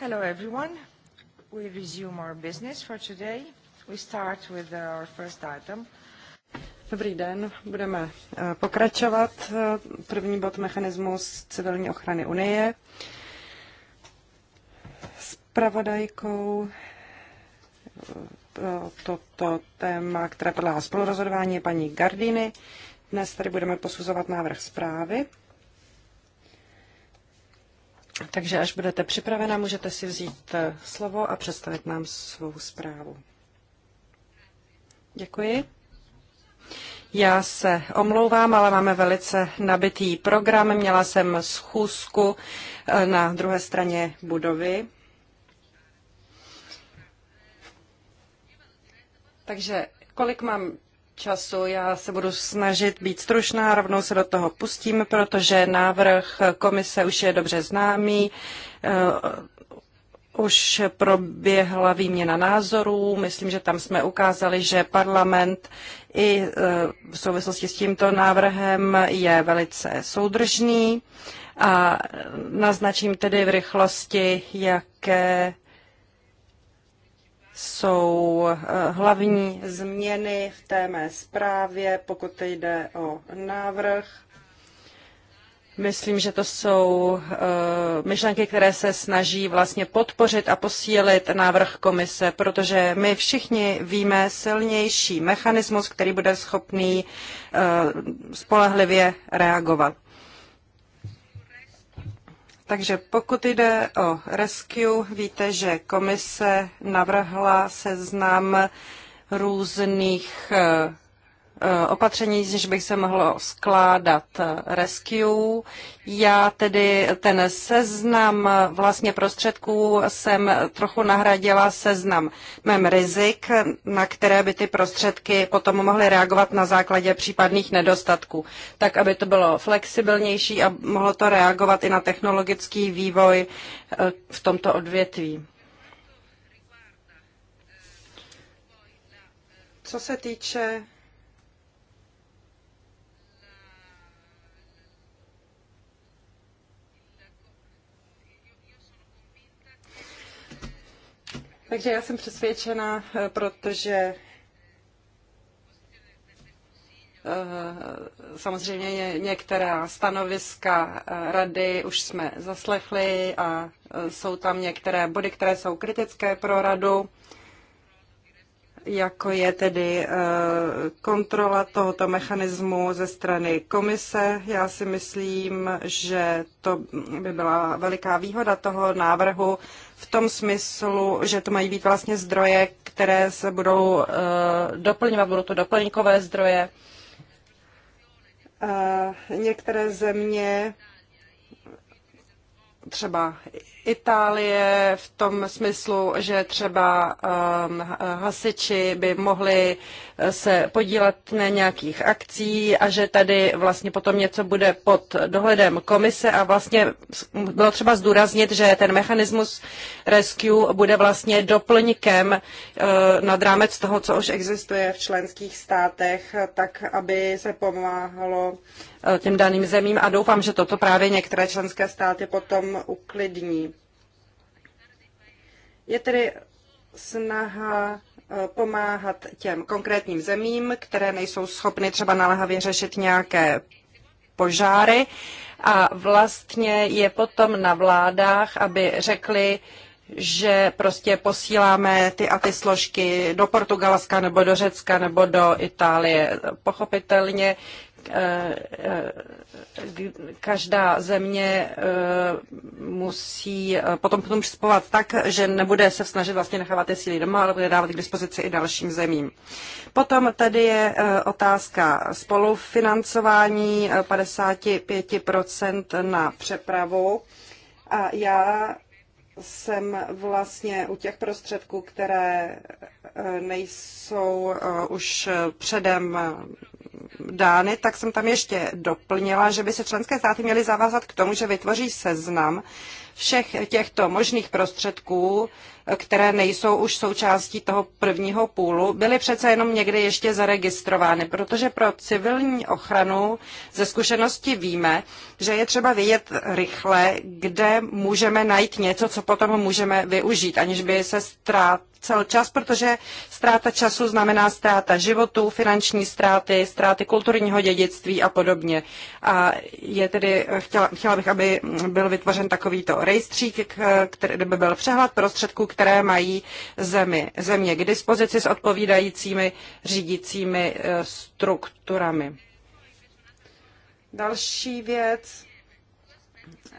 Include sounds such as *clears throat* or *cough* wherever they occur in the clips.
Hello, everyone. We resume our business for today. We start with uh, our first item. Dobrý den, budeme uh, pokračovat. První bod mechanismus civilní ochrany Unie. Spravodajkou pro uh, toto téma, které podléhá spolurozhodování, je paní Gardiny. Dnes tady budeme posuzovat návrh zprávy takže až budete připravena, můžete si vzít eh, slovo a představit nám svou zprávu. Děkuji. Já se omlouvám, ale máme velice nabitý program. Měla jsem schůzku eh, na druhé straně budovy. Takže kolik mám času. Já se budu snažit být stručná, rovnou se do toho pustím, protože návrh komise už je dobře známý. Eh, už proběhla výměna názorů. Myslím, že tam jsme ukázali, že parlament i eh, v souvislosti s tímto návrhem je velice soudržný. A naznačím tedy v rychlosti, jaké jsou eh, hlavní změny v té mé zprávě, pokud jde o návrh. Myslím, že to jsou eh, myšlenky, které se snaží vlastně podpořit a posílit návrh komise, protože my všichni víme silnější mechanismus, který bude schopný eh, spolehlivě reagovat. Takže pokud jde o rescue, víte, že komise navrhla seznam různých eh, Eh, opatření, z bych se mohlo skládat eh, rescue. Já tedy ten seznam eh, vlastně prostředků jsem trochu nahradila seznam mém rizik, na které by ty prostředky potom mohly reagovat na základě případných nedostatků, tak aby to bylo flexibilnější a mohlo to reagovat i na technologický vývoj v tomto odvětví. Co se týče Takže já jsem přesvědčena, eh, protože eh, Samozřejmě některá stanoviska eh, rady už jsme zaslechli a jsou tam některé body, které jsou kritické pro radu jako je tedy eh, kontrola tohoto mechanismu ze strany komise. Já si myslím, že to by byla veliká výhoda toho návrhu v tom smyslu, že to mají být vlastně zdroje, které se budou eh, doplňovat, budou to doplňkové zdroje. Eh, některé země třeba Itálie v tom smyslu, že třeba um, hasiči by mohli se podílet na nějakých akcí a že tady vlastně potom něco bude pod dohledem komise a vlastně bylo třeba zdůraznit, že ten mechanismus rescue bude vlastně doplňkem eh, nad rámec toho, co už existuje v členských státech, tak aby se pomáhalo eh, těm daným zemím a doufám, že toto právě některé členské státy potom uklidní. Je tedy snaha Eh, pomáhat těm konkrétním zemím, které nejsou schopny třeba naléhavě řešit nějaké požáry a vlastně je potom na vládách, aby řekli, že prostě posíláme ty a ty složky do Portugalska nebo do Řecka nebo do Itálie. Pochopitelně Eh, eh, každá země eh, musí potom potom přispovat tak, že nebude se snažit vlastně nechávat ty síly doma, ale bude dávat k dispozici i dalším zemím. Potom tady je otázka spolufinancování 55% na přepravu. A já jsem vlastně u těch prostředků, které nejsou už předem dány, tak jsem tam ještě doplnila, že by se členské státy měly zavázat k tomu, že vytvoří seznam všech těchto možných prostředků, které nejsou už součástí toho prvního půlu, byly přece jenom někde ještě zaregistrovány, protože pro civilní ochranu ze zkušenosti víme, že je třeba vědět rychle, kde můžeme najít něco, co potom můžeme využít, aniž by se ztrácel čas, protože ztráta času znamená ztráta životů, finanční ztráty, ztráty kulturního dědictví a podobně. A je tedy, chtěla, chtěla bych, aby byl vytvořen takovýto rejstřík, který by byl přehled prostředků, které mají zemi, země k dispozici s odpovídajícími řídícími e, strukturami. Další věc,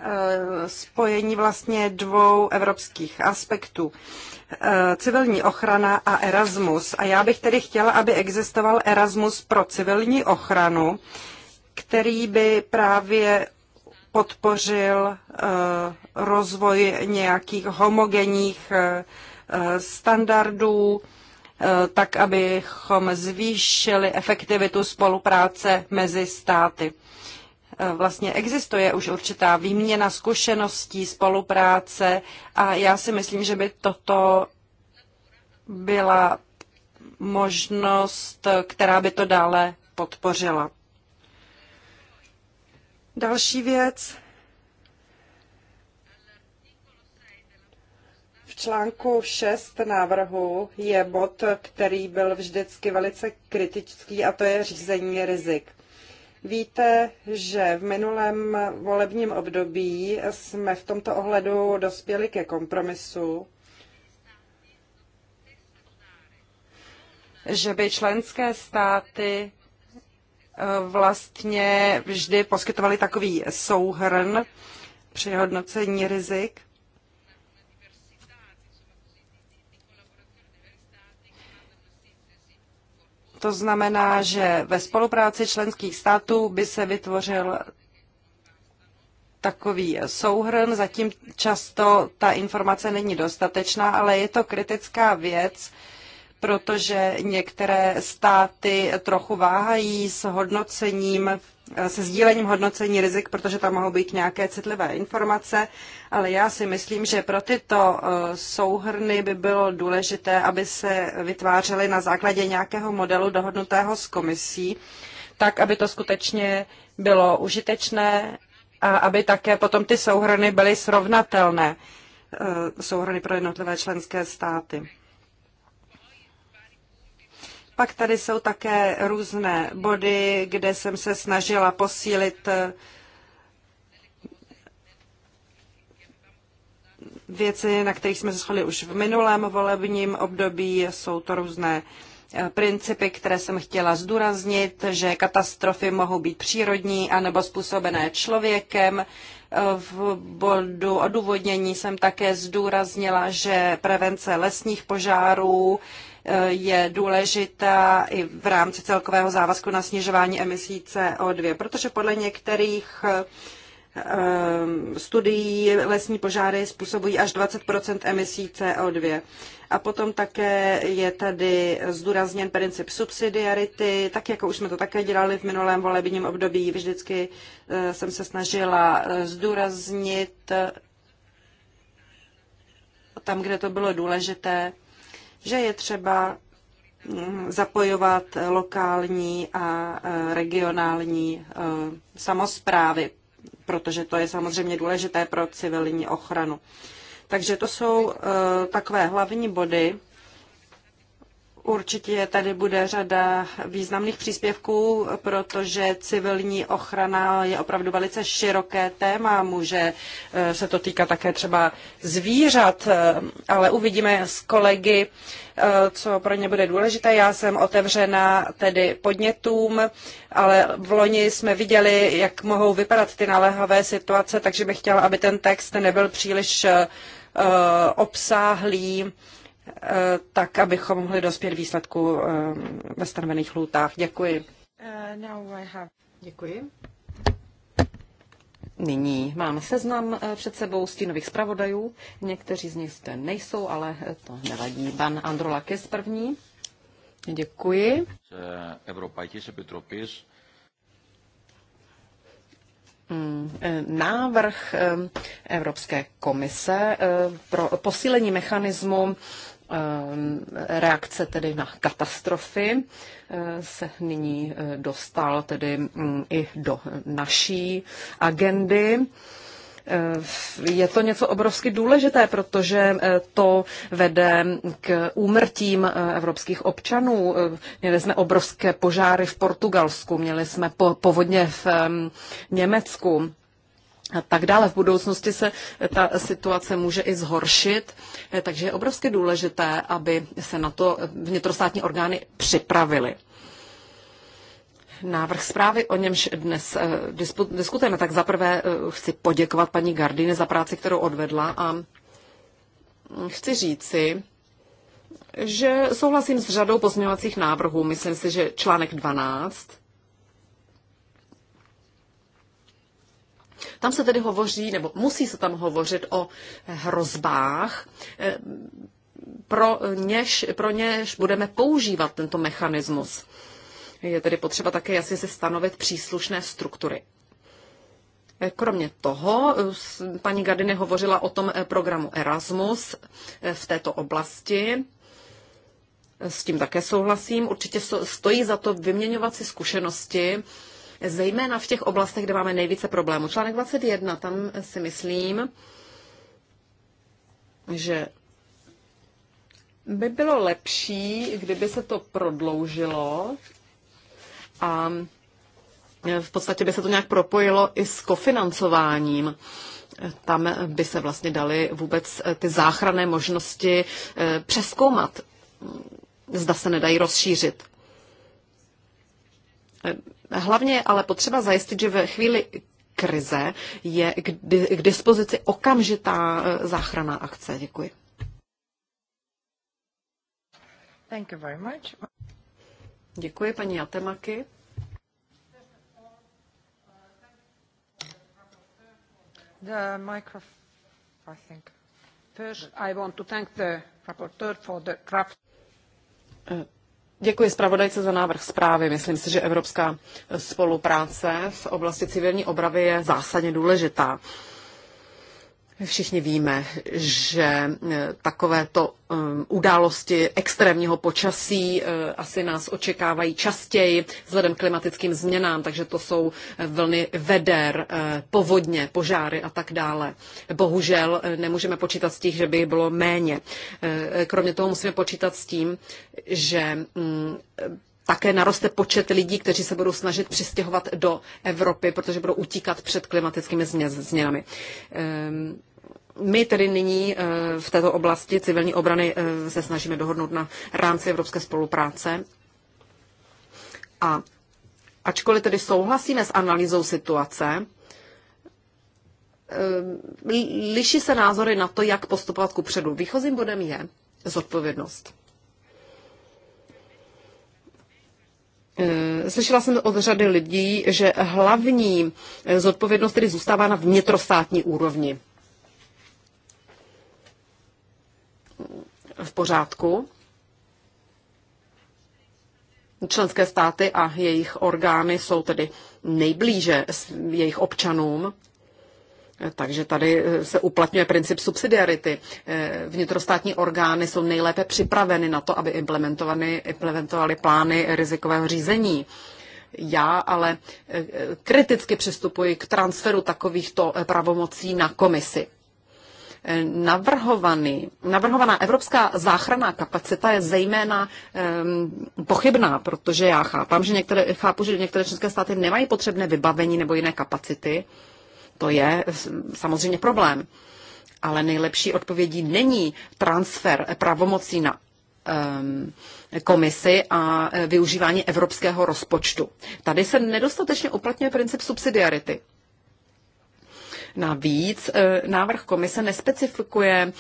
e, spojení vlastně dvou evropských aspektů. E, civilní ochrana a Erasmus. A já bych tedy chtěla, aby existoval Erasmus pro civilní ochranu, který by právě podpořil eh, rozvoj nějakých homogenních eh, standardů, eh, tak abychom zvýšili efektivitu spolupráce mezi státy. Vlastně existuje už určitá výměna zkušeností, spolupráce a já si myslím, že by toto byla možnost, která by to dále podpořila. Další věc. V článku 6 návrhu je bod, který byl vždycky velice kritický, a to je řízení rizik. Víte, že v minulém volebním období jsme v tomto ohledu dospěli ke kompromisu, že by členské státy vlastně vždy poskytovali takový souhrn při hodnocení rizik. To znamená, že ve spolupráci členských států by se vytvořil takový souhrn. Zatím často ta informace není dostatečná, ale je to kritická věc, protože některé státy trochu váhají s hodnocením, se sdílením hodnocení rizik, protože tam mohou být nějaké citlivé informace, ale já si myslím, že pro tyto eh, souhrny by bylo důležité, aby se vytvářely na základě nějakého modelu dohodnutého s komisí, tak, aby to skutečně bylo užitečné a aby také potom ty souhrny byly srovnatelné, eh, souhrny pro jednotlivé členské státy. Pak tady jsou také různé body, kde jsem se snažila posílit eh, věci, na kterých jsme se shodli už v minulém volebním období. Jsou to různé eh, principy, které jsem chtěla zdůraznit, že katastrofy mohou být přírodní anebo způsobené člověkem. Eh, v bodu odůvodnění jsem také zdůraznila, že prevence lesních požárů je důležitá i v rámci celkového závazku na snižování emisí CO2, protože podle některých eh, studií lesní požáry způsobují až 20 emisí CO2. A potom také je tady zdůrazněn princip subsidiarity, tak jako už jsme to také dělali v minulém volebním období. Vždycky eh, jsem se snažila eh, zdůraznit tam, kde to bylo důležité, že je třeba mm, zapojovat lokální a e, regionální e, samozprávy, protože to je samozřejmě důležité pro civilní ochranu. Takže to jsou e, takové hlavní body, Určitě tady bude řada významných příspěvků, protože civilní ochrana je opravdu velice široké téma. Může eh, se to týkat také třeba zvířat, eh, ale uvidíme s kolegy, eh, co pro ně bude důležité. Já jsem otevřena tedy podnětům, ale v loni jsme viděli, jak mohou vypadat ty naléhavé situace, takže bych chtěla, aby ten text nebyl příliš obsáhlý Eh, tak abychom mohli dospět výsledku eh, ve stanovených lhůtách. Děkuji. Eh, Děkuji. Nyní mám seznam před sebou stínových zpravodajů. Někteří z nich zde nejsou, ale to nevadí. Pan Androlakis první. Děkuji. Z Evropajtis Epitropis. Mm, návrh Evropské komise pro posílení mechanismu Ehm, reakce tedy na katastrofy eh, se nyní eh, dostal tedy mm, i do naší agendy. Ehm, je to něco obrovsky důležité, protože eh, to vede k úmrtím evropských občanů. Měli jsme obrovské požáry v Portugalsku, měli jsme povodně v ehm, Německu a tak dále. V budoucnosti se ta situace může i zhoršit, eh, takže je obrovsky důležité, aby se na to eh, vnitrostátní orgány připravily. Návrh zprávy, o němž dnes eh, diskutujeme, tak zaprvé chci poděkovat paní Gardine za práci, kterou odvedla a hm, chci říci, že souhlasím s řadou pozměňovacích návrhů. Myslím si, že článek 12 Tam se tedy hovoří, nebo musí se tam hovořit o hrozbách, eh, pro něž, pro něž budeme používat tento mechanismus. Je tedy potřeba také jasně si stanovit příslušné struktury. Eh, kromě toho, eh, paní Gardiny hovořila o tom programu Erasmus v této oblasti. S tím také souhlasím. Určitě stojí za to vyměňovat si zkušenosti zejména v těch oblastech, kde máme nejvíce problémů. Článek 21, tam si myslím, že by bylo lepší, kdyby se to prodloužilo a v podstatě by se to nějak propojilo i s kofinancováním. Tam by se vlastně daly vůbec eh, ty záchranné možnosti eh, přeskoumat, mm, zda se nedají rozšířit. Eh, Hlavně je ale potřeba zajistit, že ve chvíli krize je k, k dispozici okamžitá e, záchranná akce. Děkuji. Thank you very much. Děkuji, paní Jatemaky. The micro, I think. First, I want to thank the rapporteur for the draft. E, Děkuji zpravodajce za návrh zprávy. Myslím si, že evropská spolupráce v oblasti civilní obravy je zásadně důležitá. Všichni víme, že eh, takovéto eh, události extrémního počasí eh, asi nás očekávají častěji vzhledem k klimatickým změnám, takže to jsou vlny veder, povodně, požáry a tak dále. Bohužel nemůžeme počítat s tím, že by jich bylo méně. Kromě toho musíme počítat s tím, že mm, také naroste počet lidí, kteří se budou snažit přistěhovat do Evropy, protože budou utíkat před klimatickými změnami. Ehm, my tedy nyní eh, v této oblasti civilní obrany eh, se snažíme dohodnout na rámci evropské spolupráce. A ačkoliv tedy souhlasíme s analýzou situace, eh, liší se názory na to, jak postupovat ku předu. Výchozím bodem je zodpovědnost. Slyšela jsem od řady lidí, že hlavní zodpovědnost tedy zůstává na vnitrostátní úrovni. pořádku. Členské státy a jejich orgány jsou tedy nejblíže jejich občanům. Takže tady eh, se uplatňuje princip subsidiarity. Eh, vnitrostátní orgány jsou nejlépe připraveny na to, aby implementovaly plány rizikového řízení. Já ale eh, kriticky přistupuji k transferu takovýchto pravomocí na komisi navrhovaný, navrhovaná evropská záchranná kapacita je zejména um, pochybná, protože já chápám, že některé, chápu, že některé české státy nemají potřebné vybavení nebo jiné kapacity. To je samozřejmě problém. Ale nejlepší odpovědí není transfer pravomocí na um, komisi a e, využívání evropského rozpočtu. Tady se nedostatečně uplatňuje princip subsidiarity. Navíc e, návrh komise nespecifikuje, e,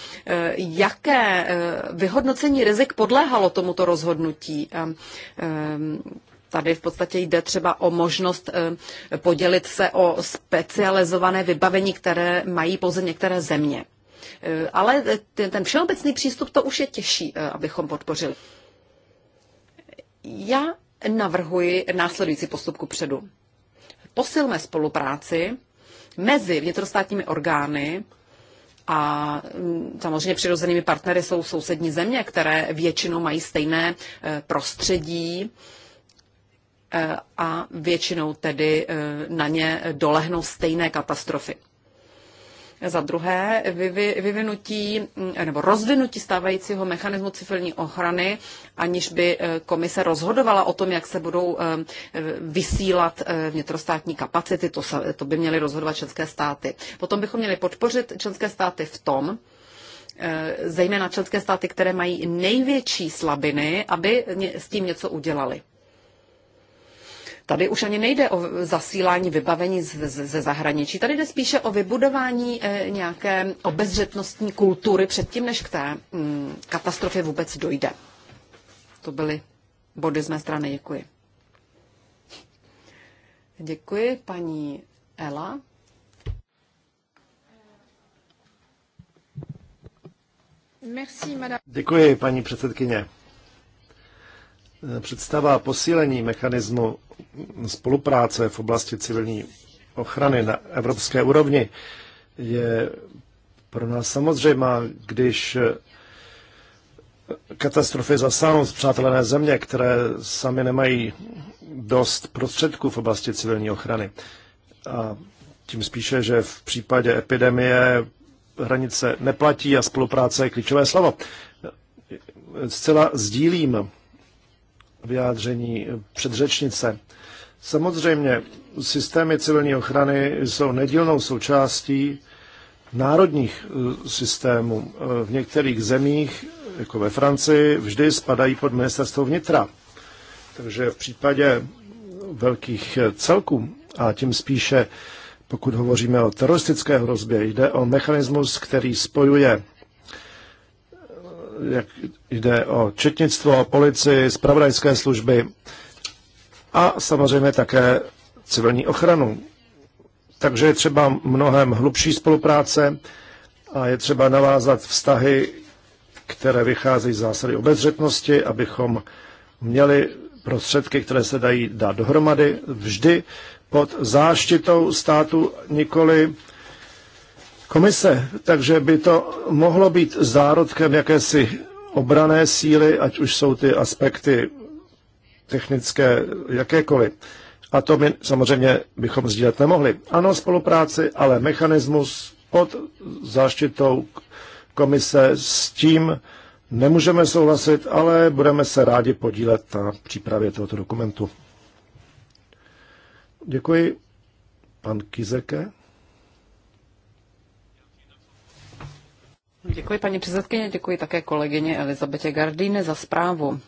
jaké e, vyhodnocení rizik podléhalo tomuto rozhodnutí. Tady v podstatě jde třeba o možnost podělit se o specializované vybavení, které mají pouze některé země. Ale ten všeobecný přístup to už je těžší, abychom podpořili. Já navrhuji následující postup ku předu. Posilme spolupráci mezi vnitrostátními orgány a mm, samozřejmě přirozenými partnery jsou sousední země, které většinou mají stejné e, prostředí e, a většinou tedy e, na ně dolehnou stejné katastrofy. Za druhé, vyvinutí nebo rozvinutí stávajícího mechanismu civilní ochrany, aniž by eh, komise rozhodovala o tom, jak se budou eh, vysílat eh, vnitrostátní kapacity, to, se, to by měly rozhodovat členské státy. Potom bychom měli podpořit členské státy v tom, zejména členské státy, které mají největší slabiny, aby s tím něco udělali. Tady už ani nejde o zasílání vybavení ze zahraničí. Tady jde spíše o vybudování eh, nějaké obezřetnostní kultury předtím, než k té mm, katastrofě vůbec dojde. To byly body z mé strany. Děkuji. Děkuji, paní Ela. Děkuji, paní předsedkyně. Představa posílení mechanismu spolupráce v oblasti civilní ochrany na evropské úrovni je pro nás samozřejmá, když katastrofy zasáhnou přátelé země, které sami nemají dost prostředků v oblasti civilní ochrany. A tím spíše, že v případě epidemie hranice neplatí a spolupráce je klíčové slovo. Zcela sdílím vyjádření předřečnice Samozřejmě systémy civilní ochrany jsou nedílnou součástí národních e, systémů. E, v některých zemích, jako ve Francii, vždy spadají pod ministerstvo vnitra. Takže v případě velkých e, celků, a tím spíše pokud hovoříme o teroristické hrozbě, jde o mechanismus, který spojuje jak jde o četnictvo, policii, spravodajské služby, a samozřejmě také civilní ochranu. Takže je třeba mnohem hlubší spolupráce a je třeba navázat vztahy, které vycházejí z zásady obezřetnosti, abychom měli prostředky, které se dají dát dohromady vždy pod záštitou státu, nikoli komise. Takže by to mohlo být zárodkem jakési obrané síly, ať už jsou ty aspekty technické, jakékoliv. A to my samozřejmě bychom sdílet nemohli. Ano, spolupráci, ale mechanismus pod záštitou komise s tím nemůžeme souhlasit, ale budeme se rádi podílet na přípravě tohoto dokumentu. Děkuji. Pan Kizeke. Děkuji paní předsedkyně, děkuji také kolegyně Elizabetě Gardine za zprávu.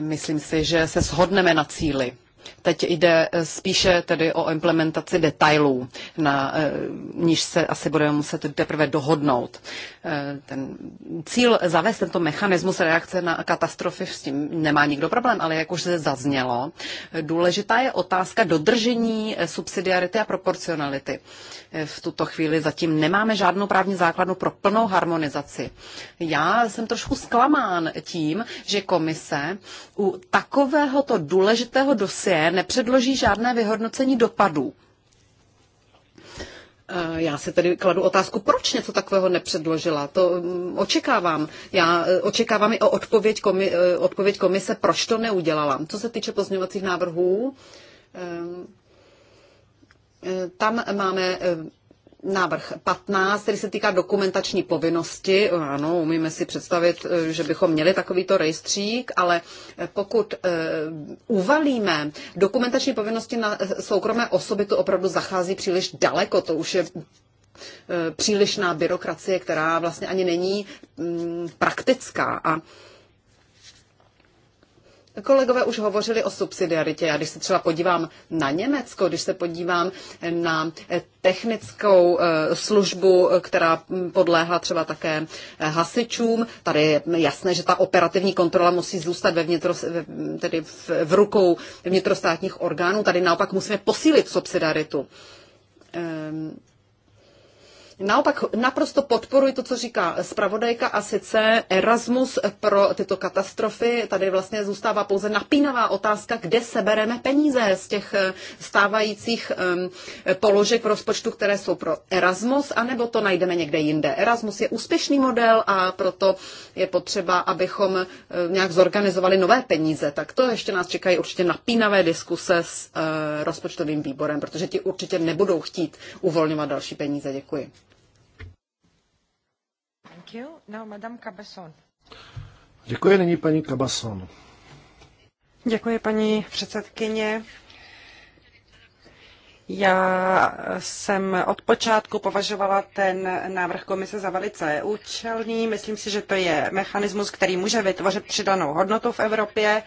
Myslím si, že se shodneme na cíli. Teď jde eh, spíše tedy o implementaci detailů, na eh, níž se asi budeme muset teprve dohodnout. Eh, ten cíl zavést tento mechanismus reakce na katastrofy, s tím nemá nikdo problém, ale jak už se zaznělo, důležitá je otázka dodržení subsidiarity a proporcionality. V tuto chvíli zatím nemáme žádnou právní základnu pro plnou harmonizaci. Já jsem trošku zklamán tím, že komise u takovéhoto důležitého dosy policie nepředloží žádné vyhodnocení dopadů. Eh, já si tedy kladu otázku, proč něco takového nepředložila. To mm, očekávám. Já eh, očekávám i o odpověď, komi, eh, odpověď komise, proč to neudělala. Co se týče pozměňovacích návrhů, tam máme návrh 15, který se týká dokumentační povinnosti. Ano, umíme si představit, eh, že bychom měli takovýto rejstřík, ale eh, pokud eh, uvalíme dokumentační povinnosti na soukromé osoby, to opravdu zachází příliš daleko. To už je přílišná byrokracie, která vlastně ani není mm, praktická. A Kolegové už hovořili o subsidiaritě. Já když se třeba podívám na Německo, když se podívám na eh, technickou eh, službu, eh, která hm, podléhá třeba také hasičům, tady je jasné, že ta operativní kontrola musí zůstat ve vnitro, tedy v, rukou vnitrostátních orgánů. Tady naopak musíme posílit subsidiaritu. Ehm, Naopak naprosto podporuji to, co říká zpravodajka a sice Erasmus pro tyto katastrofy. Tady vlastně zůstává pouze napínavá otázka, kde sebereme peníze z těch eh, stávajících položek v rozpočtu, které jsou pro Erasmus, anebo to najdeme někde jinde. Erasmus je úspěšný model a proto je potřeba, abychom eh, nějak zorganizovali nové peníze. Tak to ještě nás čekají určitě napínavé diskuse s eh, rozpočtovým výborem, protože ti určitě nebudou chtít uvolňovat další peníze. Děkuji. Thank you. Now, Madame Děkuji, nyní paní Cabason. Děkuji, paní předsedkyně. Já jsem od počátku považovala ten návrh komise za velice účelný. Myslím si, že to je mechanismus, který může vytvořit přidanou hodnotu v Evropě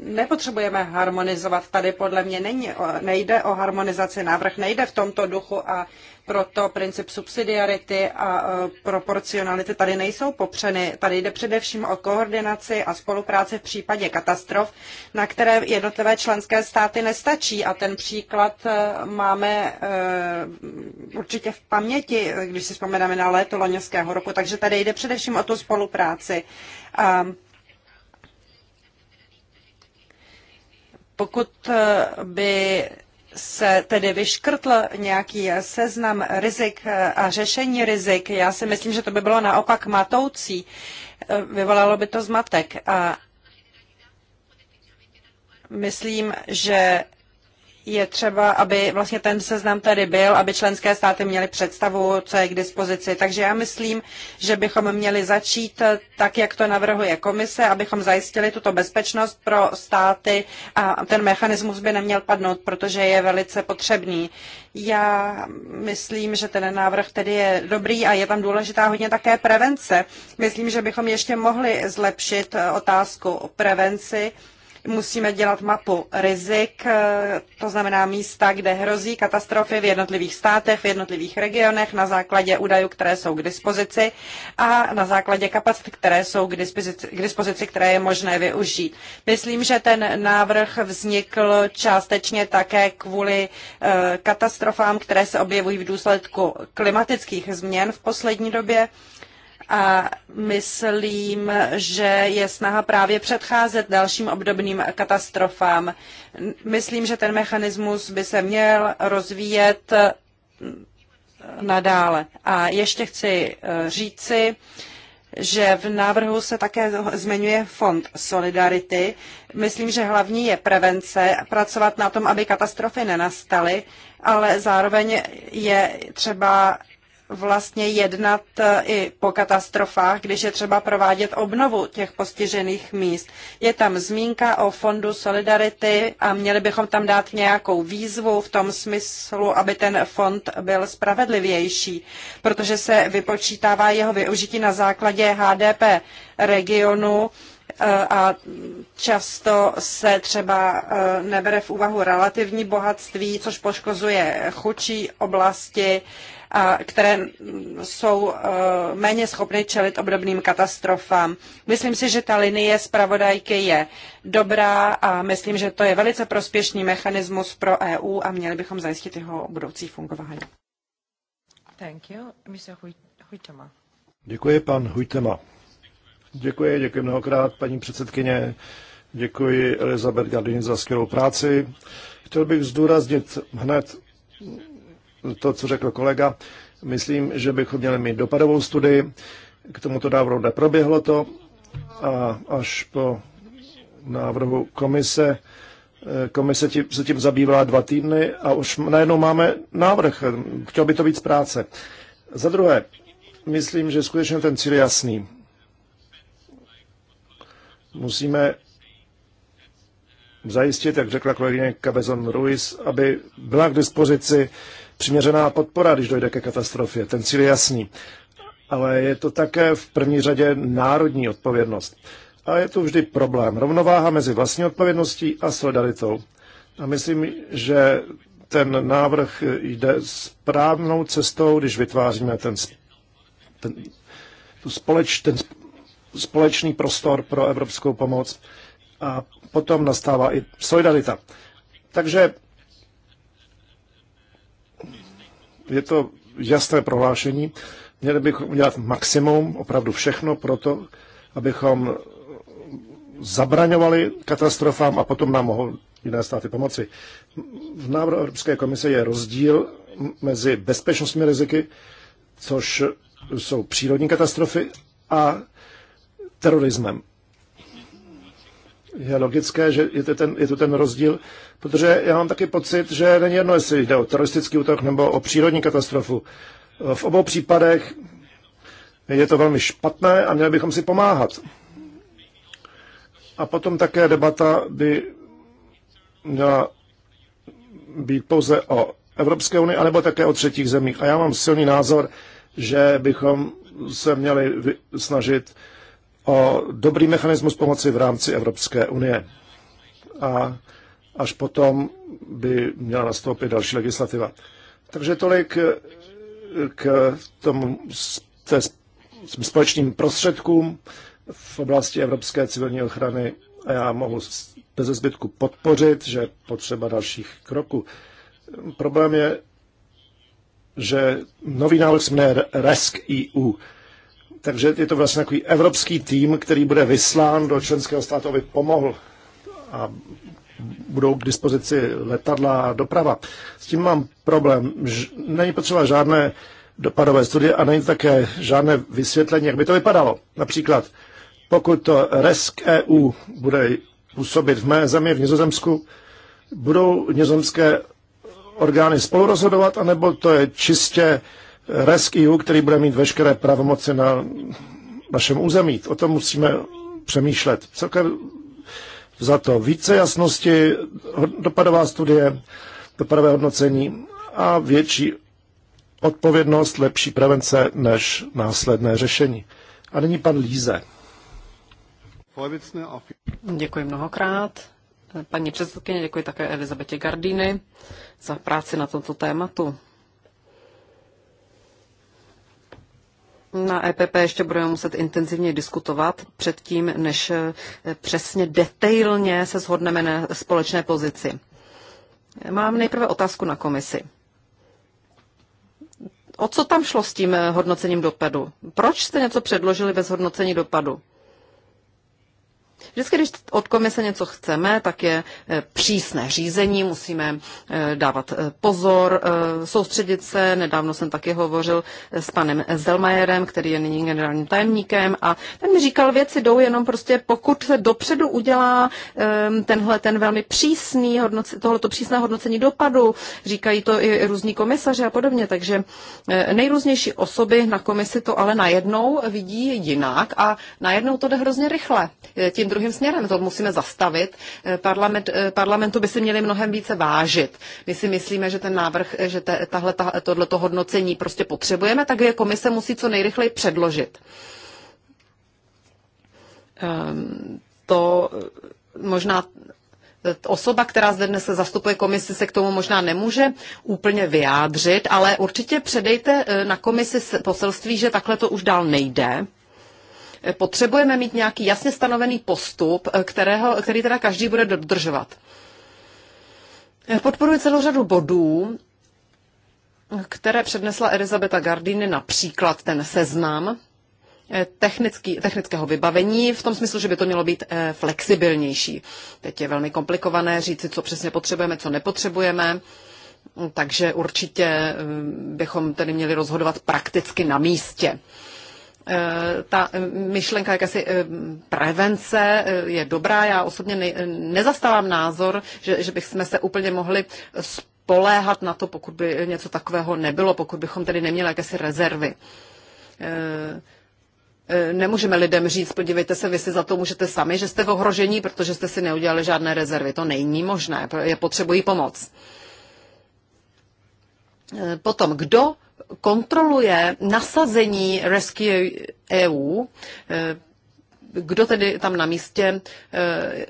nepotřebujeme harmonizovat. Tady podle mě není, nejde o harmonizaci, návrh nejde v tomto duchu a proto princip subsidiarity a e, proporcionality tady nejsou popřeny. Tady jde především o koordinaci a spolupráci v případě katastrof, na které jednotlivé členské státy nestačí. A ten příklad e, máme e, určitě v paměti, když si vzpomeneme na léto loňského roku. Takže tady jde především o tu spolupráci. A Pokud eh, by se tedy vyškrtl nějaký seznam rizik eh, a řešení rizik, já si myslím, že to by bylo naopak matoucí, eh, vyvolalo by to zmatek. A myslím, že je třeba, aby vlastně ten seznam tady byl, aby členské státy měly představu, co je k dispozici. Takže já myslím, že bychom měli začít tak, jak to navrhuje komise, abychom zajistili tuto bezpečnost pro státy a ten mechanismus by neměl padnout, protože je velice potřebný. Já myslím, že ten návrh tedy je dobrý a je tam důležitá hodně také prevence. Myslím, že bychom ještě mohli zlepšit otázku o prevenci musíme dělat mapu rizik, eh, to znamená místa, kde hrozí katastrofy v jednotlivých státech, v jednotlivých regionech na základě údajů, které jsou k dispozici a na základě kapacit, které jsou k dispozici, k dispozici, které je možné využít. Myslím, že ten návrh vznikl částečně také kvůli eh, katastrofám, které se objevují v důsledku klimatických změn v poslední době a myslím, že je snaha právě předcházet dalším obdobným katastrofám. Myslím, že ten mechanismus by se měl rozvíjet nadále. A ještě chci eh, říci, že v návrhu se také zmiňuje fond Solidarity. Myslím, že hlavní je prevence, pracovat na tom, aby katastrofy nenastaly, ale zároveň je třeba vlastně jednat eh, i po katastrofách, když je třeba provádět obnovu těch postižených míst. Je tam zmínka o fondu Solidarity a měli bychom tam dát nějakou výzvu v tom smyslu, aby ten fond byl spravedlivější, protože se vypočítává jeho využití na základě HDP regionu eh, a často se třeba eh, nebere v úvahu relativní bohatství, což poškozuje chudší oblasti které jsou e, méně schopny čelit obdobným katastrofám. Myslím si, že ta linie zpravodajky je dobrá a myslím, že to je velice prospěšný mechanismus pro EU a měli bychom zajistit jeho budoucí fungování. Thank you. Mr. Huitema. Děkuji, pan Hujtema. Děkuji, děkuji mnohokrát, paní předsedkyně. Děkuji Elizabeth Gardin za skvělou práci. Chtěl bych zdůraznit hned to, co řekl kolega. Myslím, že bychom měli mít dopadovou studii. K tomuto návrhu neproběhlo to a až po návrhu komise eh, Komise tím, se tím zabývala dva týdny a už najednou máme návrh. Chtěl by to víc práce. Za druhé, myslím, že skutečně ten cíl je jasný. Musíme zajistit, jak řekla kolegyně Cabezon Ruiz, aby byla k dispozici přiměřená podpora, když dojde ke katastrofě. Ten cíl je jasný. Ale je to také v první řadě národní odpovědnost. A je tu vždy problém. Rovnováha mezi vlastní odpovědností a solidaritou. A myslím, že ten návrh jde správnou cestou, když vytváříme ten, ten, tu společ, ten společný prostor pro evropskou pomoc a potom nastává i solidarita. Takže je to jasné prohlášení. Měli bychom udělat maximum, opravdu všechno pro to, abychom zabraňovali katastrofám a potom nám mohou jiné státy pomoci. V návrhu Evropské komise je rozdíl mezi bezpečnostními riziky, což jsou přírodní katastrofy, a terorismem je logické, že je to ten, je to ten rozdíl, protože já mám taky pocit, že není jedno, jestli jde o teroristický útok nebo o přírodní katastrofu. V obou případech je to velmi špatné a měli bychom si pomáhat. A potom také debata by měla být pouze o Evropské unii, anebo také o třetích zemích. A já mám silný názor, že bychom se měli snažit o dobrý mechanismus pomoci v rámci Evropské unie. A až potom by měla nastoupit další legislativa. Takže tolik k tomu té společným prostředkům v oblasti evropské civilní ochrany a já mohu bez zbytku podpořit, že potřeba dalších kroků. Problém je, že nový návrh se RESC EU takže je to vlastně takový evropský tým, který bude vyslán do členského státu, aby pomohl a budou k dispozici letadla a doprava. S tím mám problém. Není potřeba žádné dopadové studie a není také žádné vysvětlení, jak by to vypadalo. Například, pokud to RESK EU bude působit v mé zemi, v Nizozemsku, budou nizozemské orgány spolurozhodovat, anebo to je čistě uh, RESK EU, který bude mít veškeré pravomoci na našem území. O tom musíme přemýšlet. Celkem za to více jasnosti, dopadová studie, dopadové hodnocení a větší odpovědnost, lepší prevence než následné řešení. A nyní pan Líze. Děkuji mnohokrát. Paní předsedkyně, děkuji také Elizabetě Gardíny za práci na tomto tématu. Na EPP ještě budeme muset intenzivně diskutovat předtím, než eh, přesně detailně se shodneme na společné pozici. Mám nejprve otázku na komisi. O co tam šlo s tím eh, hodnocením dopadu? Proč jste něco předložili bez hodnocení dopadu? Vždycky, když od komise něco chceme, tak je eh, přísné řízení, musíme eh, dávat eh, pozor, soustředit se. Nedávno jsem taky hovořil s panem Zelmajerem, který je nyní generálním tajemníkem a ten mi říkal, věci jdou jenom prostě, pokud se dopředu udělá ehm, tenhle ten velmi přísný hodnocení, tohleto přísné hodnocení dopadu, říkají to i různí komisaři a podobně, takže nejrůznější osoby na komisi to ale najednou vidí jinak a najednou to jde hrozně rychle. Ti tím druhým směrem. To musíme zastavit. Eh, parlament, eh, parlamentu by si měli mnohem více vážit. My si myslíme, že ten návrh, eh, že te, tahle, ta, tohleto hodnocení prostě potřebujeme, tak je komise musí co nejrychleji předložit. Ehm, to možná osoba, která zde dnes zastupuje komisi, se k tomu možná nemůže úplně vyjádřit, ale určitě předejte na komisi poselství, že takhle to už dál nejde potřebujeme mít nějaký jasně stanovený postup, eh, kterého, který teda každý bude dodržovat. Eh, podporuji celou řadu bodů, které přednesla Elizabeta Gardini, například ten seznam eh, technický, technického vybavení, v tom smyslu, že by to mělo být flexibilnější. Teď je velmi komplikované říci, co přesně potřebujeme, co nepotřebujeme, takže určitě bychom tedy měli rozhodovat prakticky na místě. Eh, ta eh, myšlenka jakési eh, prevence je dobrá. Já osobně nezastávám názor, že, že bychom se úplně mohli spoléhat na to, pokud by něco takového nebylo, pokud bychom tedy neměli jakési rezervy. Nemůžeme lidem říct, podívejte se, vy si za to můžete sami, že jste v ohrožení, protože jste si neudělali žádné rezervy. To není možné, je potřebují pomoc. Potom, kdo kontroluje nasazení Rescue EU, eh, kdo tedy tam na místě, eh,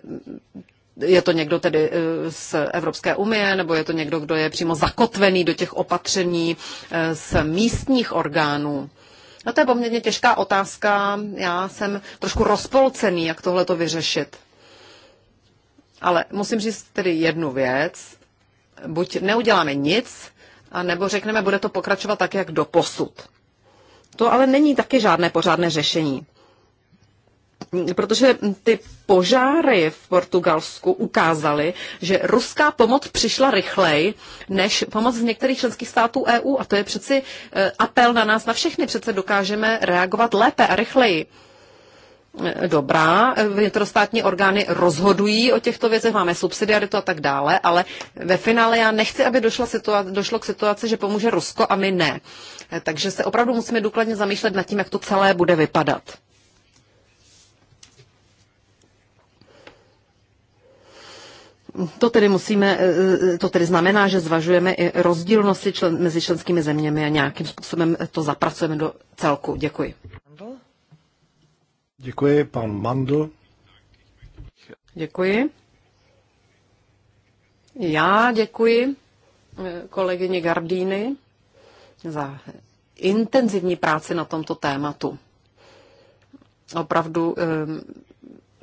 je to někdo tedy eh, z Evropské unie, nebo je to někdo, kdo je přímo zakotvený do těch opatření z místních orgánů. No to je poměrně těžká otázka, já jsem trošku rozpolcený, jak tohle to vyřešit. Ale musím říct tedy jednu věc, buď neuděláme nic, a nebo řekneme, bude to pokračovat tak, jak do posud. To ale není taky žádné pořádné řešení. Protože ty požáry v Portugalsku ukázaly, že ruská pomoc přišla rychleji než pomoc z některých členských států EU. A to je přeci eh, apel na nás, na všechny. Přece dokážeme reagovat lépe a rychleji. Eh, dobrá, vnitrostátní orgány rozhodují o těchto věcech, máme subsidiaritu a tak dále, ale ve finále já nechci, aby došla situace, došlo k situaci, že pomůže Rusko a my ne. Eh, takže se opravdu musíme důkladně zamýšlet nad tím, jak to celé bude vypadat. To tedy, musíme, eh, to tedy znamená, že zvažujeme i rozdílnosti člen, mezi členskými zeměmi a nějakým způsobem to zapracujeme do celku. Děkuji. Děkuji, pan Mandl. Děkuji. Já děkuji eh, kolegyně Gardíny za intenzivní práci na tomto tématu. Opravdu eh,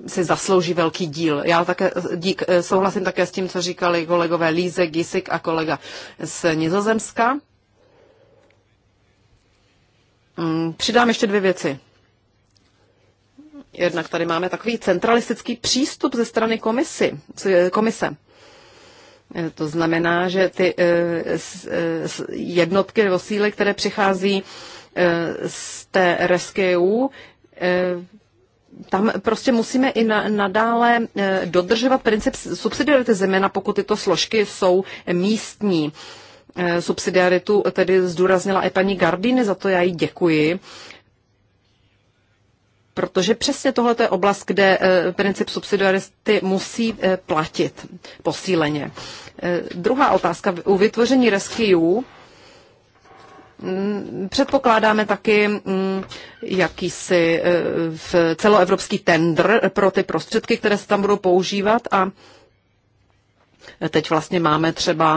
si zaslouží velký díl. Já také eh, dík, souhlasím také s tím, co říkali kolegové Líze, Gisik a kolega z Nizozemska. Mm, přidám ještě dvě věci. Jednak tady máme takový centralistický přístup ze strany komisy, komise. E, to znamená, že ty e, e, jednotky nebo síly, které přichází z té RSKU, tam prostě musíme i nadále dodržovat princip subsidiarity zeměna, pokud tyto složky jsou místní. Subsidiaritu tedy zdůraznila i paní Gardini, za to já jí děkuji, Protože přesně tohle je oblast, kde eh, princip subsidiarity musí eh, platit posíleně. Eh, druhá otázka. U vytvoření rescue mm, Předpokládáme taky mm, jakýsi celoevropský tender pro ty prostředky, které se tam budou používat a teď vlastně máme třeba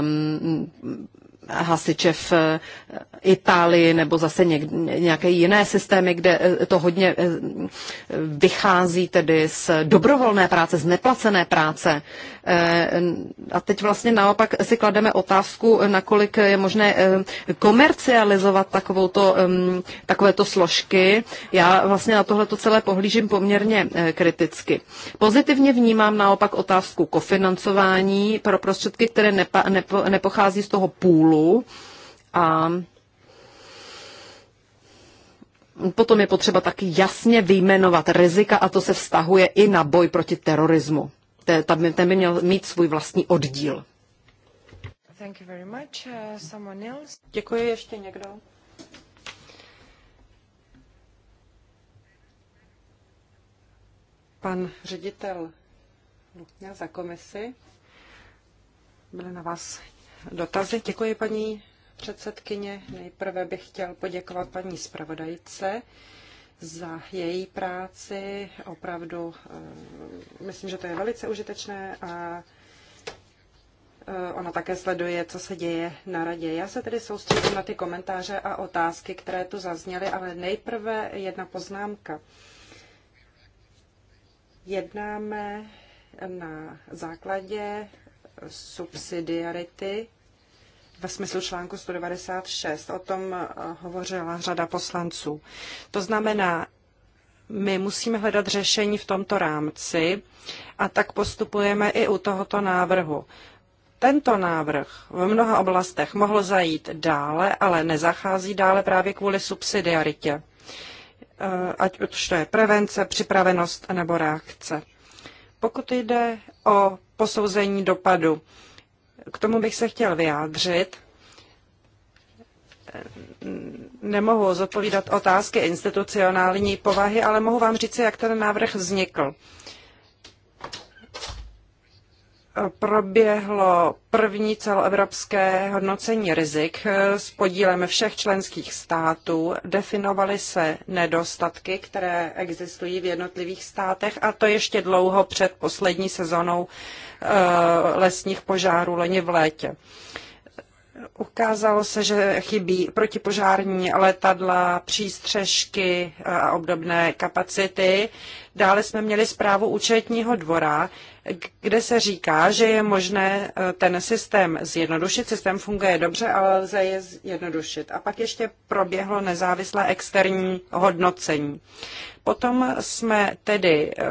um, hasiče v eh, Itálii nebo zase nějaké jiné systémy, kde eh, to hodně eh, vychází tedy z dobrovolné práce, z neplacené práce. Eh, a teď vlastně naopak si klademe otázku, nakolik je možné eh, komercializovat takovouto, takovéto složky. Já vlastně na tohle to celé pohlížím poměrně eh, kriticky. Pozitivně vnímám naopak otázku kofinancování pro prostředky, které nepa, nepo, nepochází z toho půlu. A Potom je potřeba taky jasně vyjmenovat rizika a to se vztahuje i na boj proti terorismu tam, ten by měl mít svůj vlastní oddíl. Thank you very much. Uh, someone else? Děkuji ještě někdo. Pan ředitel Lutňa za komisi. Byly na vás dotazy. Děkuji, paní předsedkyně. Nejprve bych chtěl poděkovat paní zpravodajce za její práci. Opravdu eh, myslím, že to je velice užitečné a eh, ona také sleduje, co se děje na radě. Já se tedy soustředím na ty komentáře a otázky, které tu zazněly, ale nejprve jedna poznámka. Jednáme na základě subsidiarity ve smyslu článku 196. O tom eh, hovořila řada poslanců. To znamená, my musíme hledat řešení v tomto rámci a tak postupujeme i u tohoto návrhu. Tento návrh v mnoha oblastech mohl zajít dále, ale nezachází dále právě kvůli subsidiaritě. Eh, ať už to je prevence, připravenost nebo reakce. Pokud jde o posouzení dopadu, k tomu bych se chtěl vyjádřit. Nemohu zodpovídat otázky institucionální povahy, ale mohu vám říct, jak ten návrh vznikl proběhlo první celoevropské hodnocení rizik s podílem všech členských států. Definovaly se nedostatky, které existují v jednotlivých státech a to ještě dlouho před poslední sezonou eh, lesních požárů loni v létě. Ukázalo se, že chybí protipožární letadla, přístřežky eh, a obdobné kapacity. Dále jsme měli zprávu účetního dvora, kde se říká, že je možné eh, ten systém zjednodušit. Systém funguje dobře, ale lze je zjednodušit. A pak ještě proběhlo nezávislé externí hodnocení. Potom jsme tedy eh,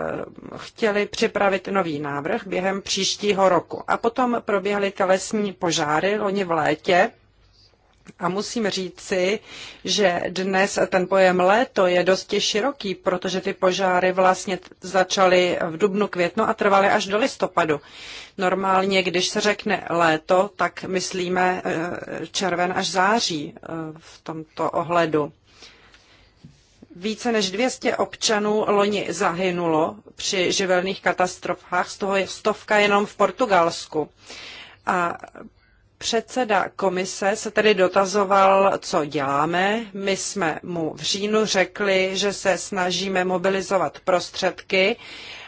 chtěli připravit nový návrh během příštího roku. A potom proběhly telesní požáry loni v létě a musím říci, že dnes ten pojem léto je dosti široký, protože ty požáry vlastně začaly v dubnu, květnu a trvaly až do listopadu. Normálně, když se řekne léto, tak myslíme eh, červen až září eh, v tomto ohledu. Více než 200 občanů loni zahynulo při živelných katastrofách, z toho je stovka jenom v Portugalsku. A Předseda komise se tedy dotazoval, co děláme. My jsme mu v říjnu řekli, že se snažíme mobilizovat prostředky,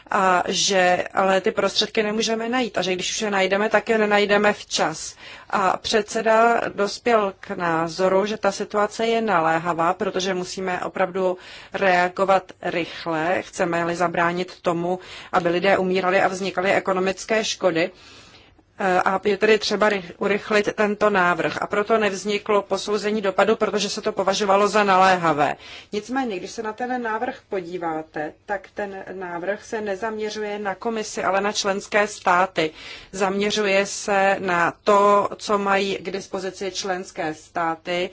a že ale ty prostředky nemůžeme najít a že když už je najdeme, tak je nenajdeme včas. A předseda dospěl k názoru, že ta situace je naléhavá, protože musíme opravdu reagovat rychle, chceme-li zabránit tomu, aby lidé umírali a vznikaly ekonomické škody. Eh, a je tedy třeba urychlit tento návrh. A proto nevzniklo posouzení dopadu, protože se to považovalo za naléhavé. Nicméně, když se na ten návrh podíváte, tak ten návrh se nezaměřuje na komisi, ale na členské státy. Zaměřuje se na to, co mají k dispozici členské státy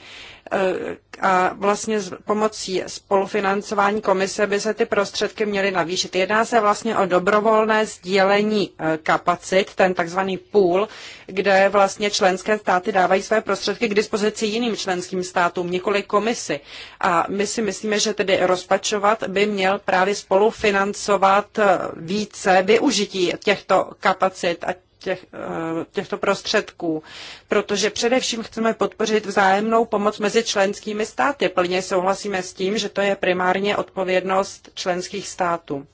Eh, a vlastně s pomocí spolufinancování komise by se ty prostředky měly navýšit. Jedná se vlastně o dobrovolné sdílení eh, kapacit, ten takzvaný pool, kde vlastně členské státy dávají své prostředky k dispozici jiným členským státům, nikoli komisi. A my si myslíme, že tedy rozpačovat by měl právě spolufinancovat eh, více využití těchto kapacit a těch, eh, těchto prostředků, protože především chceme podpořit vzájemnou pomoc mezi členskými státy. Plně souhlasíme s tím, že to je primárně odpovědnost členských států.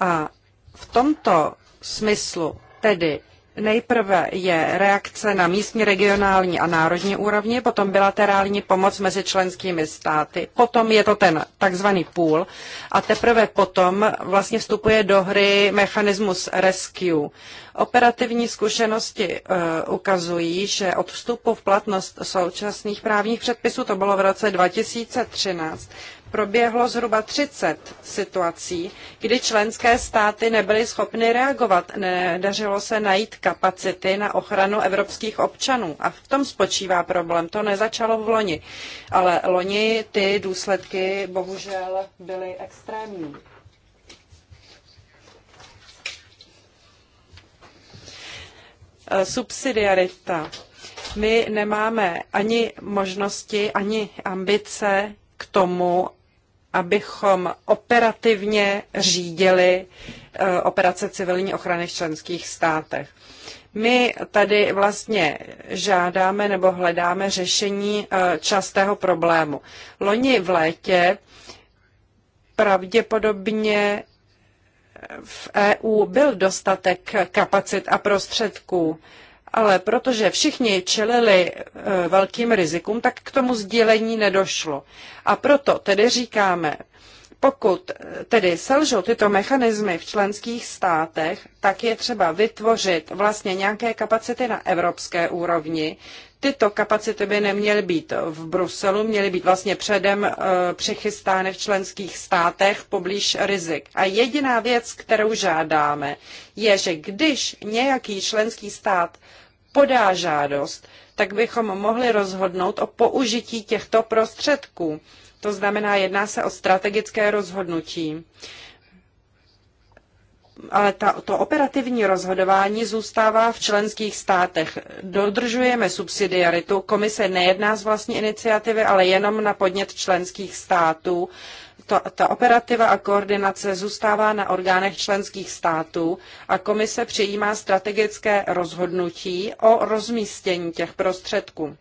A v tomto smyslu tedy Nejprve je reakce na místní, regionální a národní úrovni, potom bilaterální pomoc mezi členskými státy, potom je to ten takzvaný půl a teprve potom vlastně vstupuje do hry mechanismus rescue. Operativní zkušenosti eh, ukazují, že od vstupu v platnost současných právních předpisů, to bylo v roce 2013, proběhlo zhruba 30 situací, kdy členské státy nebyly schopny reagovat. Nedařilo se najít kapacity na ochranu evropských občanů. A v tom spočívá problém. To nezačalo v loni. Ale loni ty důsledky bohužel byly extrémní. Subsidiarita. My nemáme ani možnosti, ani ambice k tomu, abychom operativně řídili eh, operace civilní ochrany v členských státech. My tady vlastně žádáme nebo hledáme řešení eh, častého problému. Loni v létě pravděpodobně v EU byl dostatek kapacit a prostředků ale protože všichni čelili e, velkým rizikům, tak k tomu sdílení nedošlo. A proto tedy říkáme, pokud e, tedy selžou tyto mechanismy v členských státech, tak je třeba vytvořit vlastně nějaké kapacity na evropské úrovni. Tyto kapacity by neměly být v Bruselu, měly být vlastně předem e, přichystány v členských státech poblíž rizik. A jediná věc, kterou žádáme, je, že když nějaký členský stát podá žádost, tak bychom mohli rozhodnout o použití těchto prostředků. To znamená, jedná se o strategické rozhodnutí. Ale ta, to operativní rozhodování zůstává v členských státech. Dodržujeme subsidiaritu. Komise nejedná z vlastní iniciativy, ale jenom na podnět členských států to, ta operativa a koordinace zůstává na orgánech členských států a komise přijímá strategické rozhodnutí o rozmístění těch prostředků.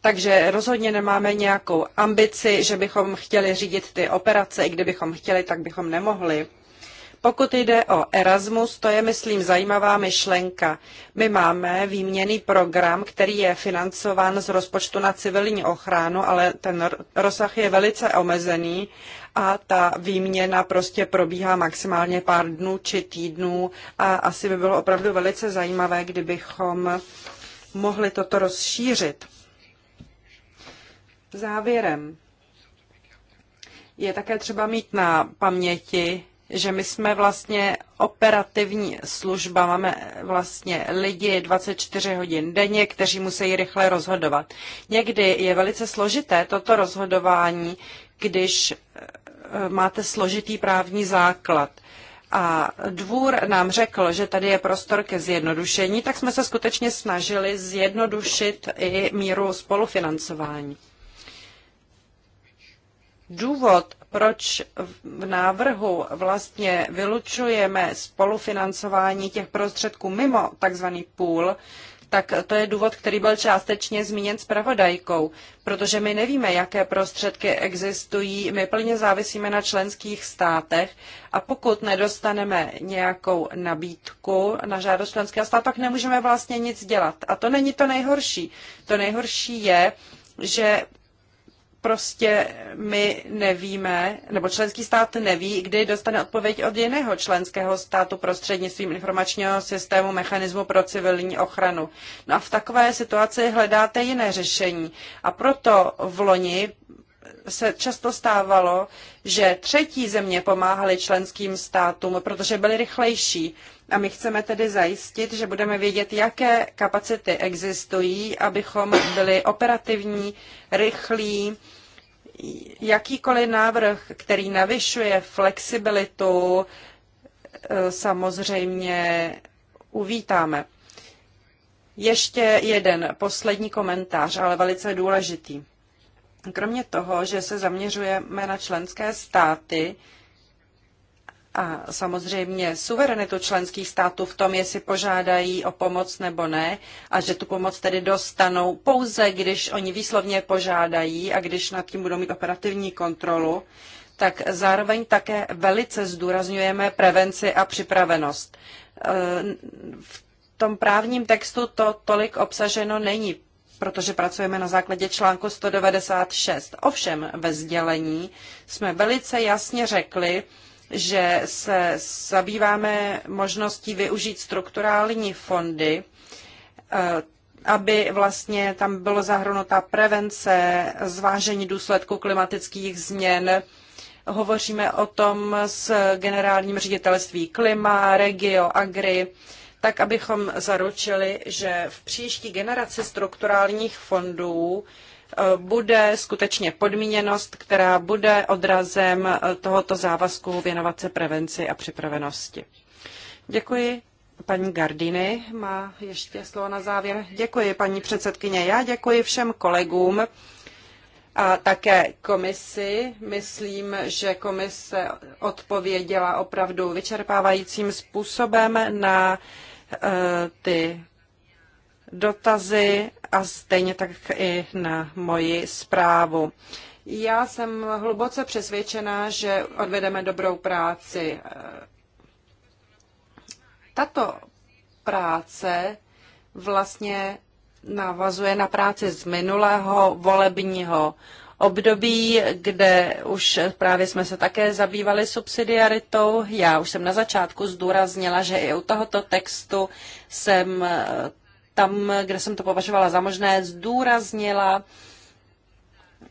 Takže rozhodně nemáme nějakou ambici, že bychom chtěli řídit ty operace, i kdybychom chtěli, tak bychom nemohli. Pokud jde o Erasmus, to je, myslím, zajímavá myšlenka. My máme výměný program, který je financován z rozpočtu na civilní ochranu, ale ten rozsah je velice omezený a ta výměna prostě probíhá maximálně pár dnů či týdnů a asi by bylo opravdu velice zajímavé, kdybychom mohli toto rozšířit. Závěrem je také třeba mít na paměti, že my jsme vlastně operativní služba, máme vlastně lidi 24 hodin denně, kteří musí rychle rozhodovat. Někdy je velice složité toto rozhodování, když eh, máte složitý právní základ. A dvůr nám řekl, že tady je prostor ke zjednodušení, tak jsme se skutečně snažili zjednodušit i míru spolufinancování. Důvod, proč v návrhu vlastně vylučujeme spolufinancování těch prostředků mimo takzvaný půl, tak to je důvod, který byl částečně zmíněn s pravodajkou, protože my nevíme, jaké prostředky existují, my plně závisíme na členských státech a pokud nedostaneme nějakou nabídku na žádost členského státu, tak nemůžeme vlastně nic dělat. A to není to nejhorší. To nejhorší je, že prostě my nevíme, nebo členský stát neví, kdy dostane odpověď od jiného členského státu prostřednictvím informačního systému mechanismu pro civilní ochranu. No a v takové situaci hledáte jiné řešení. A proto v loni se často stávalo, že třetí země pomáhaly členským státům, protože byly rychlejší. A my chceme tedy zajistit, že budeme vědět, jaké kapacity existují, abychom byli operativní, rychlí. Jakýkoliv návrh, který navyšuje flexibilitu, eh, samozřejmě uvítáme. Ještě jeden poslední komentář, ale velice důležitý. Kromě toho, že se zaměřujeme na členské státy a samozřejmě suverenitu členských států v tom, jestli požádají o pomoc nebo ne, a že tu pomoc tedy dostanou pouze, když oni výslovně požádají a když nad tím budou mít operativní kontrolu, tak zároveň také velice zdůrazňujeme prevenci a připravenost. E, v tom právním textu to tolik obsaženo není protože pracujeme na základě článku 196. Ovšem ve sdělení jsme velice jasně řekli, že se zabýváme možností využít strukturální fondy, eh, aby vlastně tam bylo zahrnuta prevence, zvážení důsledků klimatických změn. Hovoříme o tom s generálním ředitelství klima, regio, agri tak abychom zaručili, že v příští generaci strukturálních fondů eh, bude skutečně podmíněnost, která bude odrazem eh, tohoto závazku věnovat se prevenci a připravenosti. Děkuji. Paní Gardiny má ještě slovo na závěr. Děkuji, paní předsedkyně. Já děkuji všem kolegům a také komisi. Myslím, že komise odpověděla opravdu vyčerpávajícím způsobem na Eh, ty dotazy a stejně tak i na moji zprávu. Já jsem hluboce přesvědčená, že odvedeme dobrou práci. Eh, tato práce vlastně navazuje na práci z minulého volebního období, kde už právě jsme se také zabývali subsidiaritou. Já už jsem na začátku zdůraznila, že i u tohoto textu jsem eh, tam, kde jsem to považovala za možné, zdůraznila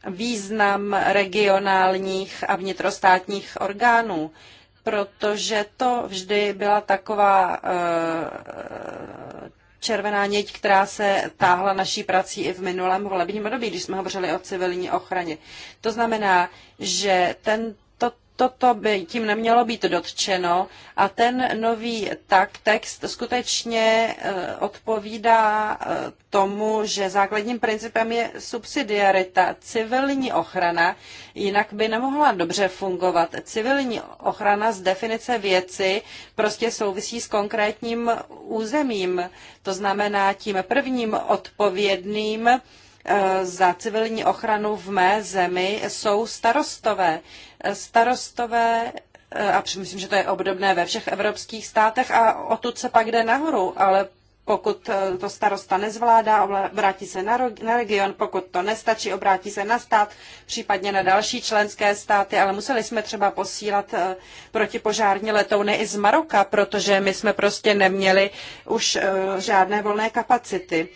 význam regionálních a vnitrostátních orgánů, protože to vždy byla taková eh, červená něť, která se táhla naší prací i v minulém volebním období, když jsme hovořili o civilní ochraně. To znamená, že ten toto by tím nemělo být dotčeno a ten nový tak text skutečně eh, odpovídá eh, tomu, že základním principem je subsidiarita, civilní ochrana, jinak by nemohla dobře fungovat. Civilní ochrana z definice věci prostě souvisí s konkrétním územím, to znamená tím prvním odpovědným eh, za civilní ochranu v mé zemi jsou starostové starostové eh, a myslím, že to je obdobné ve všech evropských státech a odtud se pak jde nahoru, ale pokud eh, to starosta nezvládá, obrátí se na, region, pokud to nestačí, obrátí se na stát, případně na další členské státy, ale museli jsme třeba posílat eh, protipožární letouny i z Maroka, protože my jsme prostě neměli už žádné volné kapacity.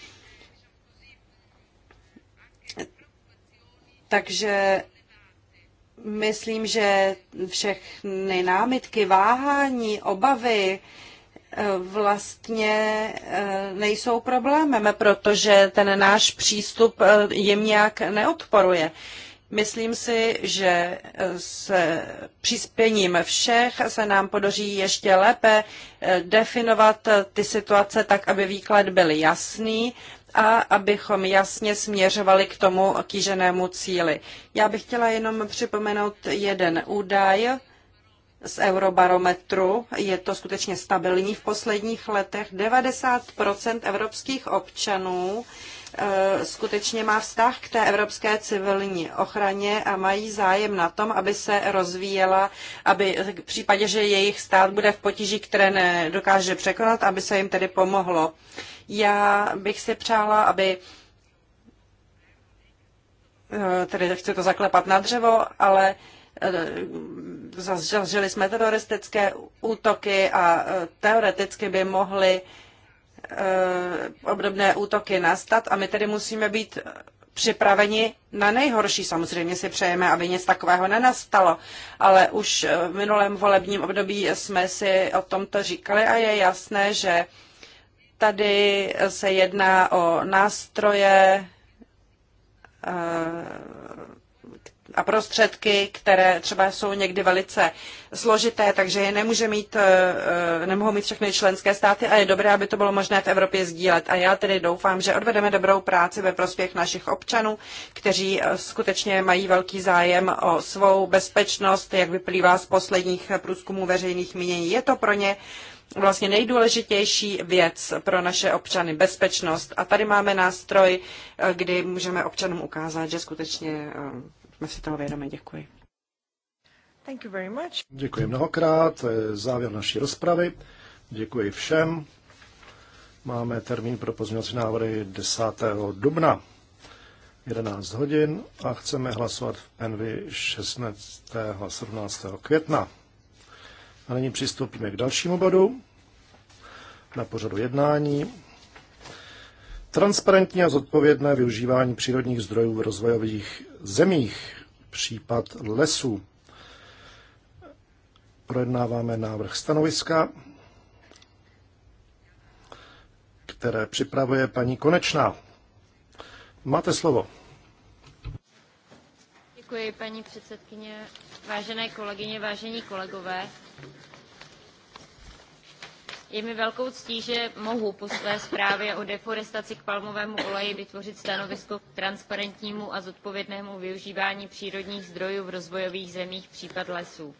Takže myslím, že všechny námitky, váhání, obavy eh, vlastně eh, nejsou problémem, protože ten náš přístup eh, jim nějak neodporuje. Myslím si, že s přispěním všech se nám podaří ještě lépe definovat ty situace tak, aby výklad byl jasný a abychom jasně směřovali k tomu kýženému cíli. Já bych chtěla jenom připomenout jeden údaj z Eurobarometru. Je to skutečně stabilní v posledních letech. 90 evropských občanů skutečně má vztah k té evropské civilní ochraně a mají zájem na tom, aby se rozvíjela, aby v případě, že jejich stát bude v potíži, které nedokáže překonat, aby se jim tedy pomohlo. Já bych si přála, aby tedy chci to zaklepat na dřevo, ale zažili jsme teroristické útoky a teoreticky by mohli. Eh, obdobné útoky nastat a my tedy musíme být připraveni na nejhorší. Samozřejmě si přejeme, aby nic takového nenastalo, ale už eh, v minulém volebním období jsme si o tomto říkali a je jasné, že tady se jedná o nástroje eh, a prostředky, které třeba jsou někdy velice složité, takže je nemůže mít, eh, eh, nemohou mít všechny členské státy a je dobré, aby to bylo možné v Evropě sdílet. A já tedy doufám, že odvedeme dobrou práci ve prospěch našich občanů, kteří eh, skutečně mají velký zájem o svou bezpečnost, jak vyplývá z posledních průzkumů veřejných mínění. Je to pro ně vlastně nejdůležitější věc pro naše občany, bezpečnost. A tady máme nástroj, kdy můžeme občanům ukázat, že skutečně jsme si toho vědomi. Děkuji. Thank you very much. Děkuji mnohokrát. To je závěr naší rozpravy. Děkuji všem. Máme termín pro pozměňovací návrhy 10. dubna 11 hodin a chceme hlasovat v NV 16. a 17. května. A nyní přistoupíme k dalšímu bodu na pořadu jednání. Transparentní a zodpovědné využívání přírodních zdrojů v rozvojových zemích, případ lesů. Projednáváme návrh stanoviska, které připravuje paní Konečná. Máte slovo. Děkuji, paní předsedkyně, vážené kolegyně, vážení kolegové. Je mi velkou ctí, že mohu po své zprávě o deforestaci k palmovému oleji vytvořit stanovisko k transparentnímu a zodpovědnému využívání přírodních zdrojů v rozvojových zemích případ lesů.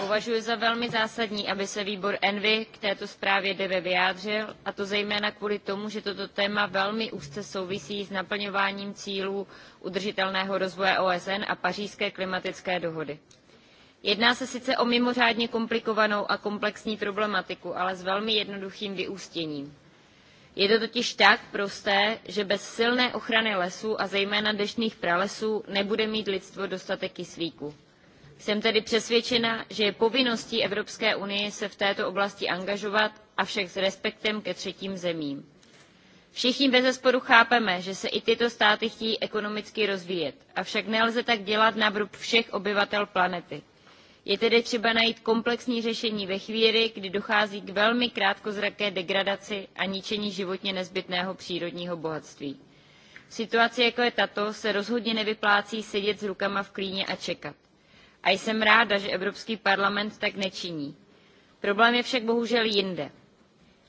Považuji za velmi zásadní, aby se výbor ENVI k této zprávě DEVE vyjádřil, a to zejména kvůli tomu, že toto téma velmi úzce souvisí s naplňováním cílů udržitelného rozvoje OSN a pařížské klimatické dohody. Jedná se sice o mimořádně komplikovanou a komplexní problematiku, ale s velmi jednoduchým vyústěním. Je to totiž tak prosté, že bez silné ochrany lesů a zejména deštných pralesů nebude mít lidstvo dostatek kyslíku. Jsem tedy přesvědčena, že je povinností Evropské unie se v této oblasti angažovat, avšak s respektem ke třetím zemím. Všichni bezesporu chápeme, že se i tyto státy chtějí ekonomicky rozvíjet, avšak nelze tak dělat na vrub všech obyvatel planety. Je tedy třeba najít komplexní řešení ve chvíli, kdy dochází k velmi krátkozraké degradaci a ničení životně nezbytného přírodního bohatství. V situaci jako je tato se rozhodně nevyplácí sedět s rukama v klíně a čekat. A jsem ráda, že Evropský parlament tak nečiní. Problém je však bohužel jinde.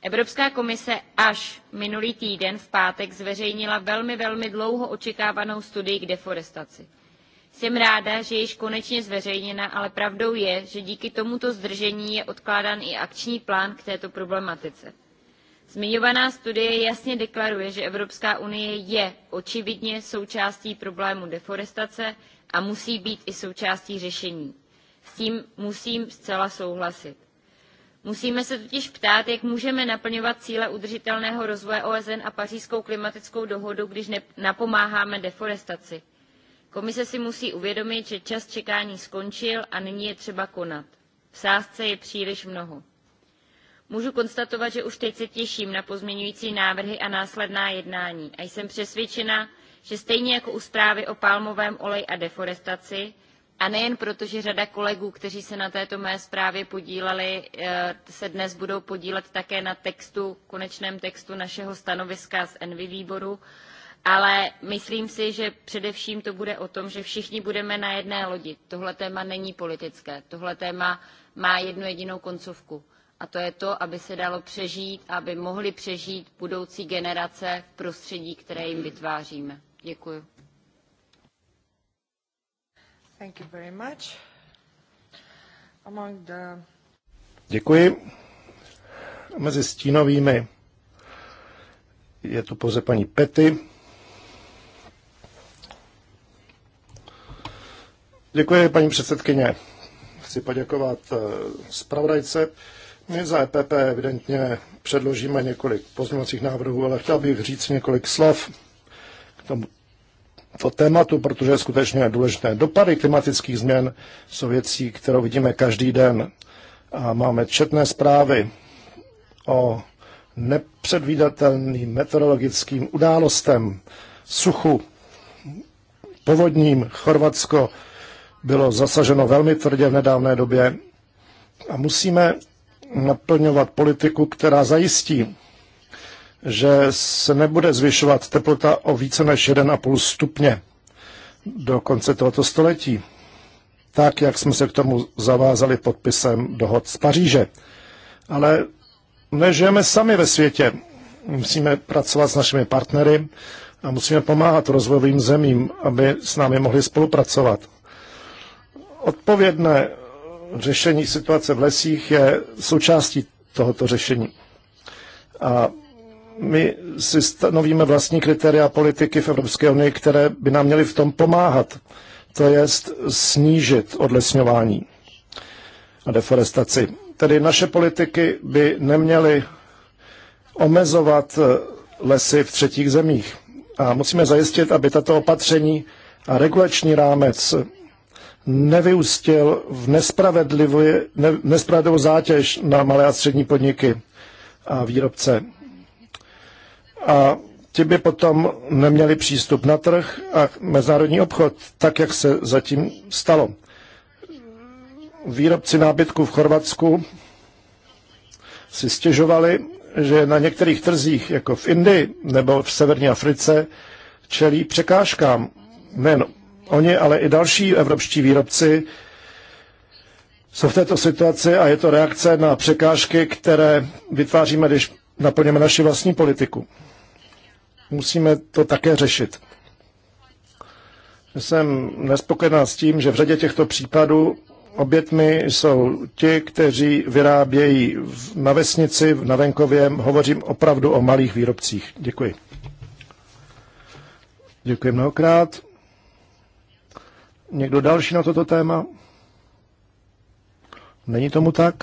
Evropská komise až minulý týden v pátek zveřejnila velmi, velmi dlouho očekávanou studii k deforestaci. Jsem ráda, že je již konečně zveřejněna, ale pravdou je, že díky tomuto zdržení je odkládán i akční plán k této problematice. Zmiňovaná studie jasně deklaruje, že Evropská unie je očividně součástí problému deforestace a musí být i součástí řešení. S tím musím zcela souhlasit. Musíme se totiž ptát, jak můžeme naplňovat cíle udržitelného rozvoje OSN a pařížskou klimatickou dohodu, když napomáháme deforestaci. Komise si musí uvědomit, že čas čekání skončil a nyní je třeba konat. V sázce je příliš mnoho. Můžu konstatovat, že už teď se těším na pozměňující návrhy a následná jednání a jsem přesvědčena, že stejně jako u zprávy o palmovém oleji a deforestaci, a nejen proto, že řada kolegů, kteří se na této mé zprávě podíleli, eh, se dnes budou podílet také na textu, konečném textu našeho stanoviska z Envy výboru, ale myslím si, že především to bude o tom, že všichni budeme na jedné lodi. Tohle téma není politické, tohle téma má jednu jedinou koncovku. A to je to, aby se dalo přežít, aby mohly přežít budoucí generace v prostředí, které jim vytváříme. Děkuji. Thank you very much. Among the... Děkuji. Mezi stínovými je tu pouze paní Petty. Děkuji, paní předsedkyně. Chci poděkovat eh, zpravodajce. My za EPP evidentně předložíme několik pozměňovacích návrhů, ale chtěl bych říct několik slov k tomu to tématu, protože je skutečně důležité. Dopady klimatických změn jsou věcí, kterou vidíme každý den. A máme četné zprávy o nepředvídatelným meteorologickým událostem, suchu, povodním Chorvatsko bylo zasaženo velmi tvrdě v nedávné době a musíme naplňovat politiku, která zajistí, že se nebude zvyšovat teplota o více než 1,5 stupně do konce tohoto století, tak jak jsme se k tomu zavázali podpisem dohod z Paříže. Ale nežijeme sami ve světě. Musíme pracovat s našimi partnery a musíme pomáhat rozvojovým zemím, aby s námi mohli spolupracovat odpovědné řešení situace v lesích je součástí tohoto řešení. A my si stanovíme vlastní kritéria politiky v Evropské unii, které by nám měly v tom pomáhat, to je snížit odlesňování a deforestaci. Tedy naše politiky by neměly omezovat lesy v třetích zemích. A musíme zajistit, aby tato opatření a regulační rámec nevyústil v nespravedlivou, ne, nespravedlivou zátěž na malé a střední podniky a výrobce. A ti by potom neměli přístup na trh a mezinárodní obchod, tak jak se zatím stalo. Výrobci nábytku v Chorvatsku si stěžovali, že na některých trzích, jako v Indii nebo v severní Africe, čelí překážkám nejen Oni, ale i další evropští výrobci jsou v této situaci a je to reakce na překážky, které vytváříme, když naplněme naši vlastní politiku. Musíme to také řešit. Jsem nespokojená s tím, že v řadě těchto případů obětmi jsou ti, kteří vyrábějí na vesnici, na venkově. Hovořím opravdu o malých výrobcích. Děkuji. Děkuji mnohokrát. Někdo další na toto téma? Není tomu tak?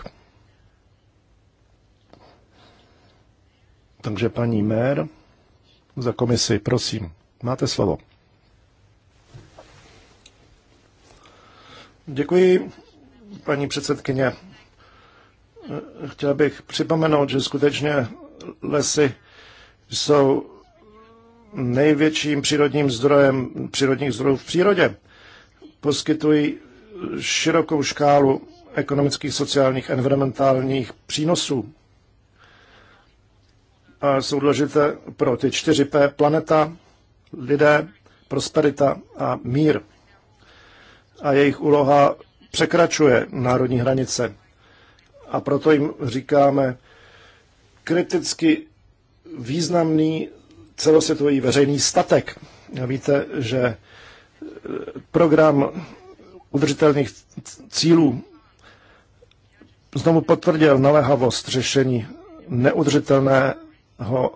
Takže paní mér za komisi, prosím, máte slovo. Děkuji, paní předsedkyně. Chtěl bych připomenout, že skutečně lesy jsou největším přírodním zdrojem přírodních zdrojů v přírodě poskytují širokou škálu ekonomických, sociálních, environmentálních přínosů. A jsou důležité pro ty čtyři P planeta, lidé, prosperita a mír. A jejich úloha překračuje národní hranice. A proto jim říkáme kriticky významný celosvětový veřejný statek. víte, že program udržitelných cílů znovu potvrdil naléhavost řešení neudržitelného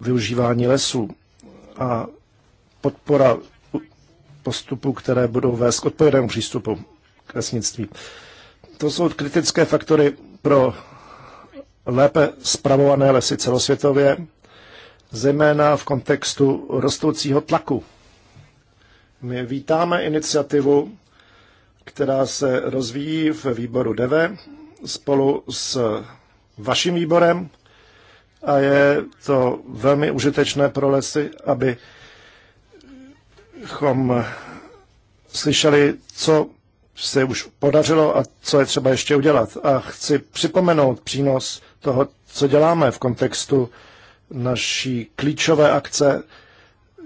využívání lesů a podpora postupů, které budou vést k odpovědnému přístupu k lesnictví. To jsou kritické faktory pro lépe spravované lesy celosvětově, zejména v kontextu rostoucího tlaku my vítáme iniciativu, která se rozvíjí v výboru DEVE spolu s vaším výborem a je to velmi užitečné pro lesy, aby chom slyšeli, co se už podařilo a co je třeba ještě udělat. A chci připomenout přínos toho, co děláme v kontextu naší klíčové akce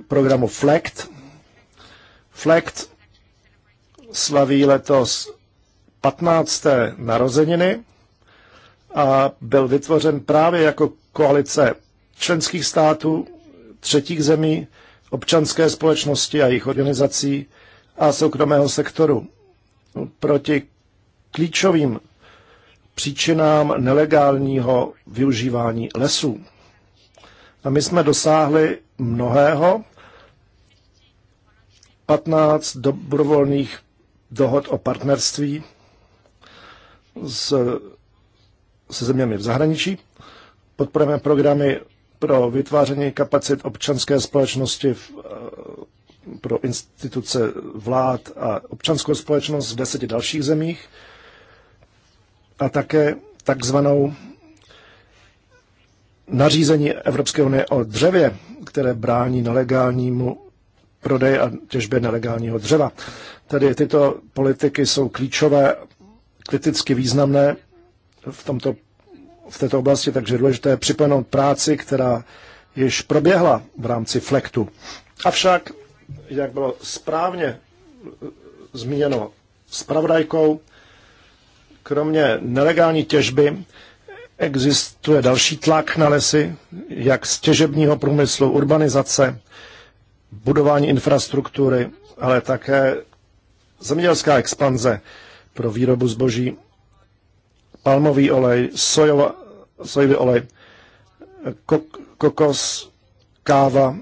programu FLECT, Flekt slaví letos 15. narozeniny a byl vytvořen právě jako koalice členských států, třetích zemí, občanské společnosti a jejich organizací a soukromého sektoru proti klíčovým příčinám nelegálního využívání lesů. A my jsme dosáhli mnohého 15 dobrovolných dohod o partnerství s, se zeměmi v zahraničí. Podporujeme programy pro vytváření kapacit občanské společnosti v, eh, pro instituce vlád a občanskou společnost v deseti dalších zemích a také takzvanou nařízení Evropské unie o dřevě, které brání nelegálnímu prodej a těžbě nelegálního dřeva. Tedy tyto politiky jsou klíčové, kriticky významné v, tomto, v této oblasti, takže důležité je připomenout práci, která již proběhla v rámci FLEKTu. Avšak, jak bylo správně eh, zmíněno spravodajkou, kromě nelegální těžby existuje další tlak na lesy, jak z těžebního průmyslu, urbanizace, budování infrastruktury, ale také zemědělská expanze pro výrobu zboží, palmový olej, sojova, sojový olej, kok, kokos, káva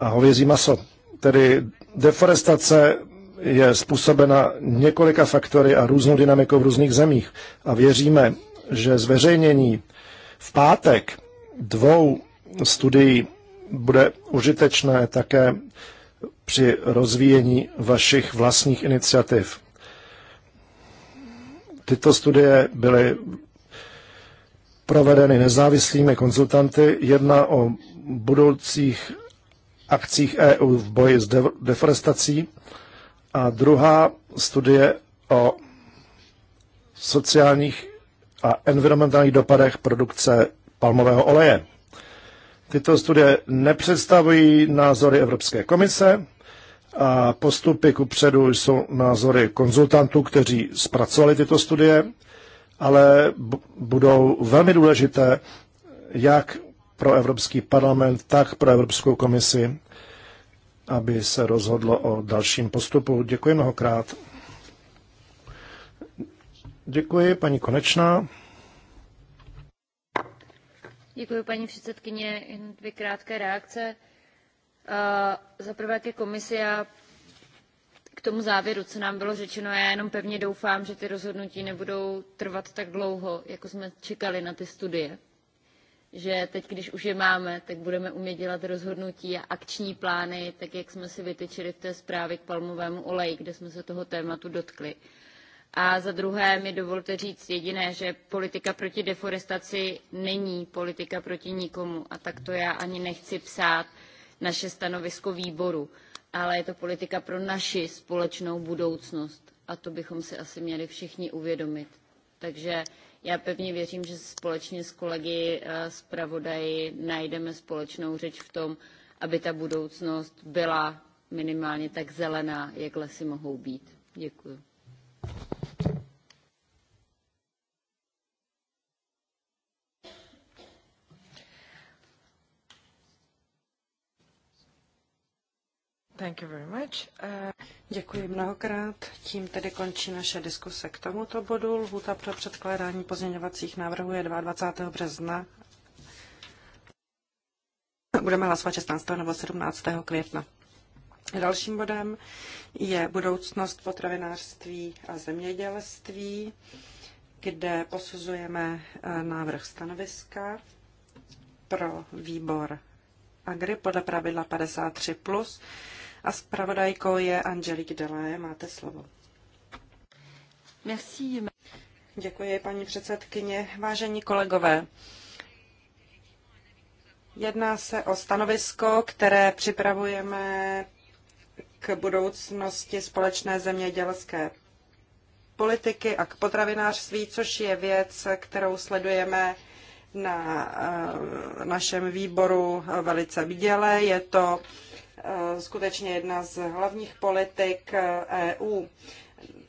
a hovězí maso. Tedy deforestace je způsobena několika faktory a různou dynamikou v různých zemích. A věříme, že zveřejnění v pátek dvou studií bude užitečné také při rozvíjení vašich vlastních iniciativ. Tyto studie byly provedeny nezávislými konzultanty. Jedna o budoucích akcích EU v boji s deforestací a druhá studie o sociálních a environmentálních dopadech produkce palmového oleje. Tyto studie nepředstavují názory Evropské komise a postupy ku předu jsou názory konzultantů, kteří zpracovali tyto studie, ale budou velmi důležité jak pro Evropský parlament, tak pro Evropskou komisi, aby se rozhodlo o dalším postupu. Děkuji mnohokrát. Děkuji, paní Konečná. Děkuji, paní předsedkyně. Jen dvě krátké reakce. Za prvé ke komisi. a k tomu závěru, co nám bylo řečeno, já jenom pevně doufám, že ty rozhodnutí nebudou trvat tak dlouho, jako jsme čekali na ty studie. Že teď, když už je máme, tak budeme umět dělat rozhodnutí a akční plány, tak jak jsme si vytyčili v té zprávě k palmovému oleji, kde jsme se toho tématu dotkli. A za druhé mi dovolte říct jediné, že politika proti deforestaci není politika proti nikomu. A tak to já ani nechci psát naše stanovisko výboru. Ale je to politika pro naši společnou budoucnost. A to bychom si asi měli všichni uvědomit. Takže já pevně věřím, že společně s kolegy eh, zpravodaji najdeme společnou řeč v tom, aby ta budoucnost byla minimálně tak zelená, jak lesy mohou být. Děkuji. Thank you very much. Uh... Děkuji mnohokrát. Tím tedy končí naše diskuse k tomuto bodu. Lhůta pro předkládání pozměňovacích návrhů je 22. března. Budeme hlasovat 16. nebo 17. května. Dalším bodem je budoucnost potravinářství a zemědělství, kde posuzujeme eh, návrh stanoviska pro výbor Agri podle pravidla 53+. Plus a zpravodajkou je Angelique Delé. Máte slovo. Merci. Děkuji, paní předsedkyně. Vážení kolegové, jedná se o stanovisko, které připravujeme k budoucnosti společné zemědělské politiky a k potravinářství, což je věc, kterou sledujeme na eh, našem výboru velice viděle Je to Eh, skutečně jedna z hlavních politik EU. Eh, e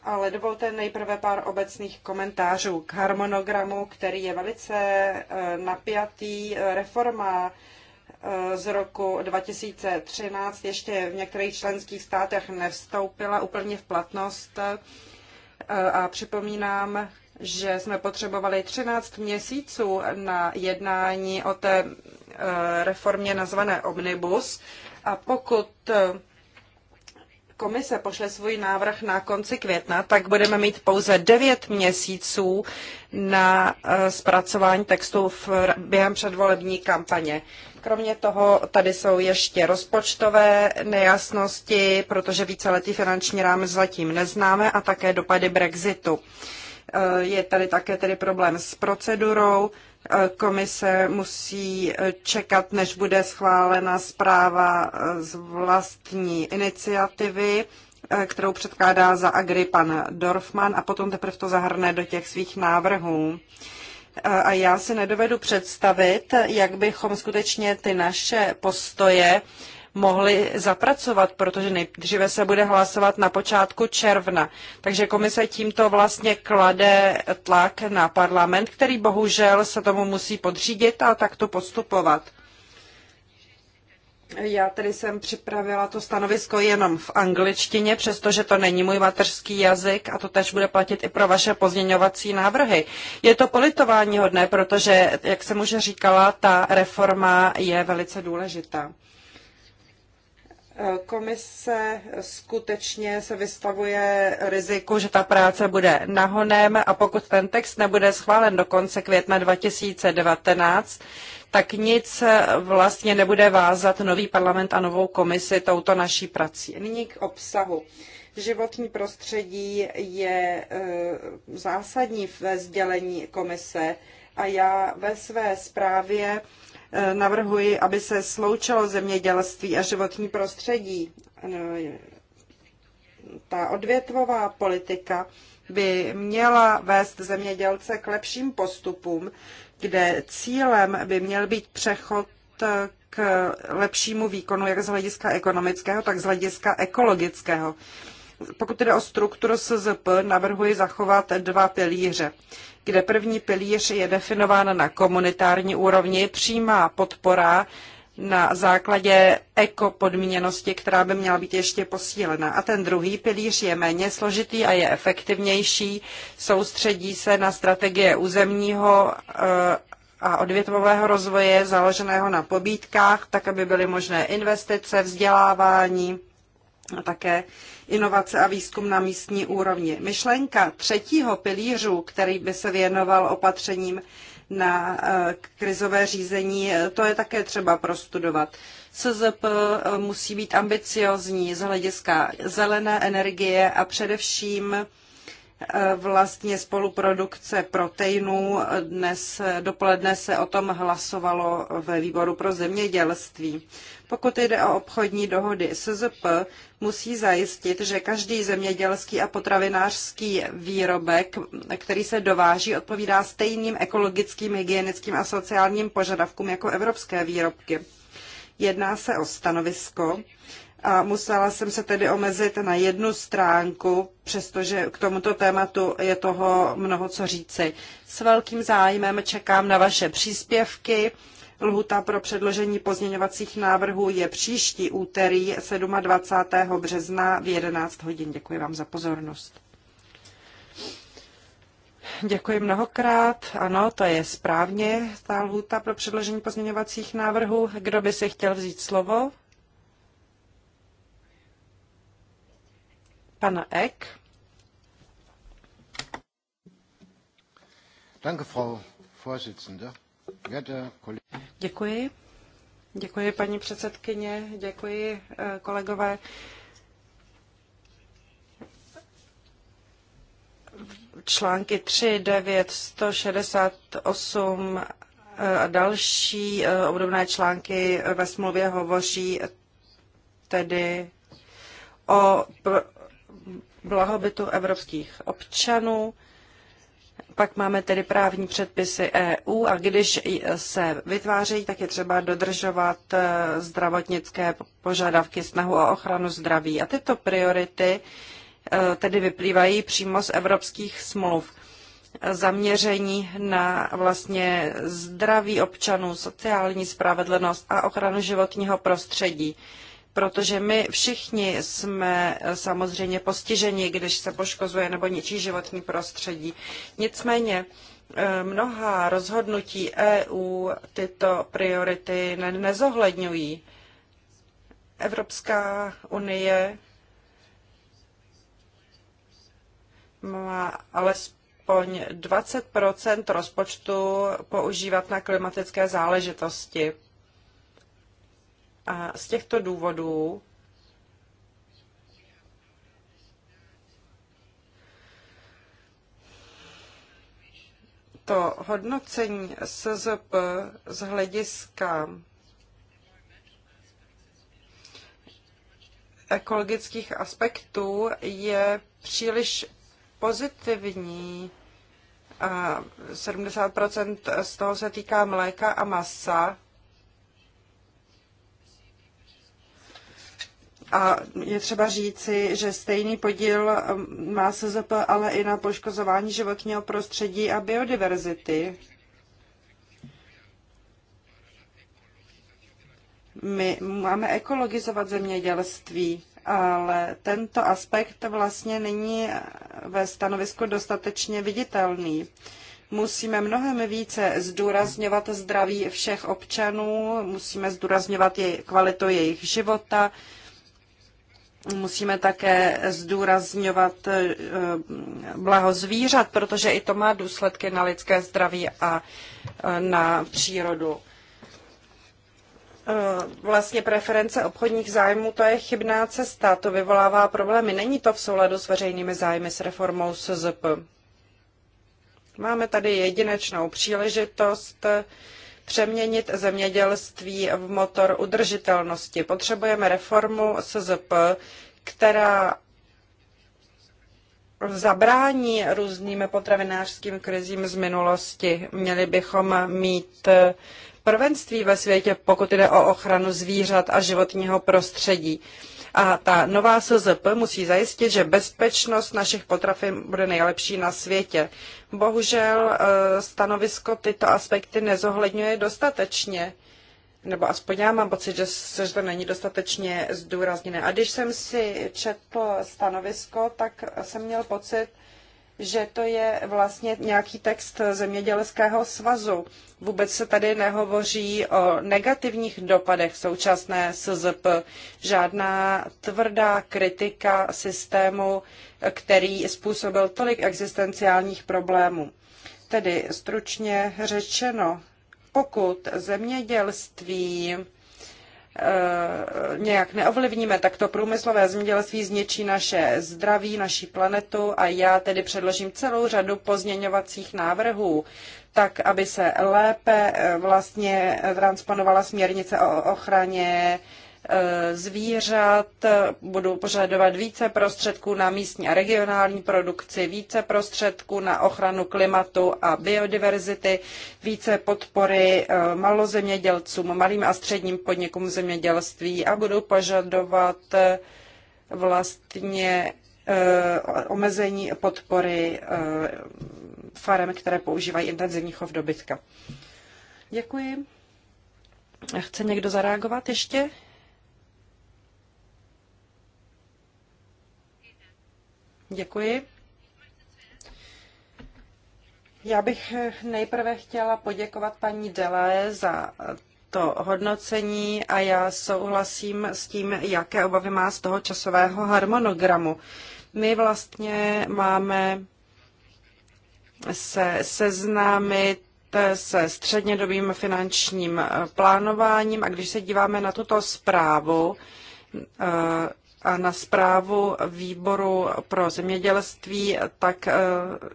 Ale dovolte nejprve pár obecných komentářů k harmonogramu, který je velice eh, napjatý. Reforma z roku 2013 ještě v některých členských státech nevstoupila úplně v platnost. A připomínám, že jsme potřebovali 13 měsíců na jednání o té reformě nazvané Omnibus a pokud eh, komise pošle svůj návrh na konci května, tak budeme mít pouze 9 měsíců na eh, zpracování textu v, během předvolební kampaně. Kromě toho tady jsou ještě rozpočtové nejasnosti, protože víceletý finanční rámec zatím neznáme a také dopady Brexitu. Eh, je tady také tedy problém s procedurou Komise musí čekat, než bude schválena zpráva z vlastní iniciativy, eh, kterou předkládá za Agri pan Dorfman a potom teprve to zahrne do těch svých návrhů. Eh, a já si nedovedu představit, jak bychom skutečně ty naše postoje mohli zapracovat, protože nejdříve se bude hlasovat na počátku června. Takže komise tímto vlastně klade tlak na parlament, který bohužel se tomu musí podřídit a takto postupovat. Já tedy jsem připravila to stanovisko jenom v angličtině, přestože to není můj mateřský jazyk a to tež bude platit i pro vaše pozměňovací návrhy. Je to politování hodné, protože, jak jsem už říkala, ta reforma je velice důležitá. Komise skutečně se vystavuje riziku, že ta práce bude nahonem a pokud ten text nebude schválen do konce května 2019, tak nic vlastně nebude vázat nový parlament a novou komisi touto naší prací. Nyní k obsahu. Životní prostředí je eh, zásadní ve sdělení komise a já ve své zprávě Eh, navrhuji, aby se sloučilo zemědělství a životní prostředí. Eh, ta odvětvová politika by měla vést zemědělce k lepším postupům, kde cílem by měl být přechod eh, k lepšímu výkonu jak z hlediska ekonomického, tak z hlediska ekologického. Pokud jde o strukturu SZP, navrhuji zachovat dva pilíře kde první pilíř je definován na komunitární úrovni, přímá podpora na základě ekopodmíněnosti, která by měla být ještě posílena. A ten druhý pilíř je méně složitý a je efektivnější, soustředí se na strategie územního eh, a odvětvového rozvoje založeného na pobídkách, tak aby byly možné investice, vzdělávání, a také inovace a výzkum na místní úrovni. Myšlenka třetího pilířu, který by se věnoval opatřením na eh, krizové řízení, to je také třeba prostudovat. SZP eh, musí být ambiciozní z hlediska zelené energie a především vlastně spoluprodukce proteinů. Dnes dopoledne se o tom hlasovalo ve výboru pro zemědělství. Pokud jde o obchodní dohody, SZP musí zajistit, že každý zemědělský a potravinářský výrobek, který se dováží, odpovídá stejným ekologickým, hygienickým a sociálním požadavkům jako evropské výrobky. Jedná se o stanovisko, a musela jsem se tedy omezit na jednu stránku, přestože k tomuto tématu je toho mnoho co říci. S velkým zájmem čekám na vaše příspěvky. Lhuta pro předložení pozměňovacích návrhů je příští úterý 27. března v 11 hodin. Děkuji vám za pozornost. Děkuji mnohokrát. Ano, to je správně ta lhuta pro předložení pozměňovacích návrhů. Kdo by si chtěl vzít slovo? Danke, Frau Vorsitzende. Děkuji. Děkuji, paní předsedkyně, děkuji, eh, kolegové. Články 3, 9, 168 a další eh, obdobné články ve smlouvě hovoří tedy o blahobytu evropských občanů. Pak máme tedy právní předpisy EU a když se vytvářejí, tak je třeba dodržovat eh, zdravotnické požadavky, snahu o ochranu zdraví. A tyto priority eh, tedy vyplývají přímo z evropských smluv. Zaměření na vlastně zdraví občanů, sociální spravedlnost a ochranu životního prostředí protože my všichni jsme eh, samozřejmě postiženi, když se poškozuje nebo ničí životní prostředí. Nicméně eh, mnoha rozhodnutí EU tyto priority ne- nezohledňují. Evropská unie má alespoň 20 rozpočtu používat na klimatické záležitosti. A z těchto důvodů to hodnocení SZP z hlediska ekologických aspektů je příliš pozitivní. A 70 z toho se týká mléka a masa. A je třeba říci, že stejný podíl um, má SZP ale i na poškozování životního prostředí a biodiverzity. My máme ekologizovat zemědělství, ale tento aspekt vlastně není eh, ve stanovisku dostatečně viditelný musíme mnohem více zdůrazňovat zdraví všech občanů, musíme zdůrazňovat jej, kvalitu jejich života, musíme také zdůrazňovat eh, blaho zvířat, protože i to má důsledky na lidské zdraví a eh, na přírodu. Eh, vlastně preference obchodních zájmů, to je chybná cesta, to vyvolává problémy. Není to v souladu s veřejnými zájmy s reformou SZP. Máme tady jedinečnou příležitost přeměnit zemědělství v motor udržitelnosti. Potřebujeme reformu SZP, která zabrání různým potravinářským krizím z minulosti. Měli bychom mít prvenství ve světě, pokud jde o ochranu zvířat a životního prostředí. A ta nová SZP musí zajistit, že bezpečnost našich potravin bude nejlepší na světě. Bohužel eh, stanovisko tyto aspekty nezohledňuje dostatečně nebo aspoň já mám pocit, že se to není dostatečně zdůrazněné. A když jsem si četl stanovisko, tak jsem měl pocit, že to je vlastně nějaký text zemědělského svazu. Vůbec se tady nehovoří o negativních dopadech současné SZP. Žádná tvrdá kritika systému, který způsobil tolik existenciálních problémů. Tedy stručně řečeno, pokud zemědělství Eh, nějak neovlivníme, tak to průmyslové zemědělství zničí naše zdraví, naší planetu a já tedy předložím celou řadu pozměňovacích návrhů, tak aby se lépe eh, vlastně eh, transponovala směrnice o ochraně E, zvířat, budou požadovat více prostředků na místní a regionální produkci, více prostředků na ochranu klimatu a biodiverzity, více podpory e, malozemědělcům, malým a středním podnikům zemědělství a budou požadovat e, vlastně omezení podpory farem, které používají intenzivní chov dobytka. Děkuji. Chce někdo zareagovat ještě? Děkuji. Já bych nejprve chtěla poděkovat paní Delé za to hodnocení a já souhlasím s tím, jaké obavy má z toho časového harmonogramu. My vlastně máme se seznámit se střednědobým finančním plánováním a když se díváme na tuto zprávu, na zprávu výboru pro zemědělství, tak eh,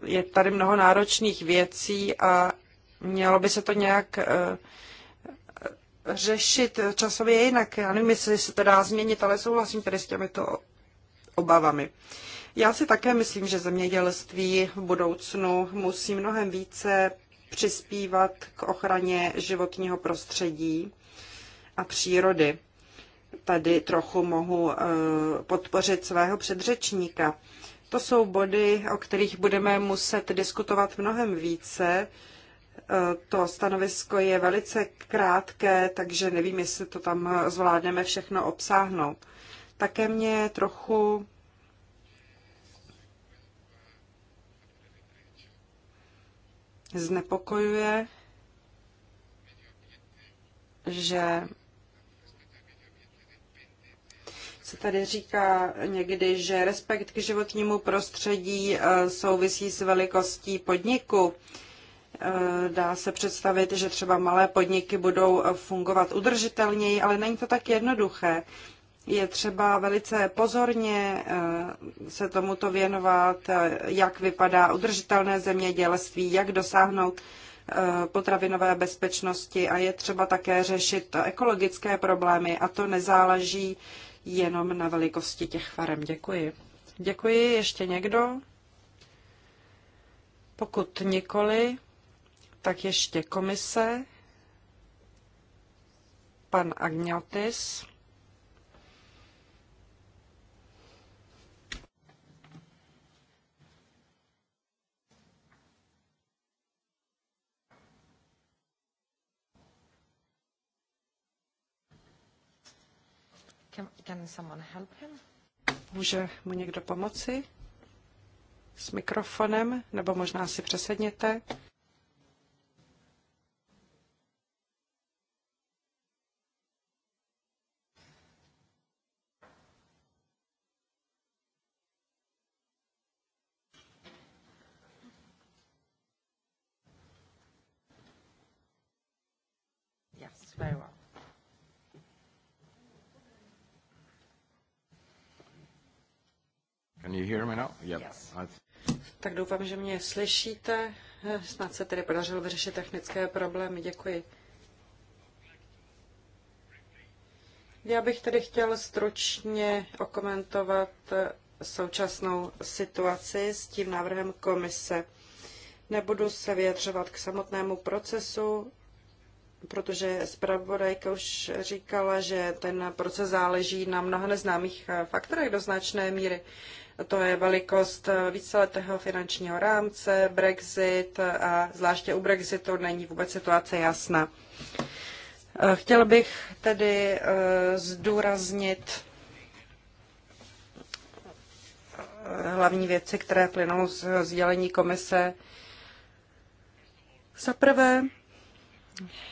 je tady mnoho náročných věcí a mělo by se to nějak eh, řešit časově jinak. Já nevím, jestli se to dá změnit, ale souhlasím tady s těmito obavami. Já si také myslím, že zemědělství v budoucnu musí mnohem více přispívat k ochraně životního prostředí a přírody tady trochu mohu eh, podpořit svého předřečníka. To jsou body, o kterých budeme muset diskutovat mnohem více. Eh, to stanovisko je velice krátké, takže nevím, jestli to tam zvládneme všechno obsáhnout. Také mě trochu znepokojuje, že se tady říká někdy, že respekt k životnímu prostředí e, souvisí s velikostí podniku. E, dá se představit, že třeba malé podniky budou e, fungovat udržitelněji, ale není to tak jednoduché. Je třeba velice pozorně se tomuto věnovat, jak vypadá udržitelné zemědělství, jak dosáhnout potravinové bezpečnosti a je třeba také řešit ekologické problémy a to nezáleží jenom na velikosti těch farem. Děkuji. Děkuji. Ještě někdo? Pokud nikoli, tak ještě komise. Pan Agniotis. Can, can someone help him? Může mu někdo pomoci? S mikrofonem, nebo možná si přesedněte. Yes, very well. Can you hear me now? Yep. Yes. Tak doufám, že mě slyšíte. Snad se tedy podařilo vyřešit technické problémy. Děkuji. Já bych tedy chtěl stručně okomentovat současnou situaci s tím návrhem komise. Nebudu se vyjadřovat k samotnému procesu, protože zpravodajka už říkala, že ten proces záleží na mnoha neznámých faktorech do značné míry to je velikost eh, víceletého finančního rámce, Brexit eh, a zvláště u Brexitu není vůbec situace jasná. Eh, chtěl bych tedy zdůraznit hlavní věci, které plynou z sdělení komise. Za prvé,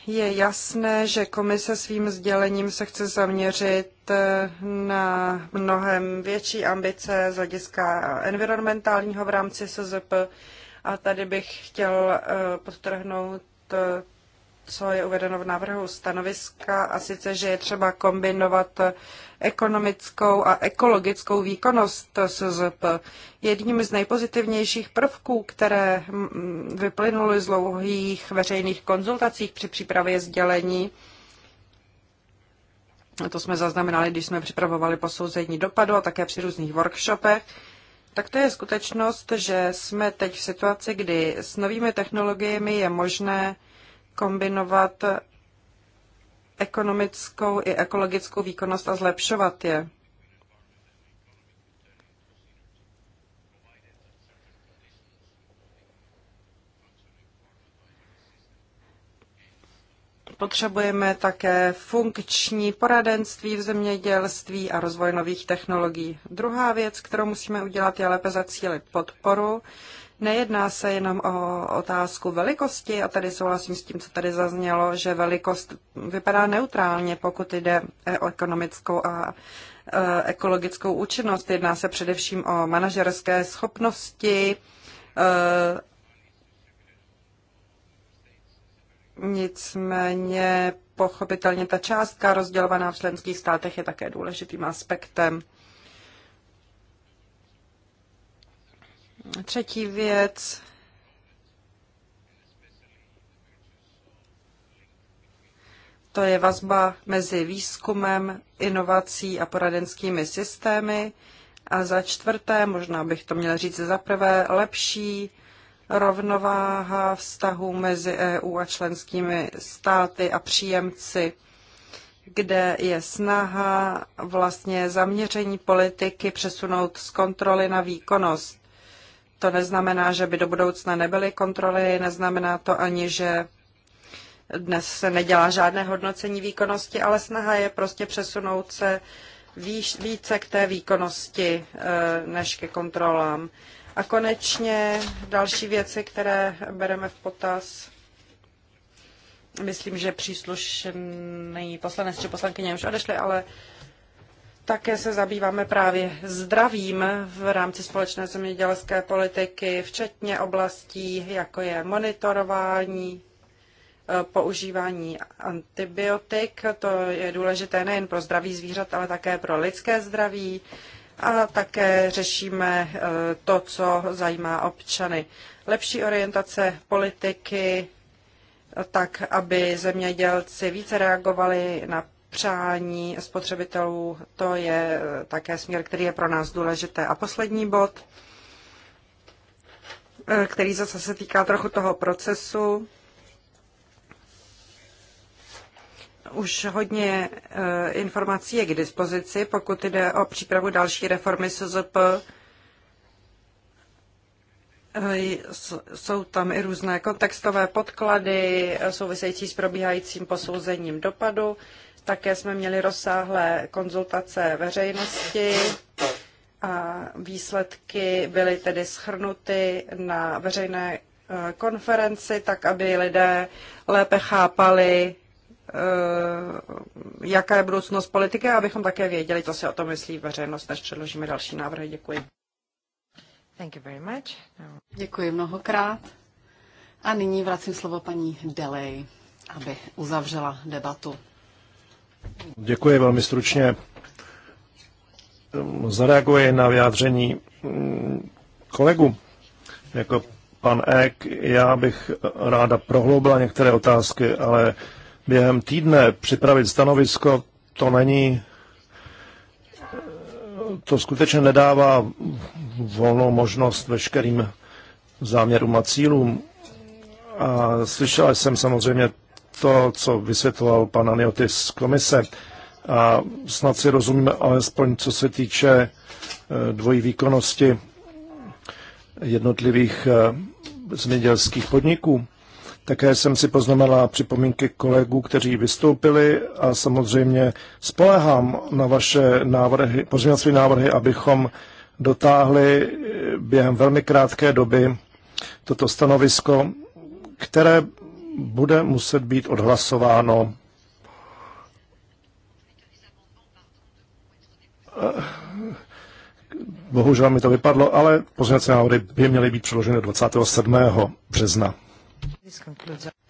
je jasné, že komise svým sdělením se chce zaměřit eh, na mnohem větší ambice z hlediska environmentálního v rámci SZP. A tady bych chtěl eh, podtrhnout eh, co je uvedeno v návrhu stanoviska, a sice, že je třeba kombinovat ekonomickou a ekologickou výkonnost SZP. Jedním z nejpozitivnějších prvků, které vyplynuly z dlouhých veřejných konzultací při přípravě sdělení, to jsme zaznamenali, když jsme připravovali posouzení dopadu a také při různých workshopech, tak to je skutečnost, že jsme teď v situaci, kdy s novými technologiemi je možné kombinovat ekonomickou i ekologickou výkonnost a zlepšovat je. Potřebujeme také funkční poradenství v zemědělství a rozvoj nových technologií. Druhá věc, kterou musíme udělat, je lépe zacílit podporu. Nejedná se jenom o otázku velikosti a tady souhlasím s tím, co tady zaznělo, že velikost vypadá neutrálně, pokud jde e, o ekonomickou a e, ekologickou účinnost. Jedná se především o manažerské schopnosti, e, Nicméně pochopitelně ta částka rozdělovaná v členských státech je také důležitým aspektem. Třetí věc. To je vazba mezi výzkumem, inovací a poradenskými systémy. A za čtvrté, možná bych to měla říct za prvé, lepší rovnováha vztahu mezi EU a členskými státy a příjemci, kde je snaha vlastně zaměření politiky přesunout z kontroly na výkonnost. To neznamená, že by do budoucna nebyly kontroly, neznamená to ani, že dnes se nedělá žádné hodnocení výkonnosti, ale snaha je prostě přesunout se výš, více k té výkonnosti eh, než ke kontrolám. A konečně další věci, které bereme v potaz. Myslím, že příslušný poslanec či poslankyně už odešli, ale také se zabýváme právě zdravím v rámci společné zemědělské politiky, včetně oblastí, jako je monitorování, e, používání antibiotik. To je důležité nejen pro zdraví zvířat, ale také pro lidské zdraví. A také řešíme e, to, co zajímá občany. Lepší orientace politiky, e, tak aby zemědělci více reagovali na přání spotřebitelů, to je eh, také směr, který je pro nás důležité. A poslední bod, eh, který zase se týká trochu toho procesu, už hodně eh, informací je k dispozici, pokud jde o přípravu další reformy SZP. Jsou tam i různé kontextové podklady související s probíhajícím posouzením dopadu. Také jsme měli rozsáhlé konzultace veřejnosti a výsledky byly tedy schrnuty na veřejné eh, konferenci, tak aby lidé lépe chápali, eh, jaká je budoucnost politiky a abychom také věděli, co si o tom myslí veřejnost, než předložíme další návrhy. Děkuji. Thank you very much. No. Děkuji mnohokrát. A nyní vracím slovo paní Delej, aby uzavřela debatu. Děkuji velmi stručně. Zareaguji na vyjádření mm, kolegu. Jako pan Ek, já bych ráda prohloubila některé otázky, ale během týdne připravit stanovisko, to není, to skutečně nedává volnou možnost veškerým záměrům a cílům. A slyšela jsem samozřejmě to, co vysvětloval pan Aniotis z komise. A snad si rozumíme alespoň, co se týče e, dvojí výkonnosti jednotlivých e, zemědělských podniků. Také jsem si poznamenala připomínky kolegů, kteří vystoupili a samozřejmě spolehám na vaše návrhy, pozměňovací návrhy, abychom dotáhli e, během velmi krátké doby toto stanovisko, které bude muset být odhlasováno Bohužel mi to vypadlo, ale pozměňovací návody by měly být předloženy 27. března.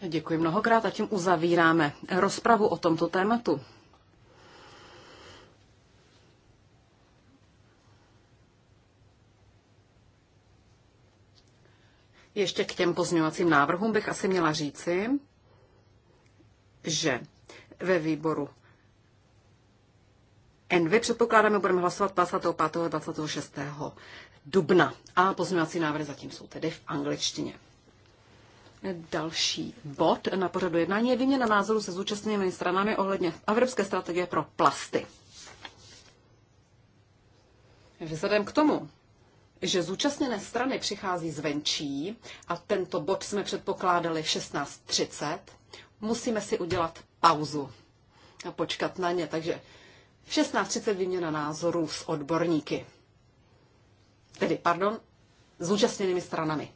Děkuji mnohokrát a tím uzavíráme rozpravu o tomto tématu. Ještě k těm pozměňovacím návrhům bych asi měla říci, že ve výboru NV předpokládáme, budeme hlasovat 25. a 26. dubna. A pozměňovací návrhy zatím jsou tedy v angličtině. Další bod na pořadu jednání je výměna názoru se zúčastněnými stranami ohledně evropské strategie pro plasty. Vzhledem k tomu, že zúčastněné strany přichází zvenčí a tento bod jsme předpokládali v 16.30, musíme si udělat pauzu a počkat na ně. Takže v 16.30 výměna názorů s odborníky. Tedy, pardon, zúčastněnými stranami.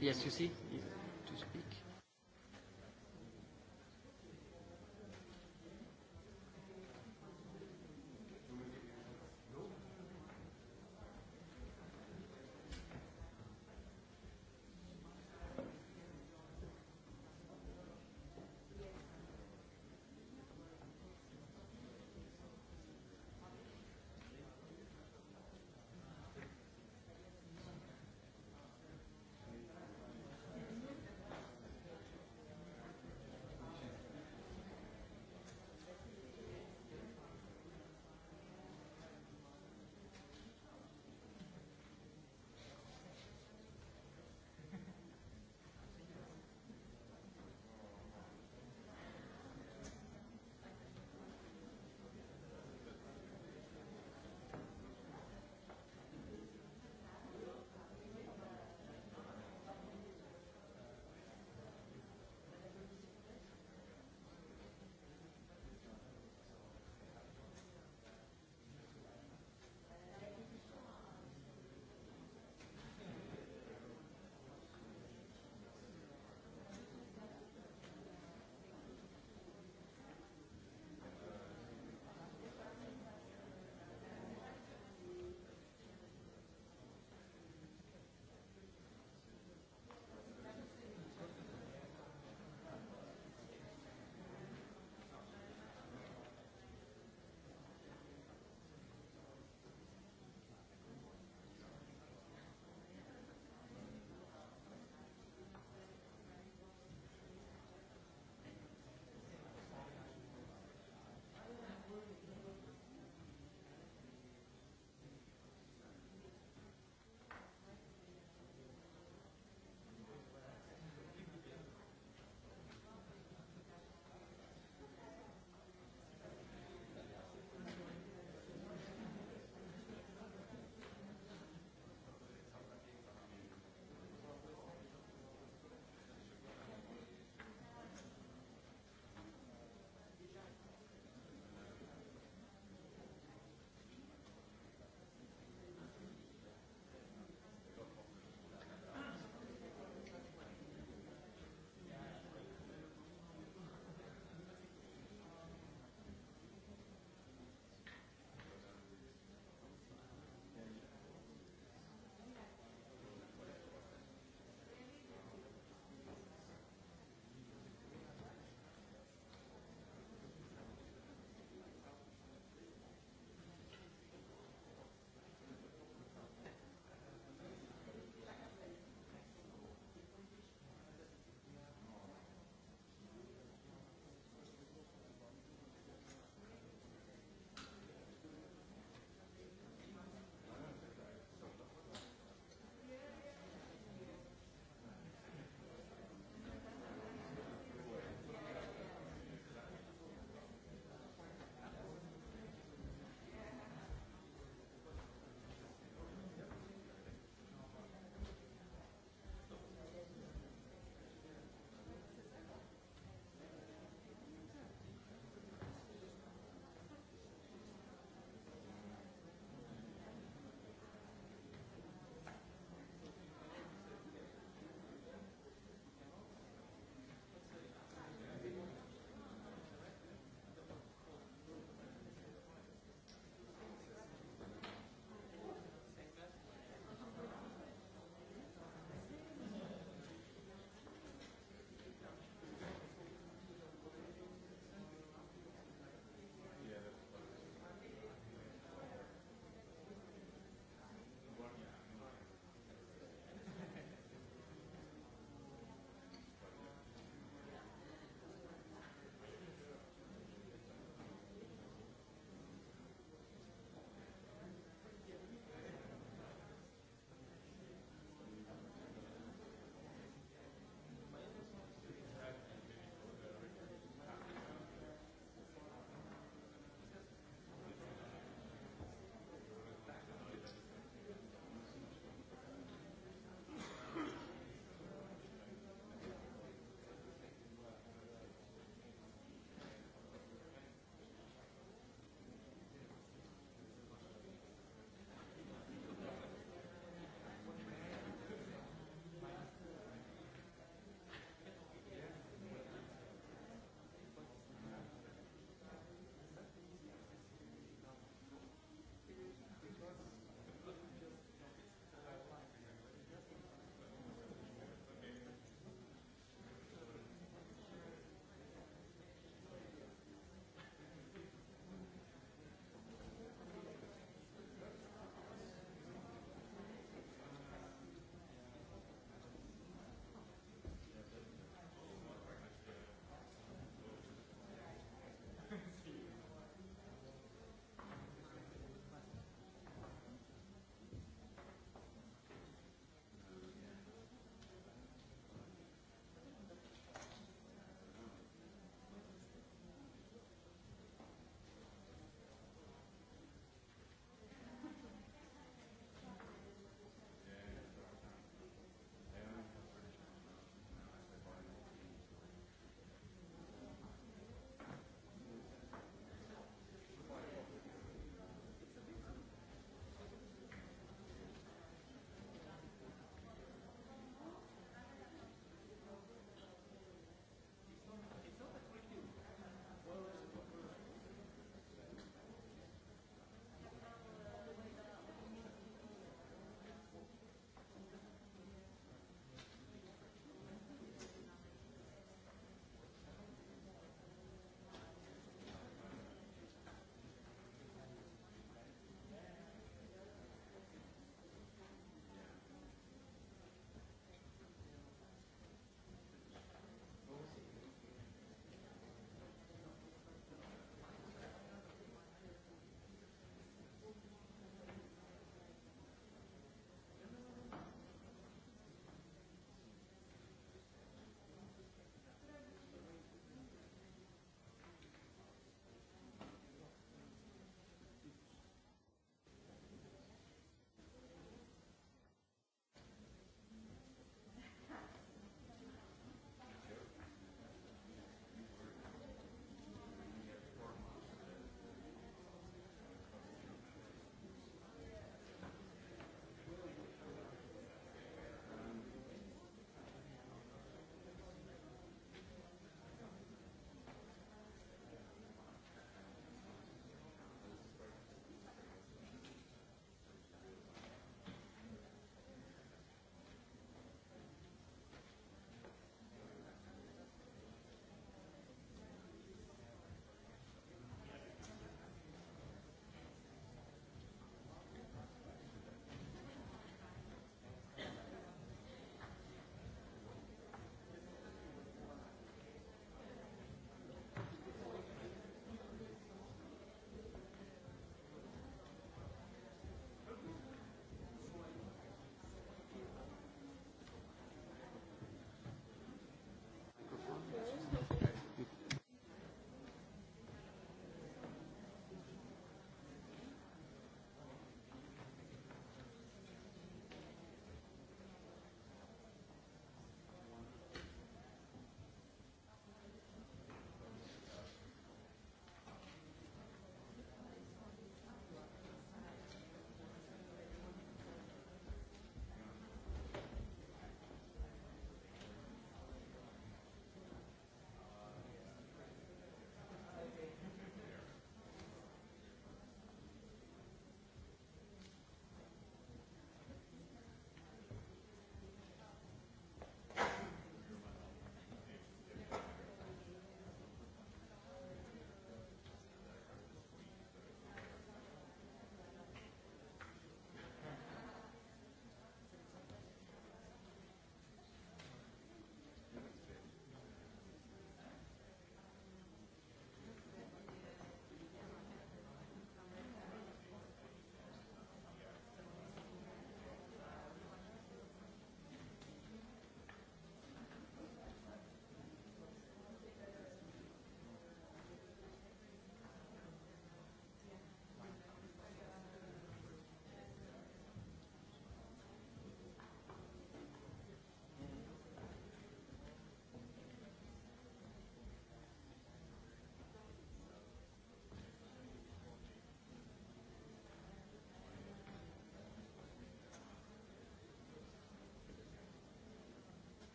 Yes, you see?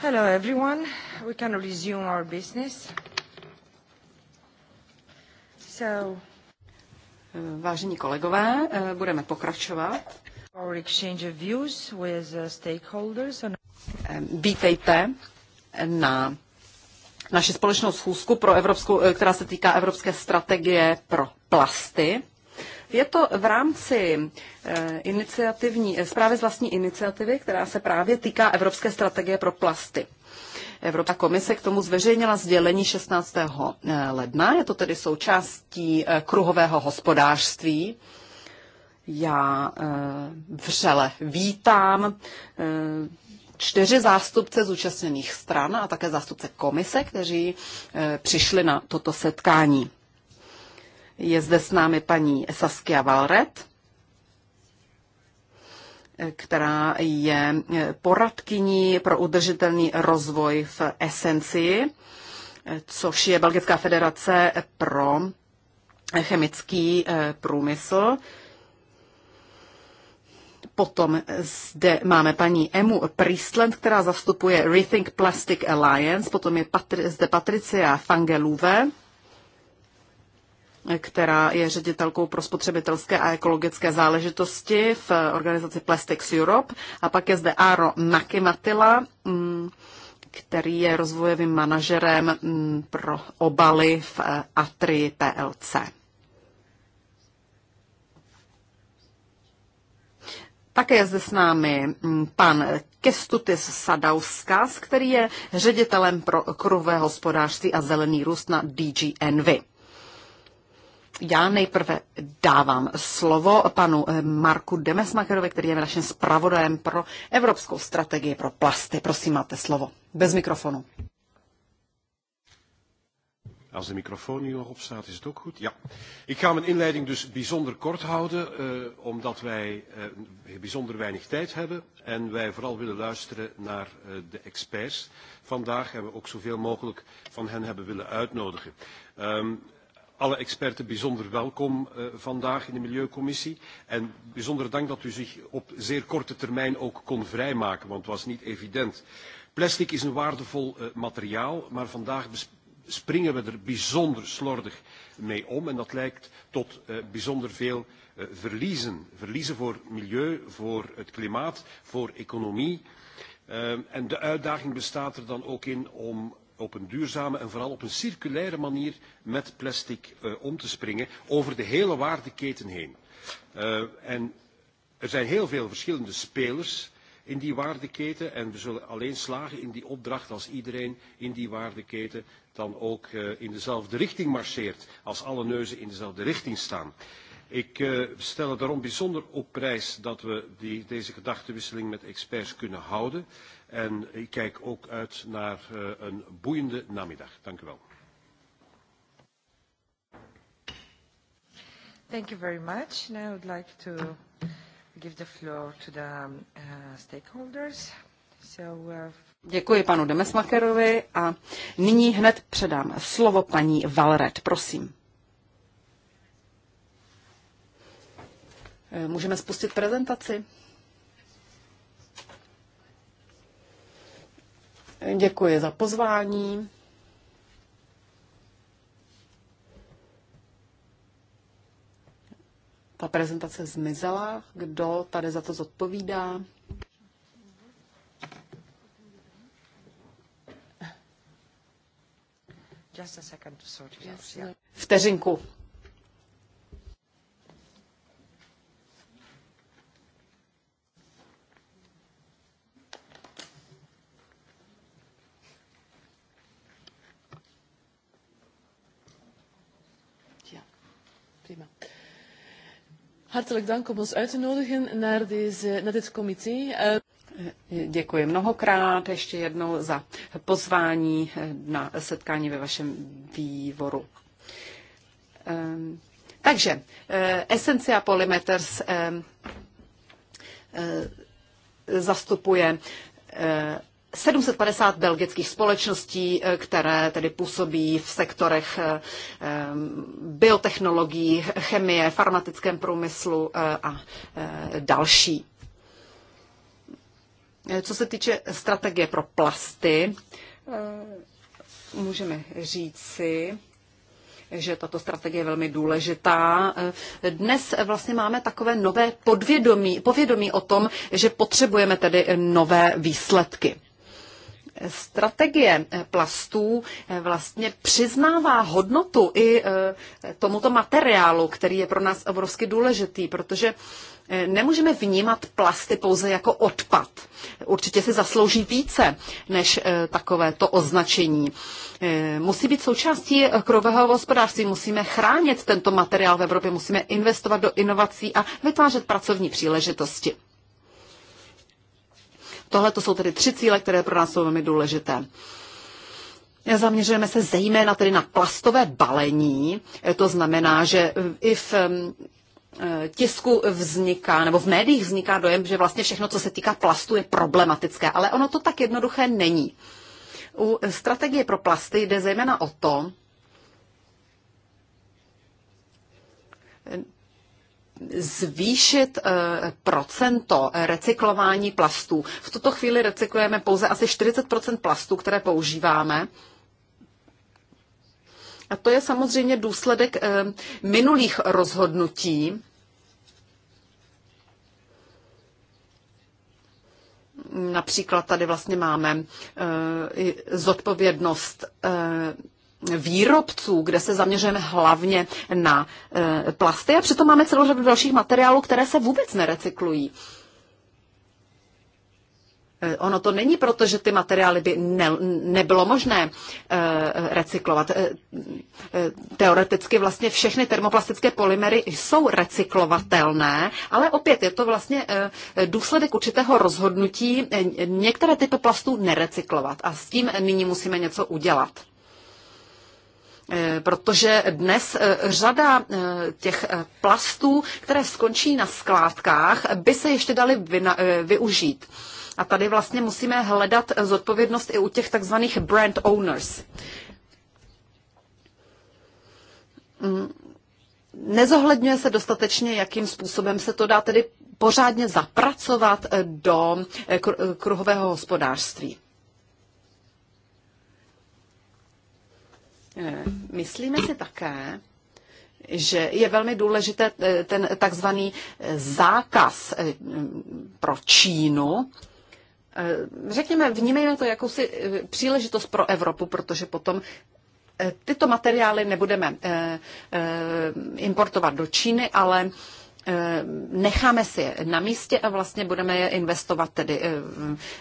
Hello, everyone. We can resume our business. So, Vážení kolegové, eh, budeme pokračovat. Our exchange of views with eh, stakeholders Vítejte na naši společnou schůzku, pro evropskou, eh, která se týká Evropské strategie pro plasty. Je to v rámci eh, iniciativní, eh, zprávy z vlastní iniciativy, která se právě týká Evropské strategie pro plasty. Evropská komise k tomu zveřejnila sdělení 16. Eh, ledna, je to tedy součástí kruhového hospodářství. Já vřele vítám čtyři zástupce zúčastněných stran a také zástupce komise, kteří přišli na toto setkání. Je zde s námi paní Saskia Valret, která je poradkyní pro udržitelný rozvoj v Esenci, což je Belgická federace pro chemický eh, průmysl. Potom zde máme paní Emu Priestland, která zastupuje Rethink Plastic Alliance. Potom je Patr- zde Patricia Fangeluve, která je ředitelkou pro spotřebitelské a ekologické záležitosti v organizaci Plastics Europe. A pak je zde Aro Nakimatila, mm, který je rozvojovým manažerem mm, pro obaly v eh, Atri PLC. Také je zde s námi mm, pan Kestutis Sadauskas, který je ředitelem pro krové hospodářství a zelený růst na DG Envy. Já nejprve dávám slovo panu eh, Marku Demesmacherovi, který je naším zpravodajem pro evropskou strategii pro plasty. Prosím, máte slovo. Bez mikrofonu. Als de microfoon nu nog op staat, is het ook goed. Ja. Ik ga mijn inleiding dus bijzonder kort houden, uh, omdat wij uh, bijzonder weinig tijd hebben. En wij vooral willen luisteren naar uh, de experts vandaag. En we ook zoveel mogelijk van hen hebben willen uitnodigen. Um, alle experten bijzonder welkom eh, vandaag in de Milieucommissie. En bijzonder dank dat u zich op zeer korte termijn ook kon vrijmaken, want het was niet evident. Plastic is een waardevol eh, materiaal, maar vandaag springen we er bijzonder slordig mee om. En dat leidt tot eh, bijzonder veel verliezen. Verliezen voor milieu, voor het klimaat, voor economie. Ehm, en de uitdaging bestaat er dan ook in om op een duurzame en vooral op een circulaire manier met plastic uh, om te springen over de hele waardeketen heen. Uh, en er zijn heel veel verschillende spelers in die waardeketen en we zullen alleen slagen in die opdracht als iedereen in die waardeketen dan ook uh, in dezelfde richting marcheert, als alle neuzen in dezelfde richting staan. Uh, Ik uh, stel het daarom bijzonder op prijs dat we die, deze gedachtenwisseling met experts kunnen houden. En ik kijk ook uit naar uh, een boeiende namiddag. Dank u wel. Thank you very much. Now I would like to give the floor to the um, uh, stakeholders. So, uh... Děkuji panu Demesmakerovi a nyní hned předám slovo paní Valret. Prosím. Eh, můžeme spustit prezentaci. Děkuji za pozvání. Ta prezentace zmizela. Kdo tady za to zodpovídá? Vteřinku. Hartelijk dank om ons uit te nodigen naar, deze, naar dit comité. Eh, děkuji mnohokrát ještě jednou za pozvání eh, na setkání ve vašem vývoru. Ehm, takže eh, Essentia Polymeters ehm, zastupuje 750 belgických společností, eh, které tedy působí v sektorech eh, eh, biotechnologií, chemie, farmatickém průmyslu a další. Co se týče strategie pro plasty, můžeme říci, že tato strategie je velmi důležitá. Dnes vlastně máme takové nové podvědomí, povědomí o tom, že potřebujeme tedy nové výsledky strategie plastů eh, vlastně přiznává hodnotu i eh, tomuto materiálu, který je pro nás obrovsky důležitý, protože eh, nemůžeme vnímat plasty pouze jako odpad. Určitě si zaslouží více než takovéto označení. Musí být součástí krového hospodářství, musíme chránit tento materiál v Evropě, musíme investovat do inovací a vytvářet pracovní příležitosti. Tohle to jsou tedy tři cíle, které pro nás jsou velmi důležité. Zaměřujeme se zejména tedy na plastové balení, to znamená, že i v e, tisku vzniká, nebo v médiích vzniká dojem, že vlastně všechno, co se týká plastu, je problematické, ale ono to tak jednoduché není. U strategie pro plasty jde zejména o to, zvýšit eh, procento recyklování plastů. V tuto chvíli recyklujeme pouze asi 40 plastů, které používáme. A to je samozřejmě důsledek eh, minulých rozhodnutí. Například tady vlastně máme eh, zodpovědnost výrobců, kde se zaměřujeme hlavně na e, plasty a přitom máme celou řadu dalších materiálů, které se vůbec nerecyklují. E, ono to není proto, že ty materiály by ne, nebylo možné e, recyklovat. E, e, teoreticky vlastně všechny termoplastické polymery jsou recyklovatelné, ale opět je to vlastně e, důsledek určitého rozhodnutí některé typy plastů nerecyklovat a s tím nyní musíme něco udělat. Eh, protože dnes eh, řada eh, těch plastů, které skončí na skládkách, by se ještě daly využít. A tady vlastně musíme hledat zodpovědnost i u těch takzvaných brand owners. Mm, nezohledňuje se dostatečně, jakým způsobem se to dá tedy pořádně zapracovat do kruhového hospodářství. Eh, myslíme si také, že je velmi důležité eh, ten takzvaný eh, zákaz pro Čínu. Řekněme, vnímejme to jako si příležitost pro Evropu, protože potom tyto materiály nebudeme importovat do Číny, ale Eh, necháme si je na místě a vlastně budeme je investovat tedy, eh,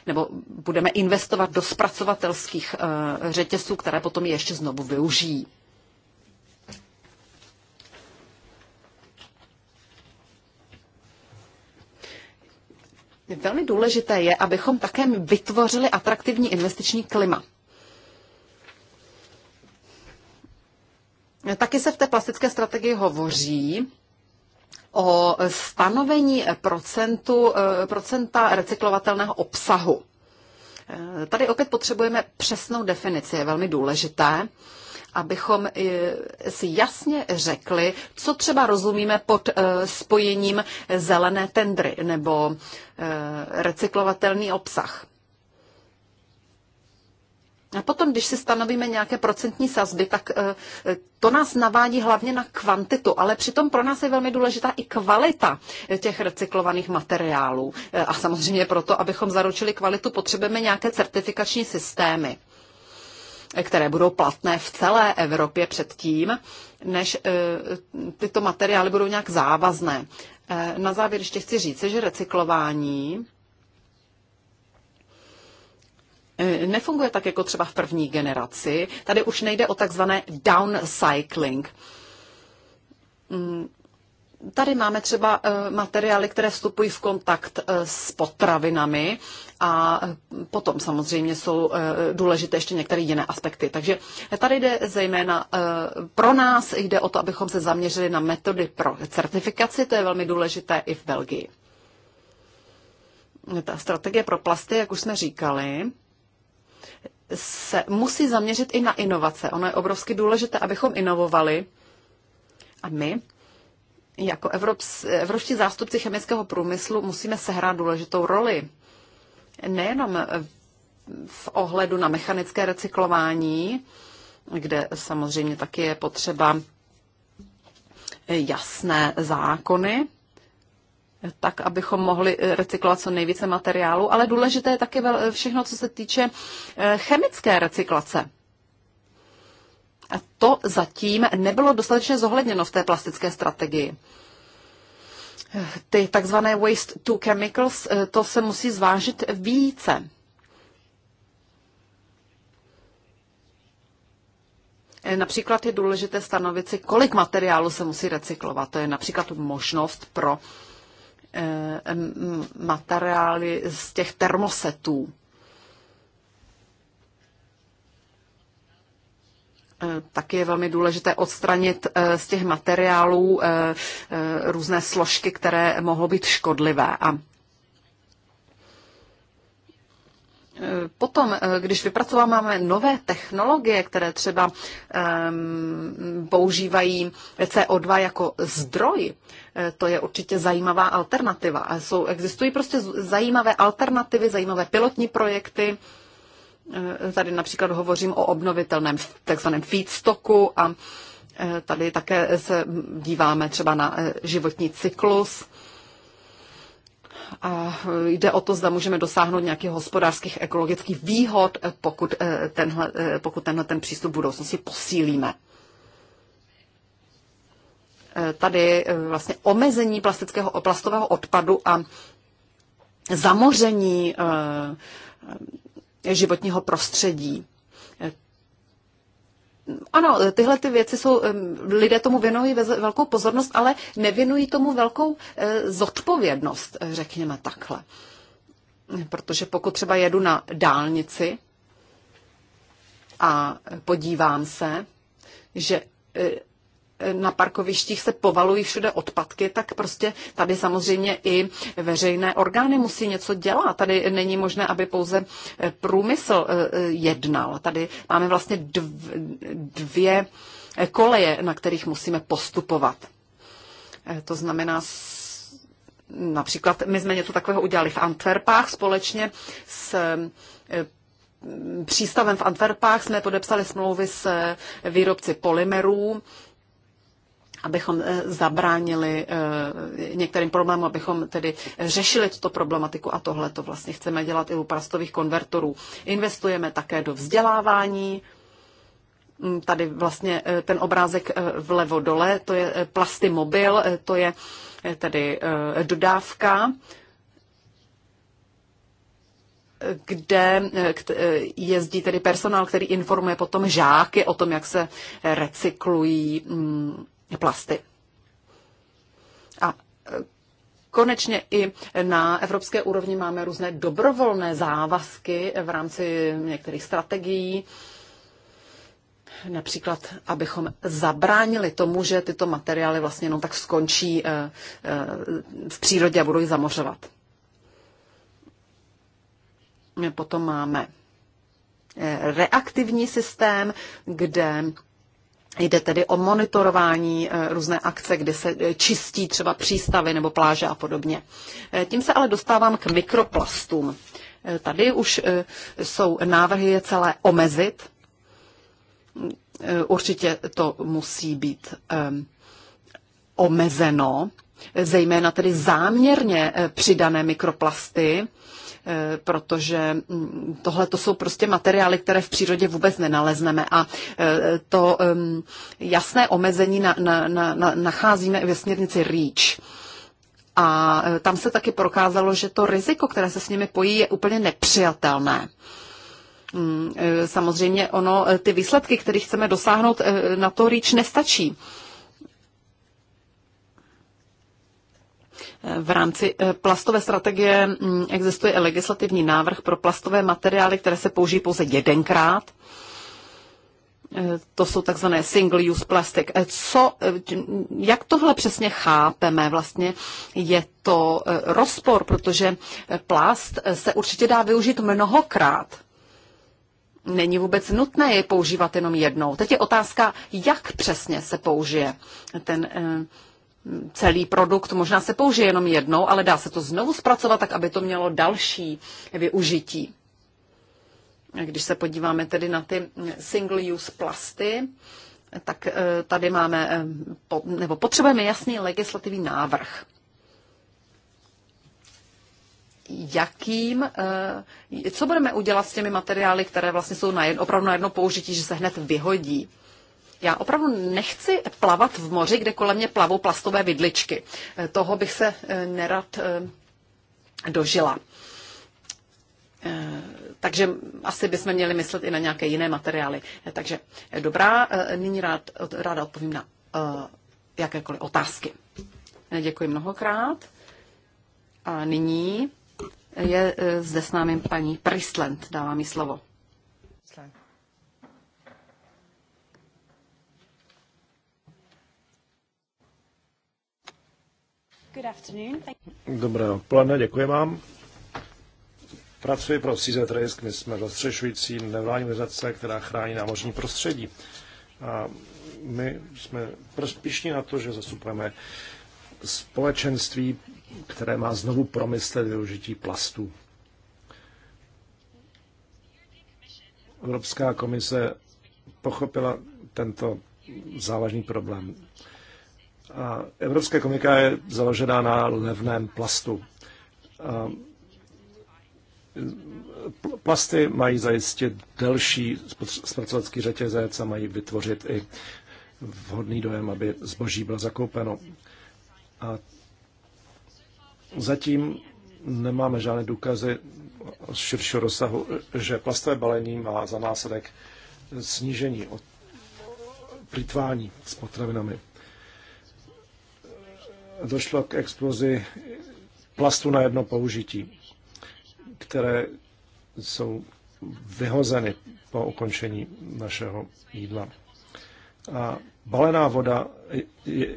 nebo budeme investovat do zpracovatelských eh, řetězců, které potom je ještě znovu využijí. Velmi důležité je, abychom také vytvořili atraktivní investiční klima. Taky se v té plastické strategii hovoří o stanovení procentu, eh, procenta recyklovatelného obsahu. Eh, tady opět potřebujeme přesnou definici, je velmi důležité, abychom eh, si jasně řekli, co třeba rozumíme pod spojením zelené tendry nebo recyklovatelný obsah. A potom, když si stanovíme nějaké procentní sazby, tak eh, eh, to nás navádí hlavně na kvantitu, ale přitom pro nás je velmi důležitá i kvalita eh, těch recyklovaných materiálů. A samozřejmě proto, abychom zaručili kvalitu, potřebujeme nějaké certifikační systémy které budou platné v celé Evropě předtím, než tyto materiály budou nějak závazné. Na závěr ještě chci říct, že recyklování Eh, nefunguje tak jako třeba v první generaci. Tady už nejde o takzvané downcycling. Mm, tady máme třeba eh, materiály, které vstupují v kontakt eh, s potravinami a potom samozřejmě jsou důležité ještě některé jiné aspekty. Takže tady jde zejména pro nás, jde o to, abychom se zaměřili na metody pro certifikaci, to je velmi důležité i v Belgii. Ta strategie pro plasty, jak už jsme říkali, se musí zaměřit i na inovace. Ono je obrovsky důležité, abychom inovovali. A my, jako Evrops, evropští zástupci chemického průmyslu, musíme sehrát důležitou roli. Nejenom v ohledu na mechanické recyklování, kde samozřejmě taky je potřeba jasné zákony, tak, abychom mohli eh, recyklovat co nejvíce materiálu, ale důležité je také všechno, co se týče eh, chemické recyklace. A to zatím nebylo dostatečně zohledněno v té plastické strategii. Eh, ty takzvané waste to chemicals, to se musí zvážit více. Například je důležité stanovit si, kolik materiálu se musí recyklovat. To je například možnost pro Eh, materiály z těch termosetů. Eh, taky je velmi důležité odstranit eh, z těch materiálů různé složky, které mohou být škodlivé. A Potom, eh, když vypracováváme nové technologie, které třeba um, používají CO2 jako zdroj, eh, to je určitě zajímavá alternativa. A jsou, existují prostě zajímavé alternativy, zajímavé pilotní projekty. Eh, tady například hovořím o obnovitelném takzvaném feedstocku a tady také se díváme třeba na životní cyklus a jde o to, zda můžeme dosáhnout nějakých hospodářských ekologických výhod, eh, pokud eh, tenhle, eh, pokud tenhle ten přístup v budoucnosti posílíme. Tady vlastně omezení plastického, plastového odpadu a zamoření životního prostředí ano, tyhle ty věci jsou, lidé tomu věnují velkou pozornost, ale nevěnují tomu velkou eh, zodpovědnost, eh, řekněme takhle. Protože pokud třeba jedu na dálnici a podívám se, že eh, na parkovištích se povalují všude odpadky, tak prostě tady samozřejmě i veřejné orgány musí něco dělat. Tady není možné, aby pouze eh, průmysl eh, eh, jednal. Tady máme vlastně dvě koleje, na kterých musíme postupovat. To znamená, například my jsme něco takového udělali v Antwerpách společně s přístavem v Antwerpách jsme podepsali smlouvy s výrobci polymerů abychom eh, zabránili eh, některým problémům, abychom tedy řešili tuto problematiku a tohle to vlastně chceme dělat i u prastových konvertorů. Investujeme také do vzdělávání. Mm, tady vlastně eh, ten obrázek vlevo dole, to je plasty mobil, to je tedy dodávka kde jezdí tedy personál, který informuje potom žáky o tom, jak se recyklují mm, plasty. A e, konečně i na evropské úrovni máme různé dobrovolné závazky v rámci některých strategií, například, abychom zabránili tomu, že tyto materiály vlastně jenom tak skončí e, e, v přírodě a budou ji zamořovat. Potom máme reaktivní systém, kde Jde tedy o monitorování eh, různé akce, kde se eh, čistí třeba přístavy nebo pláže a podobně. Eh, tím se ale dostávám k mikroplastům. Tady už jsou návrhy je celé omezit. Určitě to musí být omezeno, zejména tedy záměrně přidané mikroplasty, Eh, protože mm, tohle to jsou prostě materiály, které v přírodě vůbec nenalezneme a eh, to jasné omezení na, na, na, na, nacházíme ve směrnici REACH. A eh, tam se taky prokázalo, že to riziko, které se s nimi pojí, je úplně nepřijatelné. Mm, samozřejmě ono, ty výsledky, které chceme dosáhnout, na to REACH nestačí V rámci eh, plastové strategie mm, existuje i legislativní návrh pro plastové materiály, které se použijí pouze jedenkrát. Eh, to jsou takzvané single-use plastic. Eh, co, jak tohle přesně chápeme? Vlastně je to rozpor, protože plast se určitě dá využít mnohokrát není vůbec nutné je používat jenom jednou. Teď je otázka, jak přesně se použije ten celý produkt možná se použije jenom jednou, ale dá se to znovu zpracovat tak, aby to mělo další využití. Když se podíváme tedy na ty single-use plasty, tak eh, tady máme, eh, nebo potřebujeme jasný legislativní návrh. Jakým, eh, co budeme udělat s těmi materiály, které vlastně jsou na jedno, opravdu na jedno použití, že se hned vyhodí? Já opravdu nechci plavat v moři, kde kolem mě plavou plastové vidličky. Eh, toho bych se eh, nerad eh, dožila. Takže asi bychom měli myslet i na nějaké jiné materiály. Takže dobrá, nyní rád, ráda odpovím na jakékoliv otázky. Děkuji mnohokrát. A nyní je zde s námi paní Prisland. Dávám jí slovo. Dobré odpoledne, děkuji vám. Pracuji pro CZ Risk, my jsme zastřešující nevládní organizace, která chrání námořní prostředí. A my jsme prospěšní na to, že zastupujeme společenství, které má znovu promyslet využití plastů. Evropská komise pochopila tento závažný problém evropská ekonomika je založená na levném plastu. plasty mají zajistit delší zpracovací řetězec a mají vytvořit i vhodný dojem, aby zboží bylo zakoupeno. A zatím nemáme žádné důkazy z širšího rozsahu, že plastové balení má za následek snížení od plitvání s potravinami došlo k explozi plastu na jedno použití, které jsou vyhozeny po ukončení našeho jídla. A balená voda je,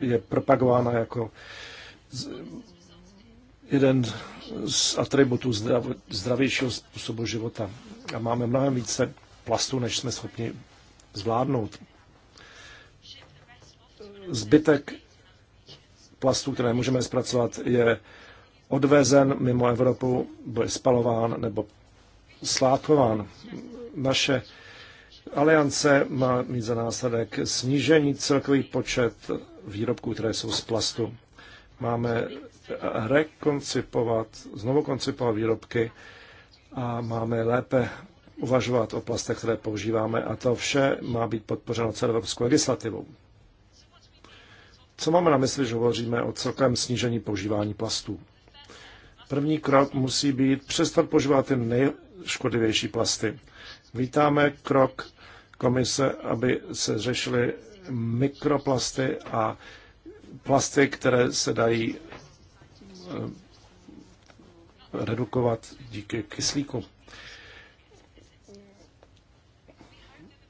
je propagována jako jeden z atributů zdrav, zdravějšího způsobu života. A máme mnohem více plastu, než jsme schopni zvládnout. Zbytek plastů, které můžeme zpracovat, je odvezen mimo Evropu, byl spalován nebo slátkován. Naše aliance má mít za následek snížení celkový počet výrobků, které jsou z plastu. Máme rekoncipovat, znovu koncipovat výrobky a máme lépe uvažovat o plastech, které používáme a to vše má být podpořeno evropskou legislativou. Co máme na mysli, že hovoříme o celkovém snížení používání plastů? První krok musí být přestat používat ty nejškodlivější plasty. Vítáme krok komise, aby se řešily mikroplasty a plasty, které se dají eh, redukovat díky kyslíku.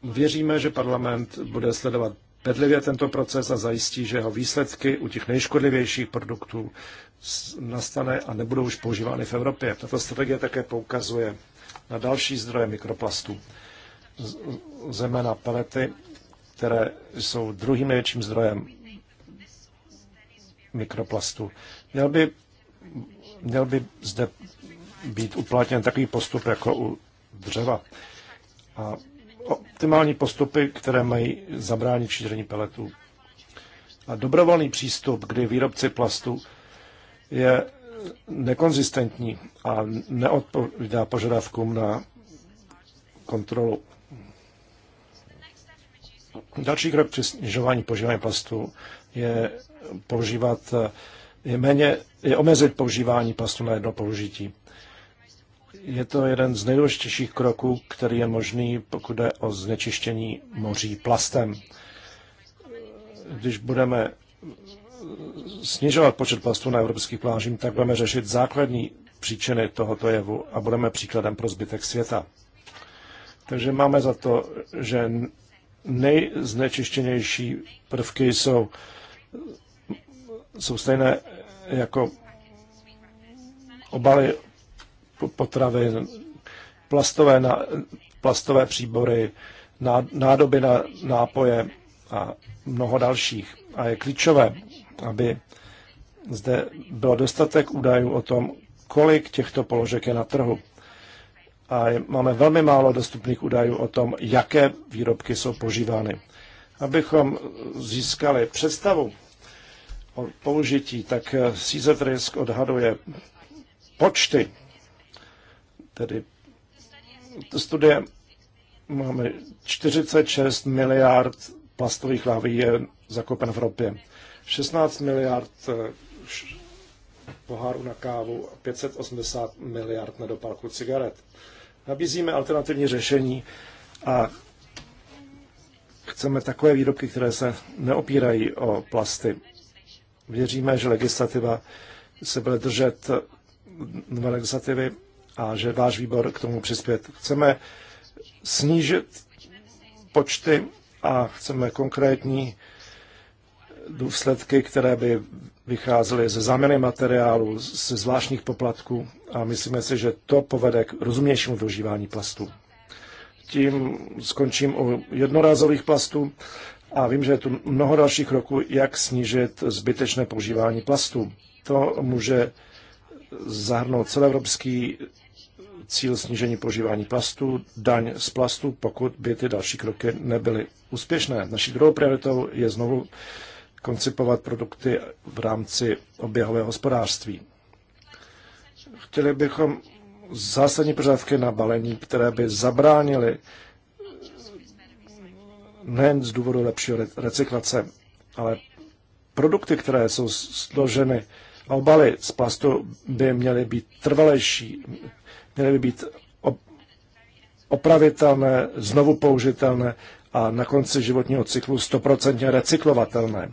Věříme, že parlament bude sledovat bedlivě tento proces a zajistí, že jeho výsledky u těch nejškodlivějších produktů nastane a nebudou už používány v Evropě. Tato strategie také poukazuje na další zdroje mikroplastů, zejména pelety, které jsou druhým největším zdrojem mikroplastu. Měl by, měl by zde být uplatněn takový postup jako u dřeva. A optimální postupy, které mají zabránit šíření peletů. A dobrovolný přístup, kdy výrobci plastu je nekonzistentní a neodpovídá požadavkům na kontrolu. Další krok při snižování používání plastu je používat je méně, je omezit používání plastu na jedno použití. Je to jeden z nejdůležitějších kroků, který je možný, pokud jde o znečištění moří plastem. Když budeme snižovat počet plastů na evropských plážích, tak budeme řešit základní příčiny tohoto jevu a budeme příkladem pro zbytek světa. Takže máme za to, že nejznečištěnější prvky jsou, jsou stejné jako obaly potravin, plastové, na, plastové příbory, nádoby na nápoje a mnoho dalších. A je klíčové, aby zde bylo dostatek údajů o tom, kolik těchto položek je na trhu. A máme velmi málo dostupných údajů o tom, jaké výrobky jsou požívány. Abychom získali představu o použití, tak eh, CZ Risk odhaduje počty Tedy studie máme 46 miliard plastových láví je zakopen v ropě. 16 miliard eh, pohárů na kávu a 580 miliard na dopalku cigaret. Nabízíme alternativní řešení a chceme takové výrobky, které se neopírají o plasty. Věříme, že legislativa se bude držet nové legislativy a že váš výbor k tomu přispět. Chceme snížit počty a chceme konkrétní důsledky, které by vycházely ze záměny materiálu, ze zvláštních poplatků a myslíme si, že to povede k rozumnějšímu využívání plastů. Tím skončím u jednorázových plastů a vím, že je tu mnoho dalších kroků, jak snížit zbytečné používání plastů. To může zahrnout celoevropský cíl snížení požívání plastů, daň z plastu, pokud by ty další kroky nebyly úspěšné. Naší druhou prioritou je znovu koncipovat produkty v rámci oběhového hospodářství. Chtěli bychom zásadní požadavky na balení, které by zabránily nejen z důvodu lepší recyklace, ale produkty, které jsou složeny a obaly z plastu by měly být trvalejší, měly by být opravitelné, znovu použitelné a na konci životního cyklu stoprocentně recyklovatelné.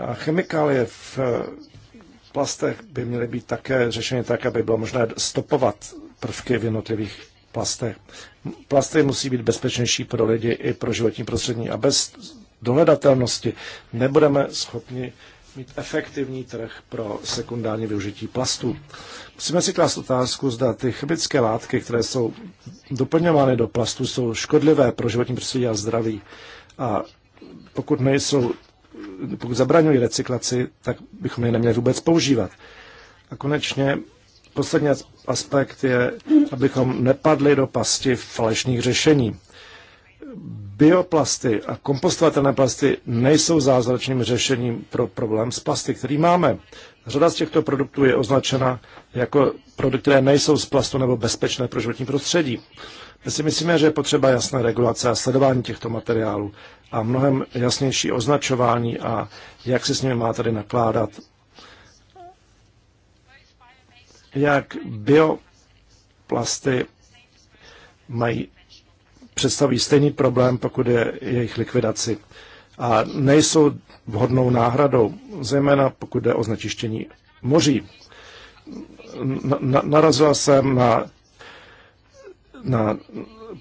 A chemikálie v eh, plastech by měly být také řešeny tak, aby bylo možné stopovat prvky v jednotlivých plastech. Plasty musí být bezpečnější pro lidi i pro životní prostředí a bez dohledatelnosti nebudeme schopni mít efektivní trh pro sekundární využití plastů. Musíme si klást otázku, zda ty chemické látky, které jsou doplňovány do plastu, jsou škodlivé pro životní prostředí a zdraví. A pokud nejsou, pokud zabraňují recyklaci, tak bychom je neměli vůbec používat. A konečně poslední aspekt je, abychom nepadli do pasti falešných řešení bioplasty a kompostovatelné plasty nejsou zázračným řešením pro problém s plasty, který máme. Řada z těchto produktů je označena jako produkty, které nejsou z plastu nebo bezpečné pro životní prostředí. My si myslíme, že je potřeba jasná regulace a sledování těchto materiálů a mnohem jasnější označování a jak se s nimi má tady nakládat. Jak bioplasty mají představují stejný problém, pokud je jejich likvidaci a nejsou vhodnou náhradou, zejména pokud jde o znečištění moří. Na, narazil jsem na, na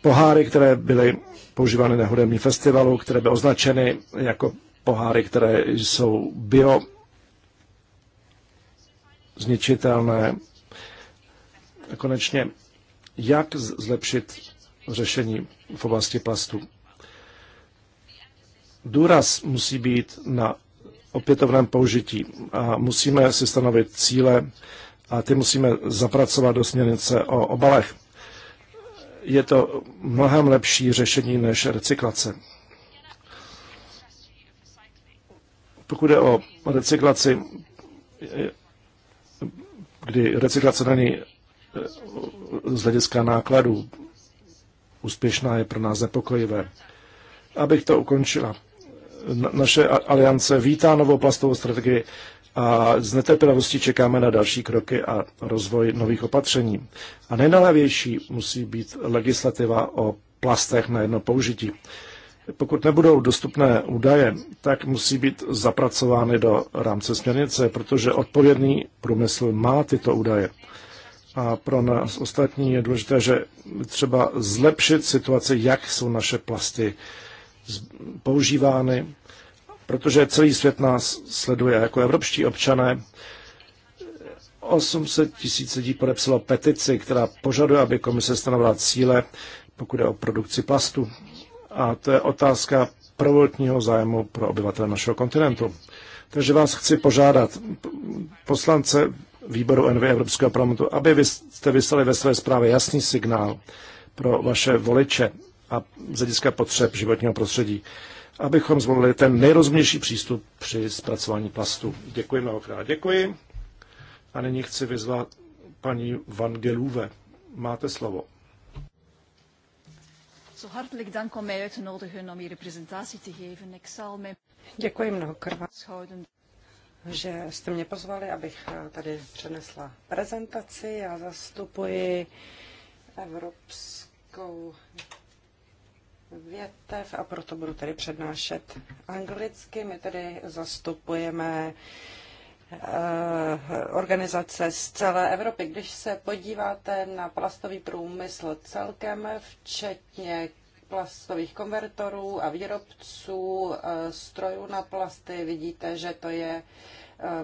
poháry, které byly používány na hudební festivalu, které byly označeny jako poháry, které jsou bio zničitelné. A konečně, jak zlepšit řešení v oblasti plastu. Důraz musí být na opětovném použití a musíme si stanovit cíle a ty musíme zapracovat do směrnice o obalech. Je to mnohem lepší řešení než recyklace. Pokud je o recyklaci, kdy recyklace není z hlediska nákladů úspěšná, je pro nás nepokojivé. Abych to ukončila. Naše aliance vítá novou plastovou strategii a z netrpělivosti čekáme na další kroky a rozvoj nových opatření. A nejnalavější musí být legislativa o plastech na jedno použití. Pokud nebudou dostupné údaje, tak musí být zapracovány do rámce směrnice, protože odpovědný průmysl má tyto údaje. A pro nás ostatní je důležité, že třeba zlepšit situaci, jak jsou naše plasty používány, protože celý svět nás sleduje jako evropští občané. 800 tisíc lidí podepsalo petici, která požaduje, aby komise stanovila cíle, pokud je o produkci plastu. A to je otázka prvotního zájmu pro obyvatele našeho kontinentu. Takže vás chci požádat, poslance, výboru NV Evropského parlamentu, aby vy jste vyslali ve své zprávě jasný signál pro vaše voliče a z hlediska potřeb životního prostředí, abychom zvolili ten nejrozumnější přístup při zpracování plastu. Děkuji mnohokrát. Děkuji. A nyní chci vyzvat paní Van Geluve. Máte slovo. Děkuji mnohokrát že jste mě pozvali, abych eh, tady přenesla prezentaci. Já zastupuji evropskou větev a proto budu tady přednášet anglicky. My tady zastupujeme eh, organizace z celé Evropy. Když se podíváte na plastový průmysl celkem, včetně plastových konvertorů a výrobců e, strojů na plasty. Vidíte, že to je e,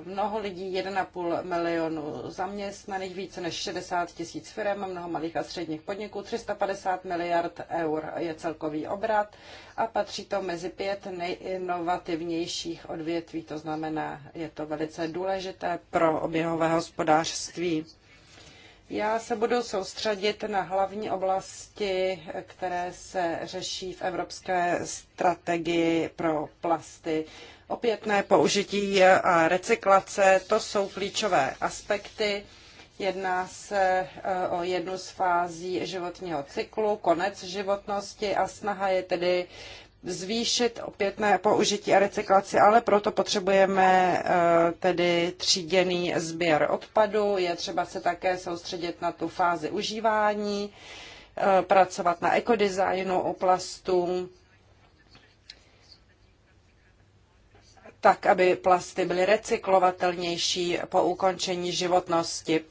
mnoho lidí, 1,5 milionu zaměstnaných, více než 60 tisíc firm, mnoho malých a středních podniků, 350 miliard eur je celkový obrat a patří to mezi pět nejinovativnějších odvětví, to znamená, je to velice důležité pro oběhové hospodářství. Já se budu soustředit na hlavní oblasti, které se řeší v Evropské strategii pro plasty. Opětné použití a recyklace, to jsou klíčové aspekty. Jedná se eh, o jednu z fází životního cyklu, konec životnosti a snaha je tedy zvýšit opětné použití a recyklaci, ale proto potřebujeme eh, tedy tříděný sběr odpadu. Je třeba se také soustředit na tu fázi užívání, eh, pracovat na ekodesignu u plastů, tak, aby plasty byly recyklovatelnější po ukončení životnosti.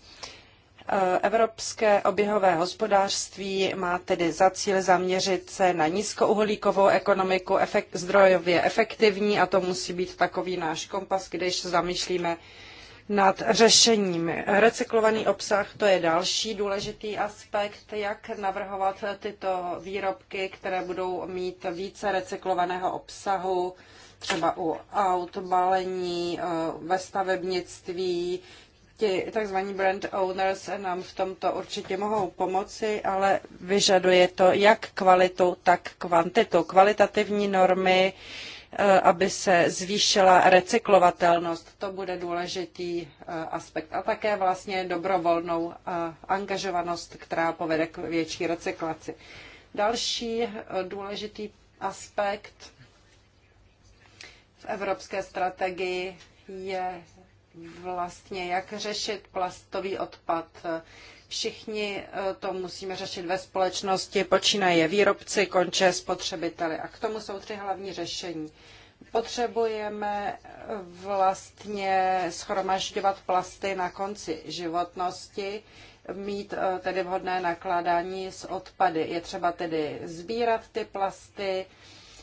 Evropské oběhové hospodářství má tedy za cíl zaměřit se na nízkouhlíkovou ekonomiku, efekt, zdrojově efektivní a to musí být takový náš kompas, když zamýšlíme nad řešením. Recyklovaný obsah to je další důležitý aspekt, jak navrhovat tyto výrobky, které budou mít více recyklovaného obsahu, třeba u aut, balení, eh, ve stavebnictví, ti tzv. brand owners nám v tomto určitě mohou pomoci, ale vyžaduje to jak kvalitu, tak kvantitu. Kvalitativní normy, eh, aby se zvýšila recyklovatelnost, to bude důležitý eh, aspekt. A také vlastně dobrovolnou eh, angažovanost, která povede k větší recyklaci. Další důležitý aspekt v evropské strategii je vlastně, jak řešit plastový odpad. Všichni eh, to musíme řešit ve společnosti, počínaje výrobci, konče spotřebiteli. A k tomu jsou tři hlavní řešení. Potřebujeme eh, vlastně schromažďovat plasty na konci životnosti, mít eh, tedy vhodné nakládání s odpady. Je třeba tedy sbírat ty plasty,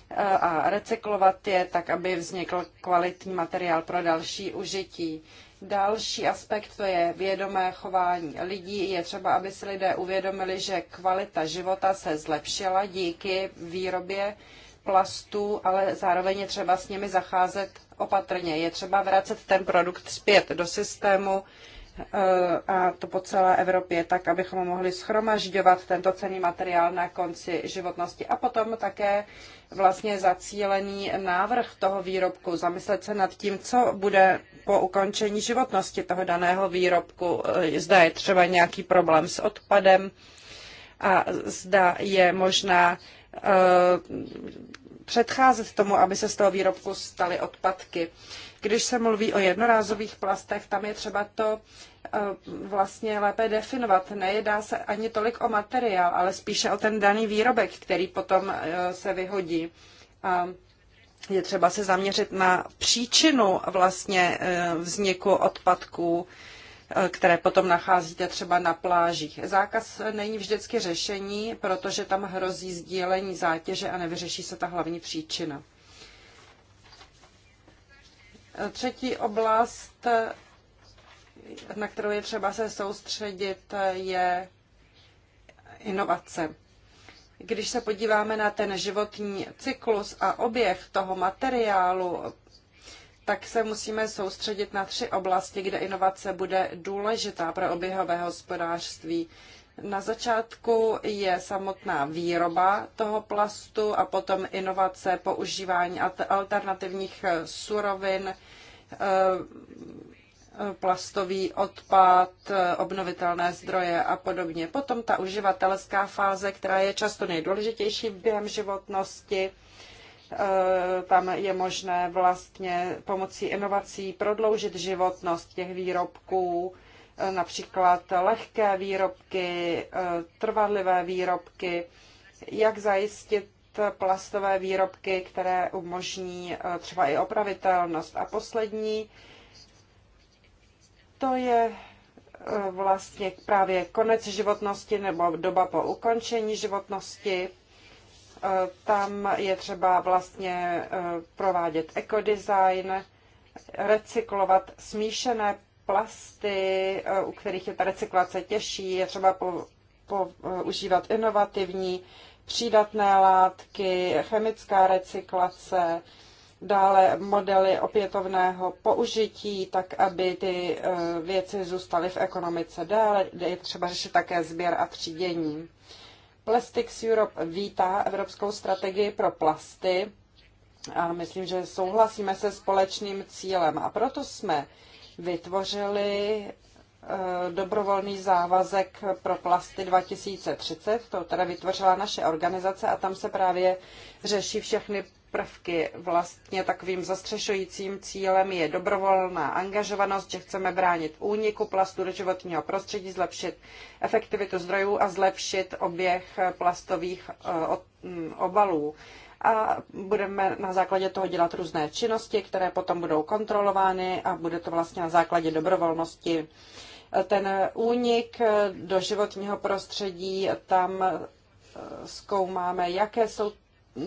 Eh, a recyklovat je tak, aby vznikl kvalitní materiál pro další užití. Další aspekt to je vědomé chování lidí. Je třeba, aby si lidé uvědomili, že kvalita života se zlepšila díky výrobě plastů, ale zároveň je třeba s nimi zacházet opatrně. Je třeba vracet ten produkt zpět do systému, Eh, a to po celé Evropě, tak abychom mohli schromažďovat tento cený materiál na konci životnosti. A potom také vlastně zacílený návrh toho výrobku, zamyslet se nad tím, co bude po ukončení životnosti toho daného výrobku. Eh, zda je třeba nějaký problém s odpadem a zda je možná eh, předcházet tomu, aby se z toho výrobku staly odpadky. Když se mluví o jednorázových plastech, tam je třeba to eh, vlastně lépe definovat. Nejedná se ani tolik o materiál, ale spíše o ten daný výrobek, který potom eh, se vyhodí. A je třeba se zaměřit na příčinu vlastně eh, vzniku odpadků, které potom nacházíte třeba na plážích. Zákaz není vždycky řešení, protože tam hrozí sdílení zátěže a nevyřeší se ta hlavní příčina. Třetí oblast, na kterou je třeba se soustředit, je inovace. Když se podíváme na ten životní cyklus a oběh toho materiálu, tak se musíme soustředit na tři oblasti, kde inovace bude důležitá pro oběhové hospodářství. Na začátku je samotná výroba toho plastu a potom inovace, používání alternativních eh, surovin, eh, eh, plastový odpad, obnovitelné zdroje a podobně. Potom ta uživatelská fáze, která je často nejdůležitější během životnosti, tam je možné vlastně pomocí inovací prodloužit životnost těch výrobků, například lehké výrobky, eh, trvanlivé výrobky, jak zajistit plastové výrobky, které umožní eh, třeba i opravitelnost. A poslední, to je eh, vlastně právě konec životnosti nebo doba po ukončení životnosti. Tam je třeba vlastně provádět ekodesign, recyklovat smíšené plasty, eh, u kterých je ta recyklace těžší, je třeba používat eh, inovativní přídatné látky, chemická recyklace, dále modely opětovného použití, tak aby ty eh, věci zůstaly v ekonomice dále. Je třeba řešit také sběr a třídění. Plastics Europe vítá evropskou strategii pro plasty a myslím, že souhlasíme se společným cílem. A proto jsme vytvořili eh, dobrovolný závazek pro plasty 2030, to teda vytvořila naše organizace a tam se právě řeší všechny prvky. Vlastně takovým zastřešujícím cílem je dobrovolná angažovanost, že chceme bránit úniku plastu do životního prostředí, zlepšit efektivitu zdrojů a zlepšit oběh plastových eh, mm, obalů a budeme na základě toho dělat různé činnosti, které potom budou kontrolovány a bude to vlastně na základě dobrovolnosti. Ten únik do životního prostředí, tam e, zkoumáme, jaké jsou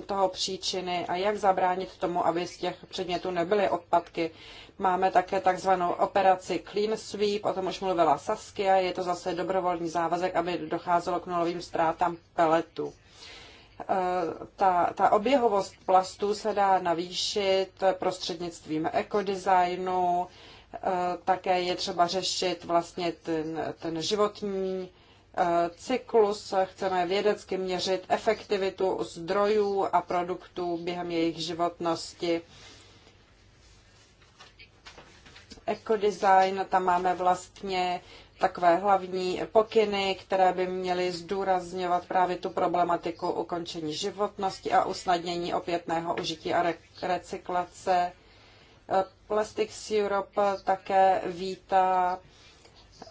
toho příčiny a jak zabránit tomu, aby z těch předmětů nebyly odpadky. Máme také takzvanou operaci Clean Sweep, o tom už mluvila Saskia, je to zase dobrovolný závazek, aby docházelo k nulovým ztrátám peletů. Eh, ta, ta oběhovost plastů se dá navýšit prostřednictvím ekodesignu, eh, také je třeba řešit vlastně ten, ten životní eh, cyklus, chceme vědecky měřit efektivitu zdrojů a produktů během jejich životnosti. Ekodesign, tam máme vlastně takové hlavní pokyny, které by měly zdůrazňovat právě tu problematiku ukončení životnosti a usnadnění opětného užití a recyklace. Plastics Europe také vítá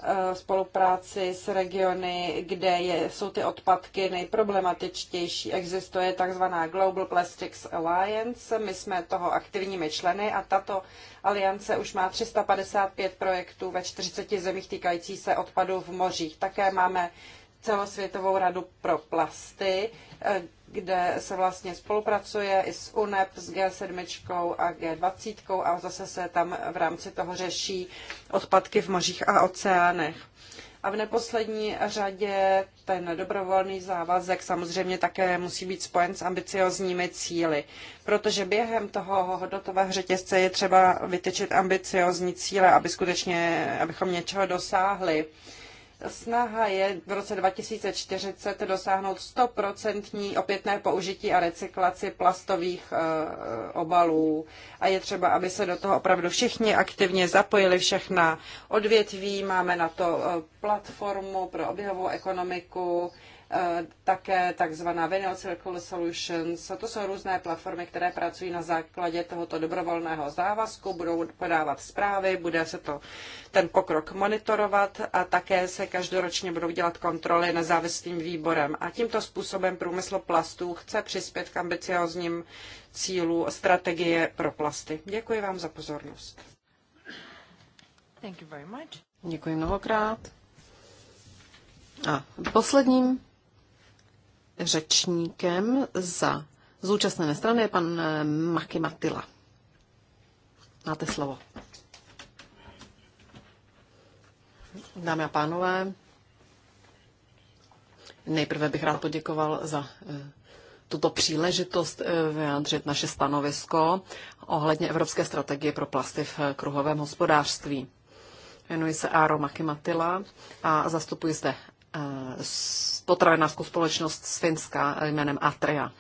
Eh, spolupráci s regiony, kde je, jsou ty odpadky nejproblematičtější. Existuje takzvaná Global Plastics Alliance, my jsme toho aktivními členy a tato aliance už má 355 projektů ve 40 zemích týkající se odpadů v mořích. Také máme celosvětovou radu pro plasty, eh, kde se vlastně spolupracuje i s UNEP, s G7 a G20 a zase se tam v rámci toho řeší odpadky v mořích a oceánech. A v neposlední řadě ten dobrovolný závazek samozřejmě také musí být spojen s ambiciozními cíly, protože během toho hodnotového řetězce je třeba vytyčit ambiciozní cíle, aby skutečně, abychom něčeho dosáhli. Snaha je v roce 2040 dosáhnout 100% opětné použití a recyklaci plastových eh, obalů a je třeba, aby se do toho opravdu všichni aktivně zapojili, všechna odvětví. Máme na to eh, platformu pro oběhovou ekonomiku, Eh, také takzvaná Vinyl Circle Solutions. To jsou různé platformy, které pracují na základě tohoto dobrovolného závazku, budou podávat zprávy, bude se to ten pokrok monitorovat a také se každoročně budou dělat kontroly nezávislým výborem. A tímto způsobem průmysl plastů chce přispět k ambiciozním cílu strategie pro plasty. Děkuji vám za pozornost. Thank you very much. Děkuji mnohokrát. A posledním řečníkem za zúčastněné strany je pan eh, Maki Matila. Máte slovo. Dámy a pánové, nejprve bych rád poděkoval za eh, tuto příležitost eh, vyjádřit naše stanovisko ohledně Evropské strategie pro plasty v kruhovém hospodářství. Jmenuji se Áro Makimatila a zastupuji zde potravinářskou společnost z Finska jménem Atria.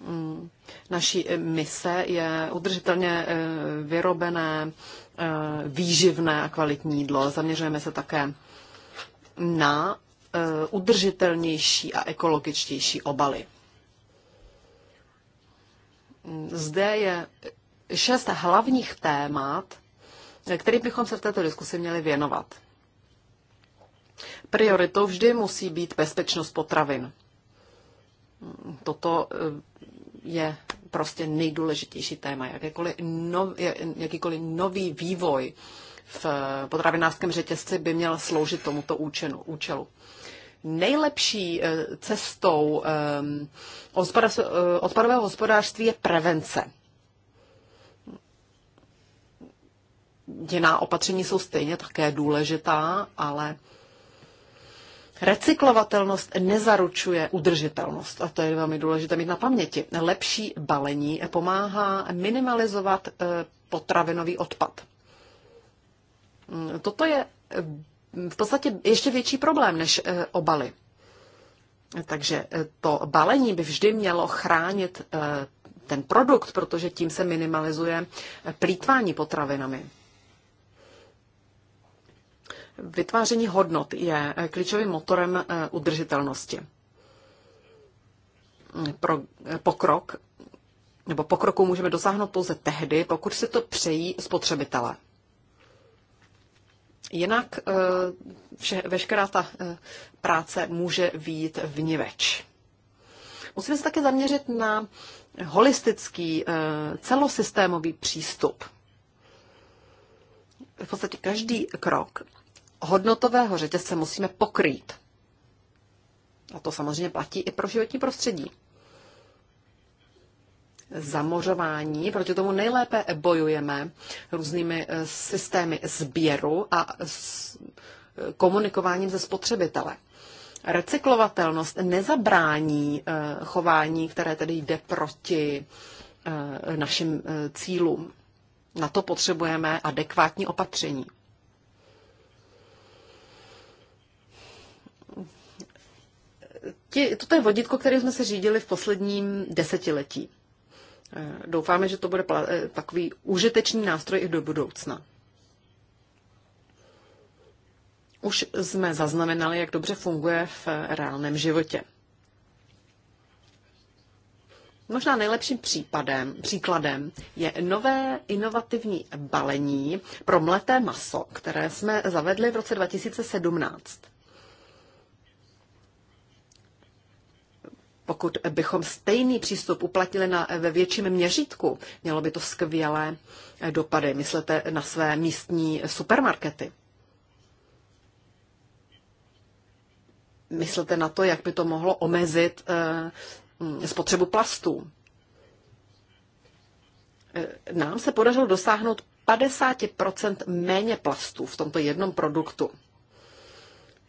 Mm. Naší mise je udržitelně eh, vyrobené, eh, výživné a kvalitní jídlo. Zaměřujeme se také na eh, udržitelnější a ekologičtější obaly. Zde je šest hlavních témat, kterým bychom se v této diskusi měli věnovat prioritou vždy musí být bezpečnost potravin. Toto eh, je prostě nejdůležitější téma. Jakýkoliv, no, jakýkoliv nový vývoj v eh, potravinářském řetězci by měl sloužit tomuto účelu. účelu. Nejlepší eh, cestou odpadového hospodářství je prevence. Jiná opatření jsou stejně také důležitá, ale Recyklovatelnost nezaručuje udržitelnost a to je velmi důležité mít na paměti. Lepší balení pomáhá minimalizovat eh, potravinový odpad. Mm, toto je eh, v podstatě ještě větší problém než eh, obaly. Takže to balení by vždy mělo chránit ten produkt, protože tím se minimalizuje plítvání potravinami. Vytváření hodnot je eh, klíčovým motorem eh, udržitelnosti. Pro eh, pokrok nebo pokroku můžeme dosáhnout pouze tehdy, pokud si to přejí spotřebitele. Jinak vše, veškerá ta práce může výjít vniveč. Musíme se také zaměřit na holistický, celosystémový přístup. V podstatě každý krok hodnotového řetězce musíme pokrýt. A to samozřejmě platí i pro životní prostředí. Zamořování, proti tomu nejlépe bojujeme různými eh, systémy sběru a s eh, komunikováním ze spotřebitele. Recyklovatelnost nezabrání eh, chování, které tedy jde proti našim cílům. Na to potřebujeme adekvátní opatření. ti, toto je vodítko, kterým jsme se řídili v posledním desetiletí. E, doufáme, že to bude e, takový užitečný nástroj i do budoucna. Už jsme zaznamenali, jak dobře funguje v reálném životě. Možná nejlepším případem, příkladem je nové inovativní balení pro mleté maso, které jsme zavedli v roce 2017. pokud bychom stejný přístup uplatnili na, ve větším měřítku, mělo by to skvělé eh, dopady. Myslete na své místní supermarkety. Myslete na to, jak by to mohlo omezit eh, hm, spotřebu plastů. Eh, nám se podařilo dosáhnout 50% méně plastů v tomto jednom produktu.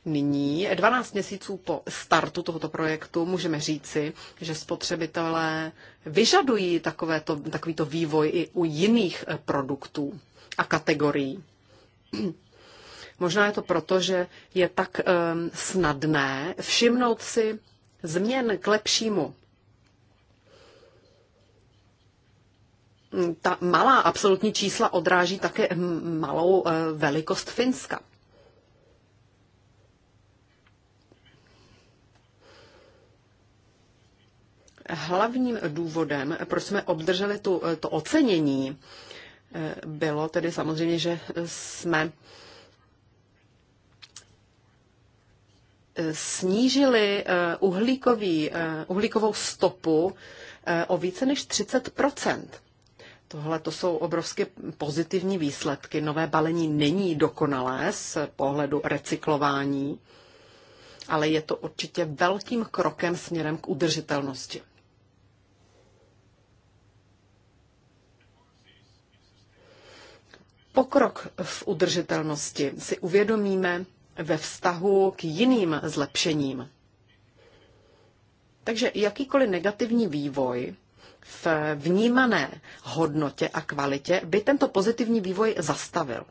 Nyní, 12 měsíců po startu tohoto projektu, můžeme říci, že spotřebitelé vyžadují takovéto, takovýto vývoj i u jiných eh, produktů a kategorií. *clears throat* Možná je to proto, že je tak um, snadné všimnout si změn k lepšímu. Ta malá absolutní čísla odráží také malou eh, velikost Finska. Hlavním důvodem, proč jsme obdrželi tu, to ocenění, eh, bylo tedy samozřejmě, že jsme eh, snížili eh, uhlíkový, uhlíkovou stopu o více než 30 Tohle to jsou obrovské pozitivní výsledky. Nové balení není dokonalé z pohledu recyklování, ale je to určitě velkým krokem směrem k udržitelnosti. pokrok v udržitelnosti si uvědomíme ve vztahu k jiným zlepšením. Takže jakýkoliv negativní vývoj v vnímané hodnotě a kvalitě by tento pozitivní vývoj zastavil.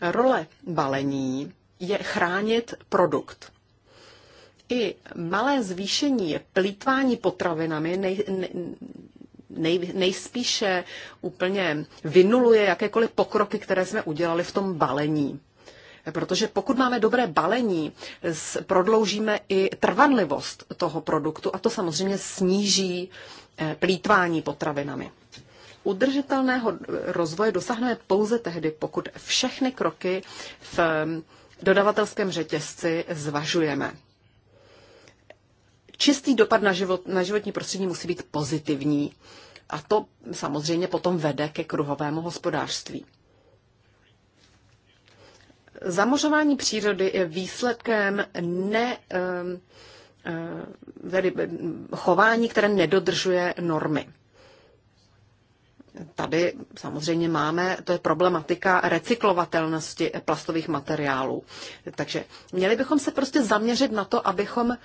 Role balení je chránit produkt. I malé zvýšení plítvání potravinami nej, nejspíše úplně vynuluje jakékoliv pokroky, které jsme udělali v tom balení. Protože pokud máme dobré balení, prodloužíme i trvanlivost toho produktu a to samozřejmě sníží eh, plítvání potravinami. Udržitelného rozvoje dosáhneme pouze tehdy, pokud všechny kroky v eh, dodavatelském řetězci zvažujeme. Čistý dopad na, život, na životní prostředí musí být pozitivní. A to samozřejmě potom vede ke kruhovému hospodářství. Zamořování přírody je výsledkem ne, eh, eh, tedy eh, chování, které nedodržuje normy. Tady samozřejmě máme, to je problematika recyklovatelnosti plastových materiálů. Takže měli bychom se prostě zaměřit na to, abychom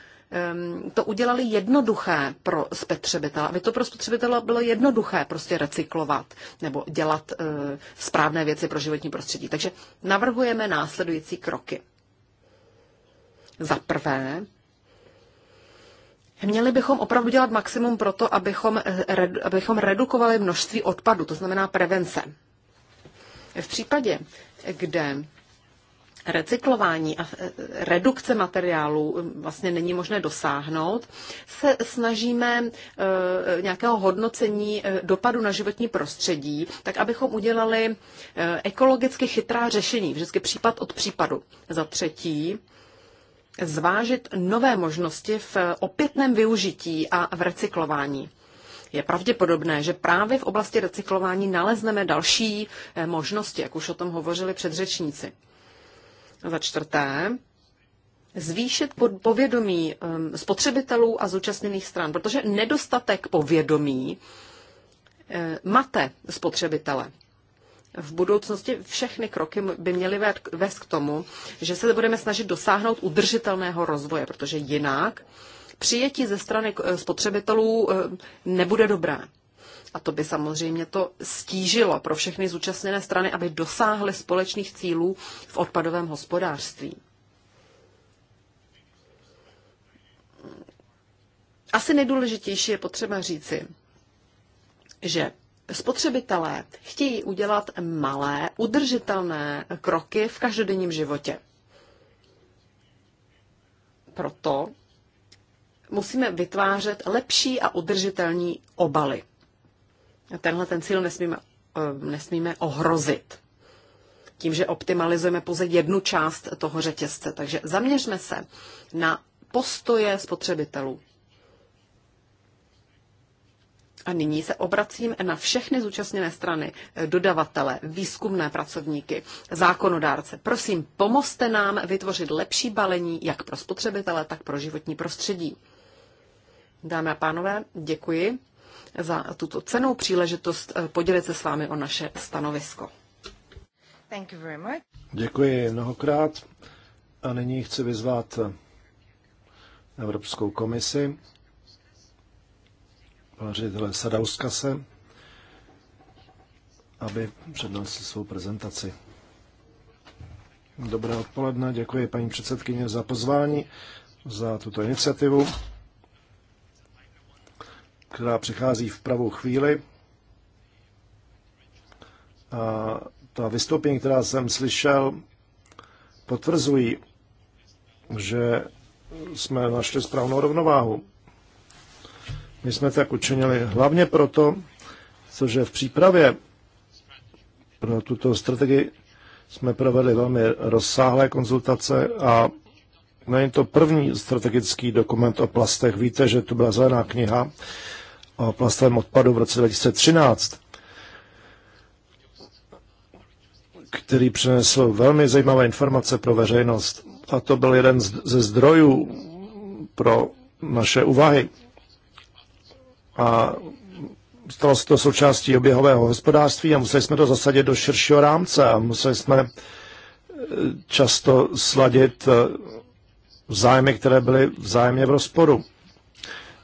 to udělali jednoduché pro spotřebitele, aby to pro spotřebitele bylo jednoduché prostě recyklovat nebo dělat eh, správné věci pro životní prostředí. Takže navrhujeme následující kroky. Za prvé, Měli bychom opravdu dělat maximum pro to, abychom, eh, abychom redukovali množství odpadu, to znamená prevence. V případě, kde recyklování a eh, redukce materiálu eh, vlastně není možné dosáhnout, se snažíme nějakého hodnocení dopadu na životní prostředí, tak abychom udělali ekologicky chytrá řešení, vždycky případ od případu. Za třetí, zvážit nové možnosti v opětném využití a v recyklování. Je pravděpodobné, že právě v oblasti recyklování nalezneme další eh, možnosti, jak už o tom hovořili předřečníci. Za čtvrté, zvýšit povědomí ehm, spotřebitelů a zúčastněných stran, protože nedostatek povědomí eh, mate spotřebitele v budoucnosti všechny kroky by měly vést k tomu, že se budeme snažit dosáhnout udržitelného rozvoje, protože jinak přijetí ze strany eh, spotřebitelů eh, nebude dobré. A to by samozřejmě to stížilo pro všechny zúčastněné strany, aby dosáhly společných cílů v odpadovém hospodářství. Asi nejdůležitější je potřeba říci, že spotřebitelé chtějí udělat malé, udržitelné kroky v každodenním životě. Proto musíme vytvářet lepší a udržitelní obaly. Tenhle ten cíl nesmíme, eh, nesmíme ohrozit tím, že optimalizujeme pouze jednu část toho řetězce. Takže zaměřme se na postoje spotřebitelů. A nyní se obracím na všechny zúčastněné strany, eh, dodavatele, výzkumné pracovníky, zákonodárce. Prosím, pomozte nám vytvořit lepší balení jak pro spotřebitele, tak pro životní prostředí. Dámy a pánové, děkuji za tuto cenou příležitost eh, podělit se s vámi o naše stanovisko. Thank you very much. Děkuji mnohokrát. A nyní chci vyzvat eh, Evropskou komisi, pana ředitele Sadauskase, aby přednesl svou prezentaci. Dobré odpoledne, děkuji paní předsedkyně za pozvání, za tuto iniciativu, která přichází v pravou chvíli. A ta vystoupení, která jsem slyšel, potvrzují, že jsme našli správnou rovnováhu my jsme tak učinili hlavně proto, cože v přípravě pro tuto strategii jsme provedli velmi rozsáhlé konzultace a není to první strategický dokument o plastech. Víte, že to byla zelená kniha o plastovém odpadu v roce 2013, který přinesl velmi zajímavé informace pro veřejnost. A to byl jeden ze zdrojů pro naše úvahy a stalo se to součástí oběhového hospodářství a museli jsme to zasadit do širšího rámce a museli jsme eh, často sladit eh, zájmy, které byly vzájemně v rozporu.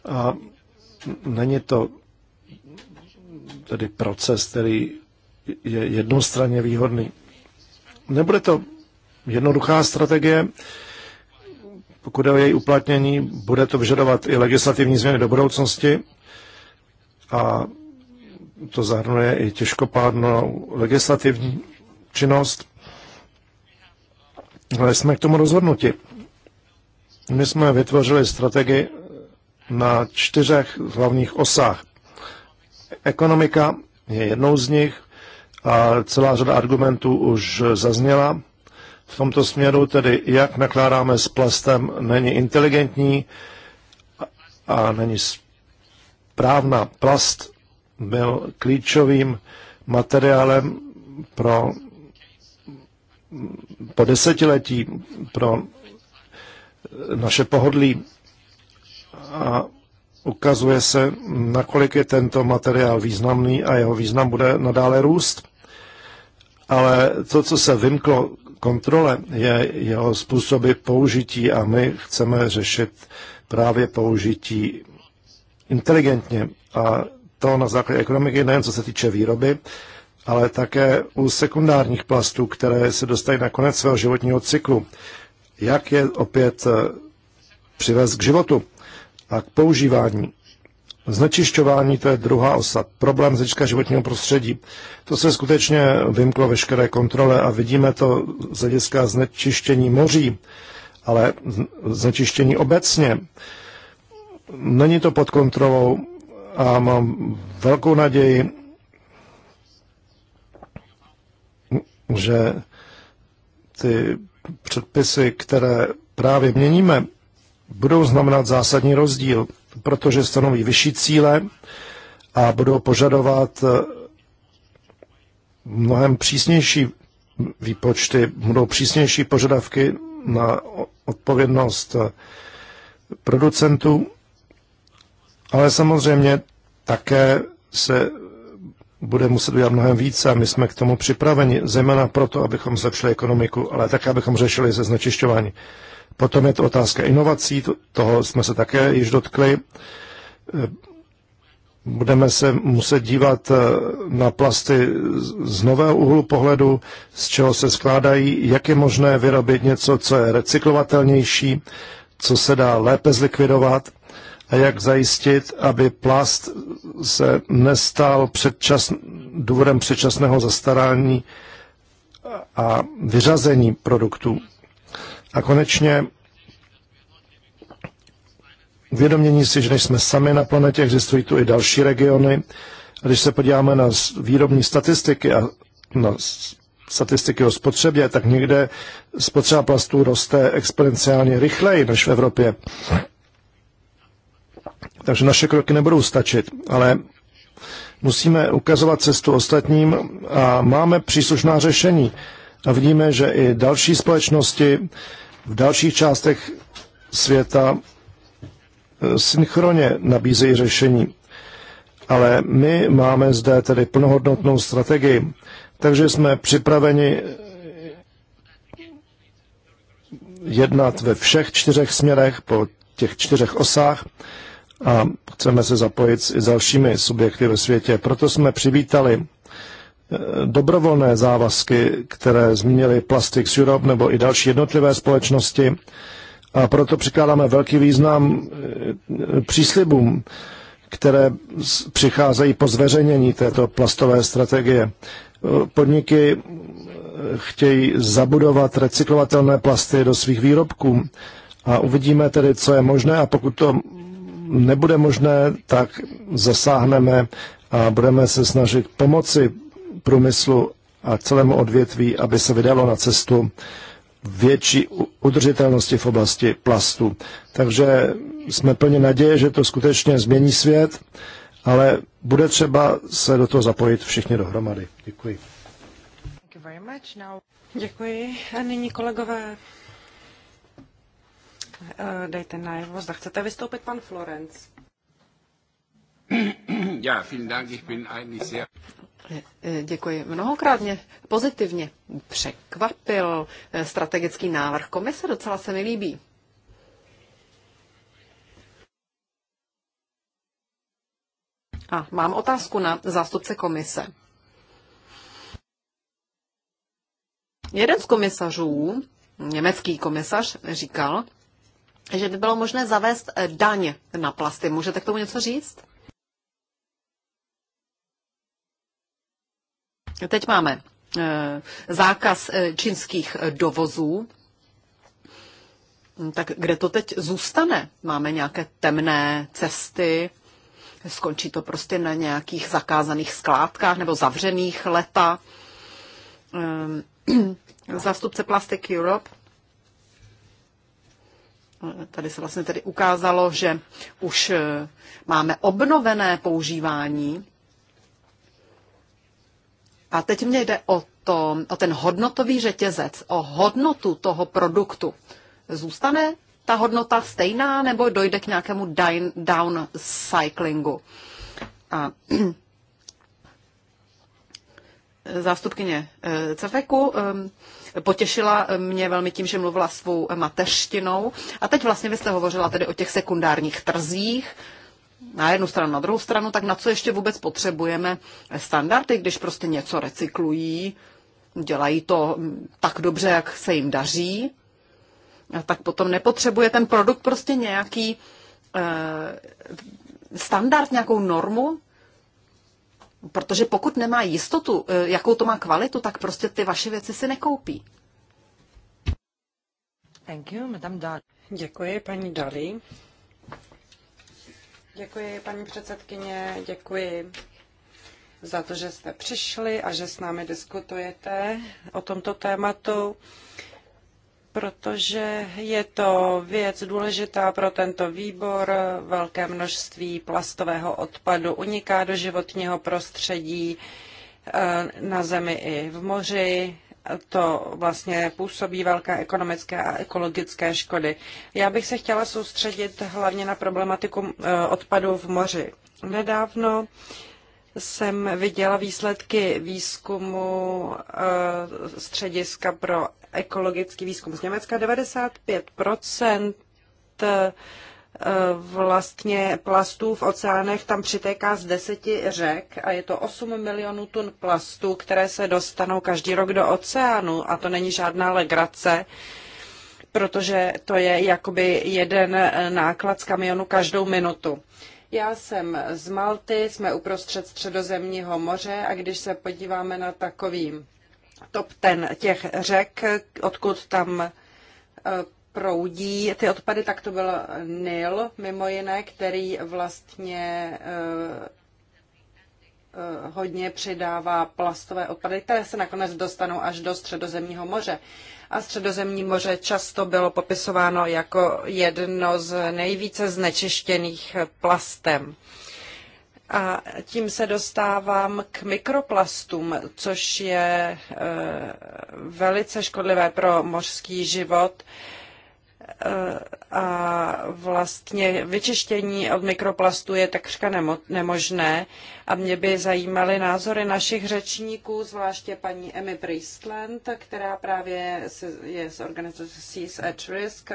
A není to tedy proces, který je jednostranně výhodný. Nebude to jednoduchá strategie, pokud je o její uplatnění, bude to vyžadovat i legislativní změny do budoucnosti a to zahrnuje i těžkopádnou legislativní činnost. Ale jsme k tomu rozhodnuti. My jsme vytvořili strategii na čtyřech hlavních osách. Ekonomika je jednou z nich a celá řada argumentů už zazněla. V tomto směru tedy, jak nakládáme s plastem, není inteligentní a není Právna plast byl klíčovým materiálem pro po desetiletí pro naše pohodlí a ukazuje se, nakolik je tento materiál významný a jeho význam bude nadále růst. Ale to, co se vymklo kontrole, je jeho způsoby použití a my chceme řešit právě použití inteligentně a to na základě ekonomiky, nejen co se týče výroby, ale také u sekundárních plastů, které se dostají na konec svého životního cyklu. Jak je opět eh, přivést k životu a k používání. Znečišťování to je druhá osa. Problém zečka životního prostředí. To se skutečně vymklo veškeré kontrole a vidíme to z hlediska znečištění moří, ale znečištění obecně. Není to pod kontrolou a mám velkou naději, že ty předpisy, které právě měníme, budou znamenat zásadní rozdíl, protože stanoví vyšší cíle a budou požadovat eh, mnohem přísnější výpočty, budou přísnější požadavky na odpovědnost eh, producentů ale samozřejmě také se bude muset udělat mnohem více a my jsme k tomu připraveni, zejména proto, abychom zlepšili ekonomiku, ale také, abychom řešili se znečišťování. Potom je to otázka inovací, toho jsme se také již dotkli. Budeme se muset dívat eh, na plasty z nového úhlu pohledu, z čeho se skládají, jak je možné vyrobit něco, co je recyklovatelnější, co se dá lépe zlikvidovat a jak zajistit, aby plast se nestal předčas, důvodem předčasného zastarání a vyřazení produktů. A konečně uvědomění si, že než jsme sami na planetě, existují tu i další regiony. A když se podíváme na výrobní statistiky a na statistiky o spotřebě, tak někde spotřeba plastů roste exponenciálně rychleji než v Evropě. Takže naše kroky nebudou stačit, ale musíme ukazovat cestu ostatním a máme příslušná řešení. A vidíme, že i další společnosti v dalších částech světa e, synchronně nabízejí řešení. Ale my máme zde tedy plnohodnotnou strategii, takže jsme připraveni jednat ve všech čtyřech směrech po těch čtyřech osách a chceme se zapojit i dalšími subjekty ve světě. Proto jsme přivítali eh, dobrovolné závazky, které zmínili Plastics Europe nebo i další jednotlivé společnosti. A proto přikládáme velký význam eh, příslibům, které přicházejí po zveřejnění této plastové strategie. Eh, podniky chtějí zabudovat recyklovatelné plasty do svých výrobků a uvidíme tedy, co je možné a pokud to nebude možné, tak zasáhneme a budeme se snažit pomoci průmyslu a celému odvětví, aby se vydalo na cestu větší udržitelnosti v oblasti plastu. Takže jsme plně naděje, že to skutečně změní svět, ale bude třeba se do toho zapojit všichni dohromady. Děkuji. Děkuji. A nyní kolegové Eh, dejte najevo, zda chcete vystoupit pan Florenc. Já, vielen Dank, ich bin eigentlich sehr... Eh, děkuji. Mnohokrát mě pozitivně překvapil eh, strategický návrh komise, docela se mi líbí. A mám otázku na zástupce komise. Jeden z komisařů, německý komisař, říkal, že by bylo možné zavést eh, daň na plasty. Můžete k tomu něco říct? Teď máme eh, zákaz eh, čínských dovozů. Hm, tak kde to teď zůstane? Máme nějaké temné cesty, skončí to prostě na nějakých zakázaných skládkách nebo zavřených leta. Ehm, *clears throat* Zástupce Plastic Europe Tady se vlastně tedy ukázalo, že už eh, máme obnovené používání. A teď mě jde o, to, o ten hodnotový řetězec, o hodnotu toho produktu. Zůstane ta hodnota stejná nebo dojde k nějakému downcyclingu? A *clears throat* zástupkyně eh, CEFEKu ehm, Potěšila mě velmi tím, že mluvila svou mateřštinou. A teď vlastně vy jste hovořila tedy o těch sekundárních trzích, na jednu stranu, na druhou stranu, tak na co ještě vůbec potřebujeme standardy, když prostě něco recyklují, dělají to tak dobře, jak se jim daří, tak potom nepotřebuje ten produkt prostě nějaký e, standard, nějakou normu, Protože pokud nemá jistotu, eh, jakou to má kvalitu, tak prostě ty vaše věci si nekoupí. Thank you, Madame Dali. Děkuji, paní Dali. Děkuji, paní předsedkyně, děkuji za to, že jste přišli a že s námi diskutujete o tomto tématu protože je to věc důležitá pro tento výbor. Velké množství plastového odpadu uniká do životního prostředí eh, na zemi i v moři. To vlastně působí velké ekonomické a ekologické škody. Já bych se chtěla soustředit hlavně na problematiku eh, odpadu v moři. Nedávno jsem viděla výsledky výzkumu eh, Střediska pro ekologický výzkum z Německa. 95 eh, vlastně plastů v oceánech tam přitéká z deseti řek a je to 8 milionů tun plastů, které se dostanou každý rok do oceánu a to není žádná legrace, protože to je jakoby jeden eh, náklad z kamionu každou minutu. Já jsem z Malty, jsme uprostřed středozemního moře a když se podíváme na takový top ten těch řek, odkud tam e, proudí ty odpady, tak to byl Nil, mimo jiné, který vlastně e, e, hodně přidává plastové odpady, které se nakonec dostanou až do Středozemního moře. A Středozemní moře často bylo popisováno jako jedno z nejvíce znečištěných plastem. A tím se dostávám k mikroplastům, což je eh, velice škodlivé pro mořský život. Eh, a vlastně vyčištění od mikroplastů je takřka nemo- nemožné. A mě by zajímaly názory našich řečníků, zvláště paní Emmy Priestland, která právě je z organizace Seas at Risk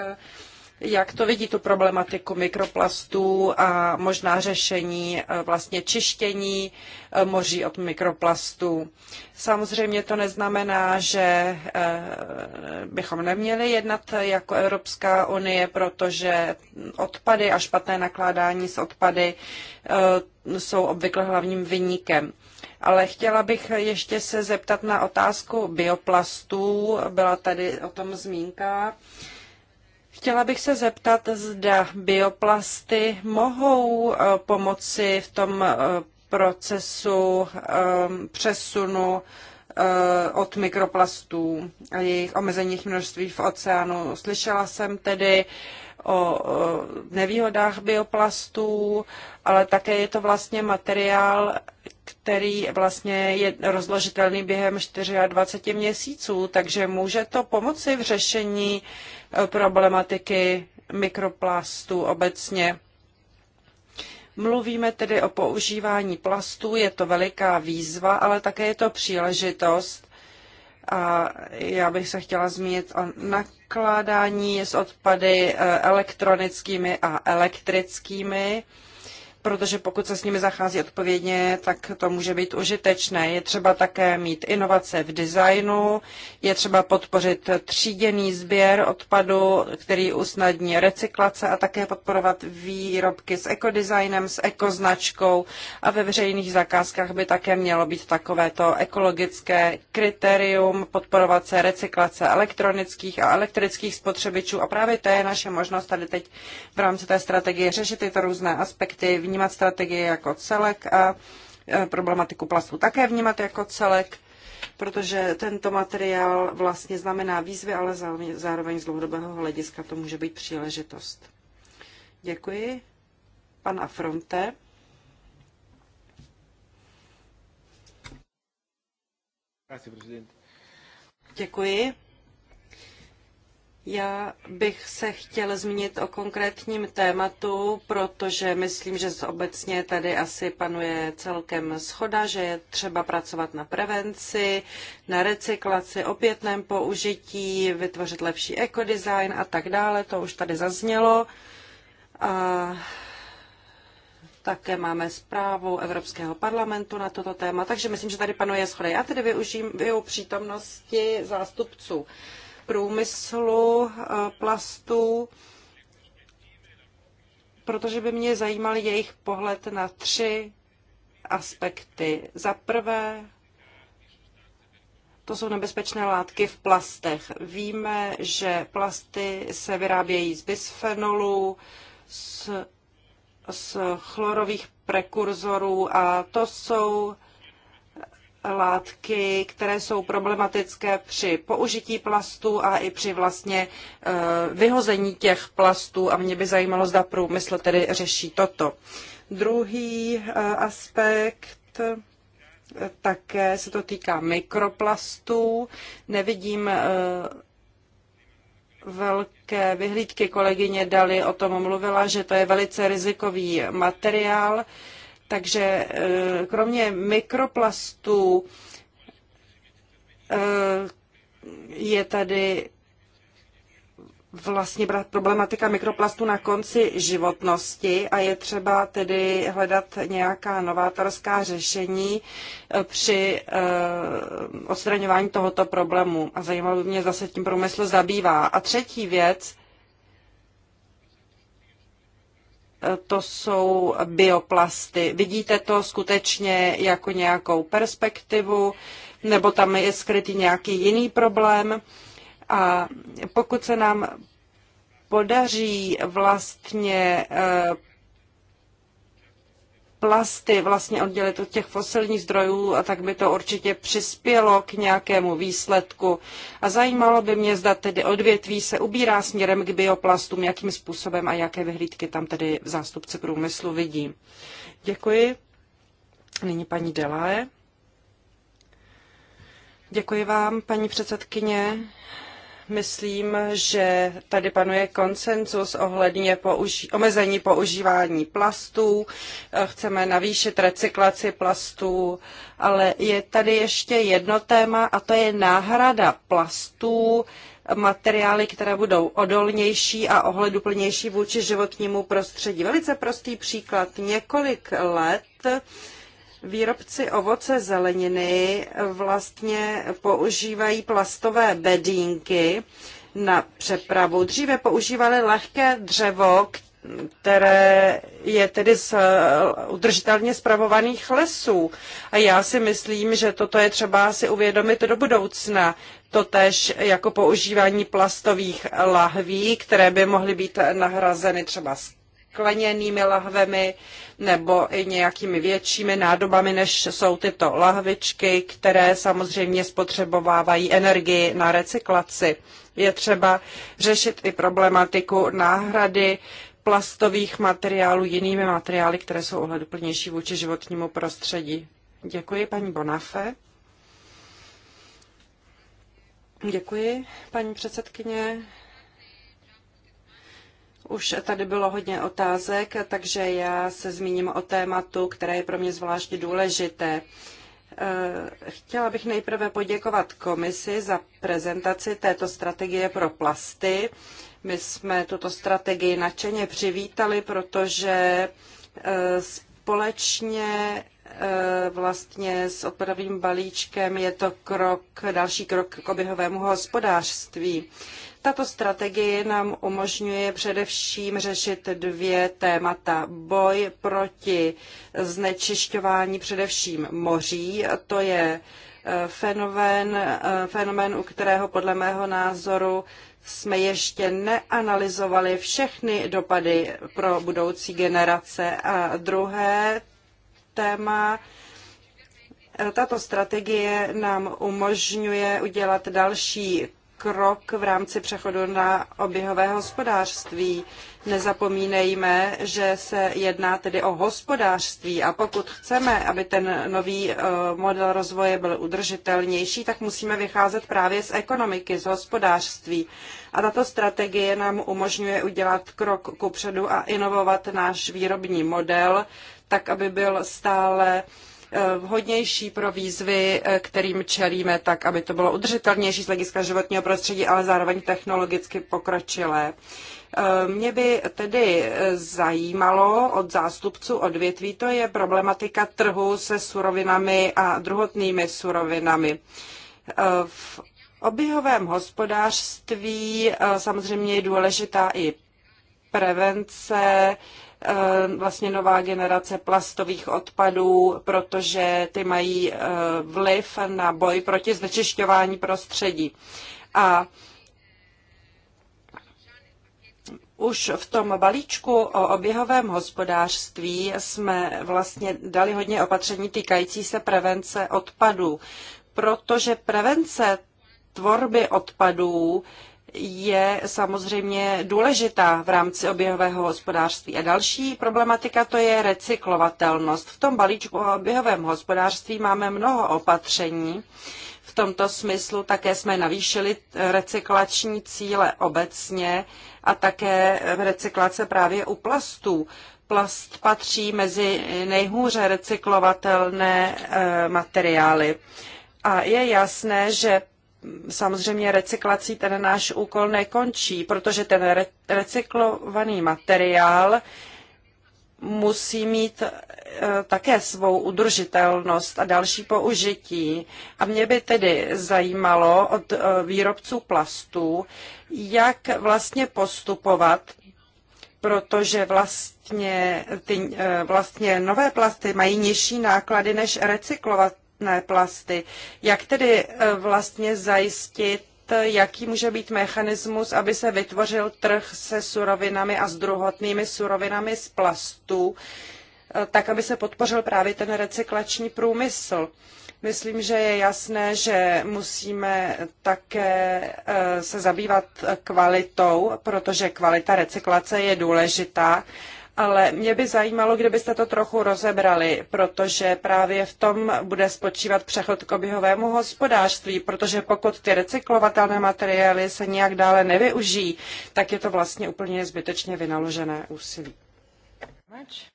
jak to vidí tu problematiku mikroplastů a možná řešení e, vlastně čištění e, moří od mikroplastů. Samozřejmě to neznamená, že e, bychom neměli jednat jako Evropská unie, protože odpady a špatné nakládání s odpady jsou obvykle hlavním vyníkem. Ale chtěla bych ještě se zeptat na otázku bioplastů. Byla tady o tom zmínka. Chtěla bych se zeptat, zda bioplasty mohou eh, pomoci v tom eh, procesu ehm, přesunu eh, od mikroplastů a jejich omezených množství v oceánu. Slyšela jsem tedy o nevýhodách bioplastů, ale také je to vlastně materiál, který vlastně je rozložitelný během 24 měsíců, takže může to pomoci v řešení eh, problematiky mikroplastů obecně. Mluvíme tedy o používání plastů, je to veliká výzva, ale také je to příležitost. A já bych se chtěla zmínit o nakládání s odpady eh, elektronickými a elektrickými protože pokud se s nimi zachází odpovědně, tak to může být užitečné. Je třeba také mít inovace v designu, je třeba podpořit tříděný sběr odpadu, který usnadní recyklace a také podporovat výrobky s ekodesignem, s ekoznačkou a ve veřejných zakázkách by také mělo být takovéto ekologické kritérium, podporovat se recyklace elektronických a elektrických spotřebičů a právě to je naše možnost tady teď v rámci té strategie řešit tyto různé aspekty vnímat strategii jako celek a e, problematiku plastu také vnímat jako celek, protože tento materiál vlastně znamená výzvy, ale zároveň z dlouhodobého hlediska to může být příležitost. Děkuji. Pan Afronte. Děkuji. Já bych se chtěl zmínit o konkrétním tématu, protože myslím, že obecně tady asi panuje celkem schoda, že je třeba pracovat na prevenci, na recyklaci, opětném použití, vytvořit lepší ekodesign a tak dále. To už tady zaznělo. A také máme zprávu Evropského parlamentu na toto téma, takže myslím, že tady panuje schoda. Já tedy využím, využiju přítomnosti zástupců průmyslu eh, plastů, protože by mě zajímal jejich pohled na tři aspekty. Za prvé, to jsou nebezpečné látky v plastech. Víme, že plasty se vyrábějí z bisfenolů, z, z chlorových prekurzorů a to jsou látky, které jsou problematické při použití plastů a i při vlastně e, vyhození těch plastů a mě by zajímalo, zda průmysl tedy řeší toto. Druhý e, aspekt e, také se to týká mikroplastů. Nevidím velké vyhlídky kolegyně Dali o tom mluvila, že to je velice rizikový materiál. Takže e, kromě mikroplastů e, je tady vlastně problematika mikroplastů na konci životnosti a je třeba tedy hledat nějaká novátorská řešení e, při odstraňování tohoto problému. A zajímalo by mě, zase tím průmysl zabývá. A třetí věc, to jsou bioplasty. Vidíte to skutečně jako nějakou perspektivu, nebo tam je skrytý nějaký jiný problém? A pokud se nám podaří vlastně eh, plasty vlastně oddělit od těch fosilních zdrojů a tak by to určitě přispělo k nějakému výsledku. A zajímalo by mě, zda tedy odvětví se ubírá směrem k bioplastům, jakým způsobem a jaké vyhlídky tam tedy zástupci průmyslu vidí. Děkuji. Nyní paní Delae. Děkuji vám, paní předsedkyně myslím, že tady panuje konsenzus ohledně použi- omezení používání plastů. Chceme navýšit recyklaci plastů, ale je tady ještě jedno téma a to je náhrada plastů materiály, které budou odolnější a ohleduplnější vůči životnímu prostředí. Velice prostý příklad. Několik let výrobci ovoce zeleniny vlastně používají plastové bedínky na přepravu. Dříve používali lehké dřevo, které je tedy z udržitelně spravovaných lesů. A já si myslím, že toto je třeba si uvědomit do budoucna. Totež jako používání plastových lahví, které by mohly být nahrazeny třeba z skleněnými lahvemi nebo i nějakými většími nádobami, než jsou tyto lahvičky, které samozřejmě spotřebovávají energii na recyklaci. Je třeba řešit i problematiku náhrady plastových materiálů jinými materiály, které jsou ohleduplnější vůči životnímu prostředí. Děkuji, paní Bonafe. Děkuji, paní předsedkyně. Už tady bylo hodně otázek, takže já se zmíním o tématu, které je pro mě zvláště důležité. Eh, chtěla bych nejprve poděkovat komisi za prezentaci této strategie pro plasty. My jsme tuto strategii nadšeně přivítali, protože eh, společně eh, vlastně s odpadovým balíčkem je to krok, další krok k oběhovému hospodářství. Tato strategie nám umožňuje především řešit dvě témata. Boj proti znečišťování především moří, to je fenomén, fenomén, e, u kterého podle mého názoru jsme ještě neanalyzovali všechny dopady pro budoucí generace. A druhé téma, e, tato strategie nám umožňuje udělat další krok v rámci přechodu na oběhové hospodářství. Nezapomínejme, že se jedná tedy o hospodářství a pokud chceme, aby ten nový eh, model rozvoje byl udržitelnější, tak musíme vycházet právě z ekonomiky, z hospodářství. A tato strategie nám umožňuje udělat krok kupředu a inovovat náš výrobní model, tak aby byl stále uh, Eh, vhodnější pro výzvy, eh, kterým čelíme, tak aby to bylo udržitelnější z hlediska životního prostředí, ale zároveň technologicky pokročilé. Eh, mě by tedy zajímalo od zástupců odvětví, to je problematika trhu se surovinami a druhotnými surovinami. V oběhovém hospodářství samozřejmě je důležitá i prevence, Eh, vlastně nová generace plastových odpadů, protože ty mají eh, vliv na boj proti znečišťování prostředí. A už v tom balíčku o oběhovém hospodářství jsme vlastně dali hodně opatření týkající se prevence odpadů, protože prevence tvorby odpadů je samozřejmě důležitá v rámci oběhového hospodářství. A další problematika to je recyklovatelnost. V tom balíčku o oběhovém hospodářství máme mnoho opatření. V tomto smyslu také jsme navýšili recyklační cíle obecně a také recyklace právě u plastů. Plast patří mezi nejhůře recyklovatelné eh, materiály. A je jasné, že samozřejmě recyklací ten náš úkol nekončí, protože ten recyklovaný materiál musí mít e, také svou udržitelnost a další použití. A mě by tedy zajímalo od e, výrobců plastů, jak vlastně postupovat, protože vlastně, ty, e, vlastně nové plasty mají nižší náklady než recyklovat, plasty. Jak tedy e, vlastně zajistit, jaký může být mechanismus, aby se vytvořil trh se surovinami a s druhotnými surovinami z plastů, e, tak aby se podpořil právě ten recyklační průmysl. Myslím, že je jasné, že musíme také e, se zabývat kvalitou, protože kvalita recyklace je důležitá ale mě by zajímalo, kdybyste to trochu rozebrali, protože právě v tom bude spočívat přechod k oběhovému hospodářství, protože pokud ty recyklovatelné materiály se nějak dále nevyužijí, tak je to vlastně úplně zbytečně vynaložené úsilí.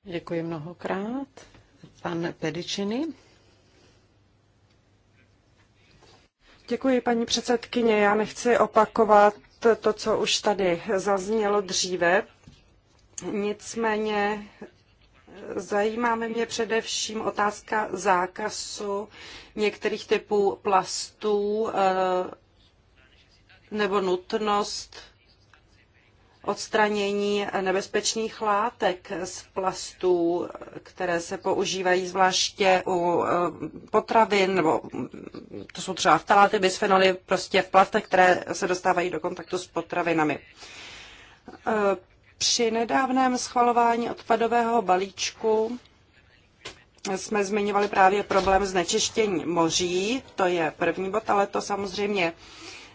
Děkuji mnohokrát. Pan Pedičiny. Děkuji, paní předsedkyně. Já nechci opakovat to, co už tady zaznělo dříve. Nicméně zajímáme mě především otázka zákazu některých typů plastů eh, nebo nutnost odstranění nebezpečných látek z plastů, které se používají zvláště u eh, potravin, nebo to jsou třeba vtaláty, bisfenoly, prostě v plastech, které se dostávají do kontaktu s potravinami. Eh, při nedávném schvalování odpadového balíčku jsme zmiňovali právě problém znečištění moří, to je první bod, ale to samozřejmě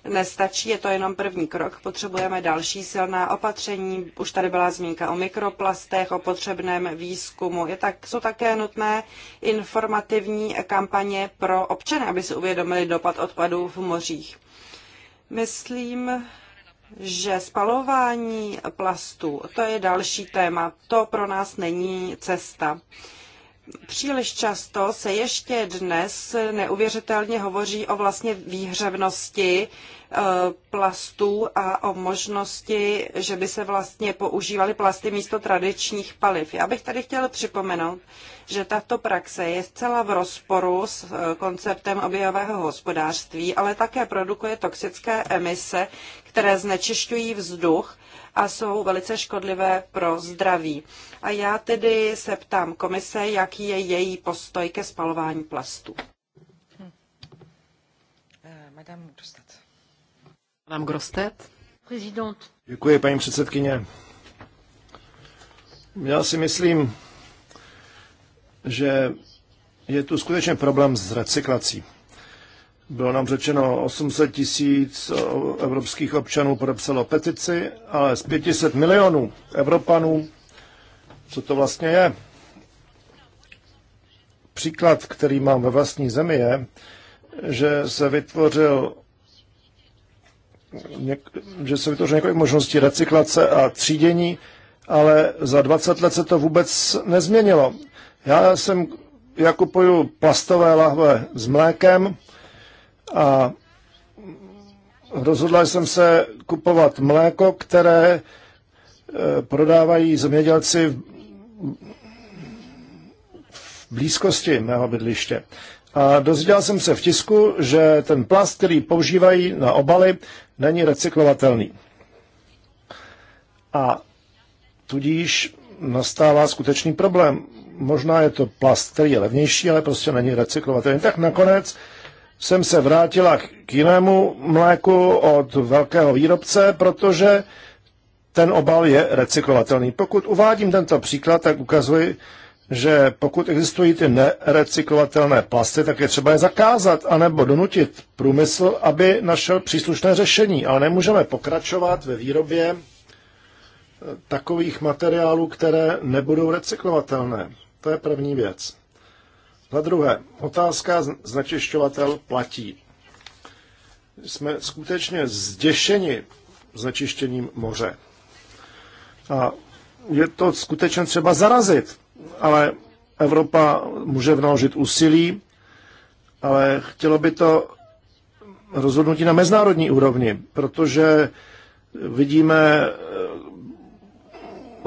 nestačí, je to jenom první krok, potřebujeme další silná opatření, už tady byla zmínka o mikroplastech, o potřebném výzkumu, je tak, jsou také nutné informativní kampaně pro občany, aby si uvědomili dopad odpadů v mořích. Myslím, že spalování plastů, to je další téma, to pro nás není cesta. Příliš často se ještě dnes neuvěřitelně hovoří o vlastně výhřevnosti eh, plastů a o možnosti, že by se vlastně používaly plasty místo tradičních paliv. Já bych tady chtěla připomenout, že tato praxe je zcela v rozporu s eh, konceptem objevového hospodářství, ale také produkuje toxické emise, které znečišťují vzduch a jsou velice škodlivé pro zdraví. A já tedy se ptám komise, jaký je její postoj ke spalování plastu. Hmm. Eh, Madame Madame Grostet. Prezident. Děkuji, paní předsedkyně. Já si myslím, že je tu skutečně problém s recyklací. Bylo nám řečeno 800 tisíc eh, evropských občanů podepsalo petici, ale z 500 milionů Evropanů, co to vlastně je? Příklad, který mám ve vlastní zemi, je, že se vytvořil že se vytvořilo několik možností recyklace a třídění, ale za 20 let se to vůbec nezměnilo. Já jsem, já kupuju plastové lahve s mlékem a rozhodla jsem se kupovat mléko, které e, prodávají zemědělci v blízkosti mého bydliště. A dozvěděl jsem se v tisku, že ten plast, který používají na obaly, není recyklovatelný. A tudíž nastává skutečný problém. Možná je to plast, který je levnější, ale prostě není recyklovatelný. Tak nakonec jsem se vrátila k jinému mléku od velkého výrobce, protože ten obal je recyklovatelný. Pokud uvádím tento příklad, tak ukazuji, že pokud existují ty nerecyklovatelné plasty, tak je třeba je zakázat anebo donutit průmysl, aby našel příslušné řešení. Ale nemůžeme pokračovat ve výrobě eh, takových materiálů, které nebudou recyklovatelné. To je první věc. Za druhé, otázka znečišťovatel platí. Jsme skutečně zděšeni znečištěním moře. A je to skutečně třeba zarazit, ale Evropa může vnaložit úsilí, ale chtělo by to rozhodnutí na mezinárodní úrovni, protože vidíme eh,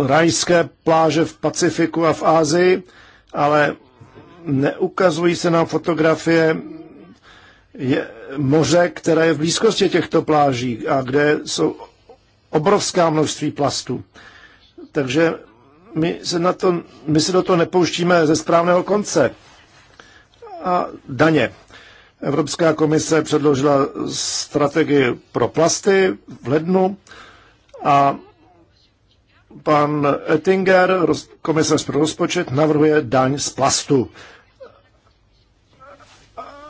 rajské pláže v Pacifiku a v Ázii, ale neukazují se nám fotografie je moře, které je v blízkosti těchto pláží a kde jsou obrovská množství plastů. Takže my se, na to, my se do toho nepouštíme ze správného konce. A daně. Evropská komise předložila strategii pro plasty v lednu a Pan Ettinger, komisař pro rozpočet, navrhuje daň z plastu,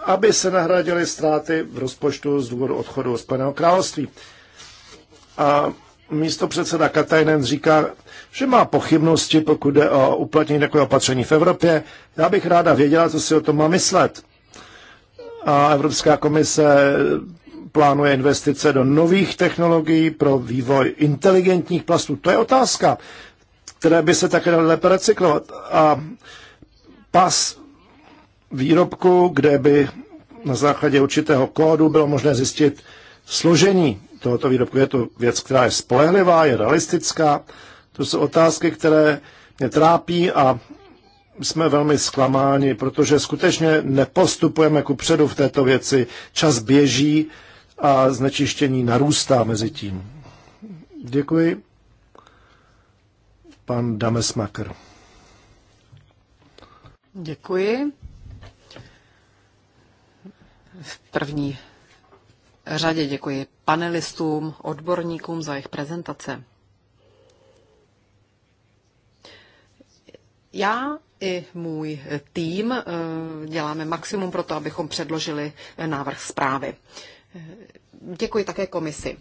aby se nahradily ztráty v rozpočtu z důvodu odchodu Spojeného království. A místo předseda Katajnen říká, že má pochybnosti, pokud jde o uplatnění takového opatření v Evropě. Já bych ráda věděla, co si o tom má myslet. A Evropská komise plánuje investice do nových technologií pro vývoj inteligentních plastů. To je otázka, které by se také dalo lépe recyklovat. A pas výrobku, kde by na základě určitého kódu bylo možné zjistit složení tohoto výrobku. Je to věc, která je spolehlivá, je realistická. To jsou otázky, které mě trápí a jsme velmi zklamáni, protože skutečně nepostupujeme ku předu v této věci. Čas běží a znečištění narůstá mezi tím. Děkuji. Pan Damesmaker. Děkuji. V první řadě děkuji panelistům, odborníkům za jejich prezentace. Já i můj tým eh, děláme maximum pro to, abychom předložili eh, návrh zprávy. Děkuji také komisi.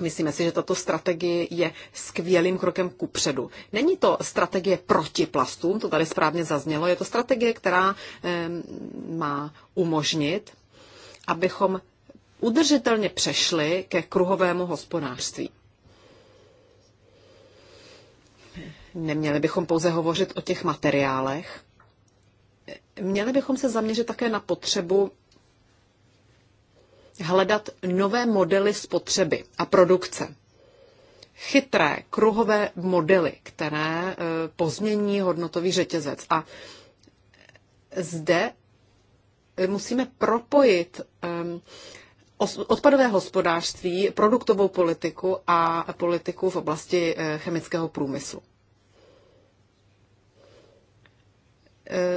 Myslíme si, že tato strategie je skvělým krokem ku předu. Není to strategie proti plastům, to tady správně zaznělo, je to strategie, která má umožnit, abychom udržitelně přešli ke kruhovému hospodářství. Neměli bychom pouze hovořit o těch materiálech, měli bychom se zaměřit také na potřebu hledat nové modely spotřeby a produkce. Chytré kruhové modely, které e, pozmění hodnotový řetězec. A zde e, musíme propojit e, odpadové hospodářství, produktovou politiku a politiku v oblasti chemického průmyslu.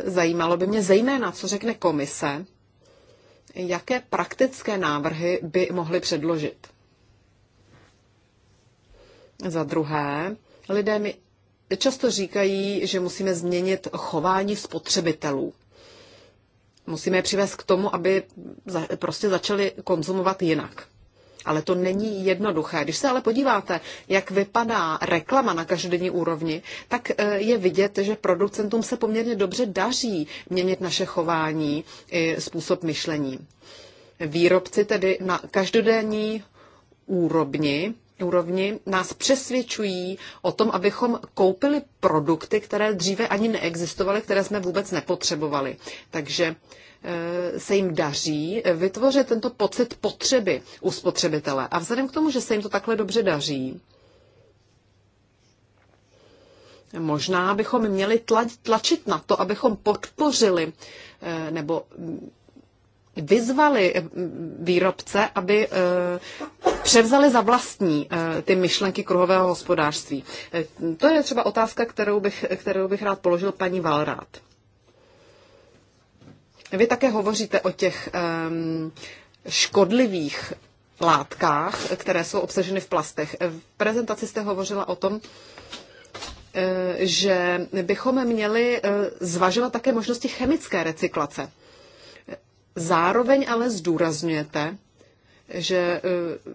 Zajímalo by mě zejména, co řekne komise jaké praktické návrhy by mohli předložit. Za druhé, lidé mi často říkají, že musíme změnit chování spotřebitelů. Musíme je přivést k tomu, aby prostě začali konzumovat jinak. Ale to není jednoduché. Když se ale podíváte, jak vypadá reklama na každodenní úrovni, tak e, je vidět, že producentům se poměrně dobře daří měnit naše chování i způsob myšlení. Výrobci tedy na každodenní úrovni úrovni nás přesvědčují o tom, abychom koupili produkty, které dříve ani neexistovaly, které jsme vůbec nepotřebovali. Takže Eh, se jim daří eh, vytvořit tento pocit potřeby u spotřebitele. A vzhledem k tomu, že se jim to takhle dobře daří, možná bychom měli tlačit na to, abychom podpořili eh, nebo vyzvali výrobce, aby převzali za vlastní ty myšlenky kruhového hospodářství. To je třeba otázka, kterou bych, kterou bych rád položil paní Valrát. Vy také hovoříte o těch škodlivých látkách, které jsou obsaženy v plastech. V prezentaci jste hovořila o tom, eh, že bychom měli eh, zvažovat také možnosti chemické recyklace. Zároveň ale zdůrazňujete, že eh,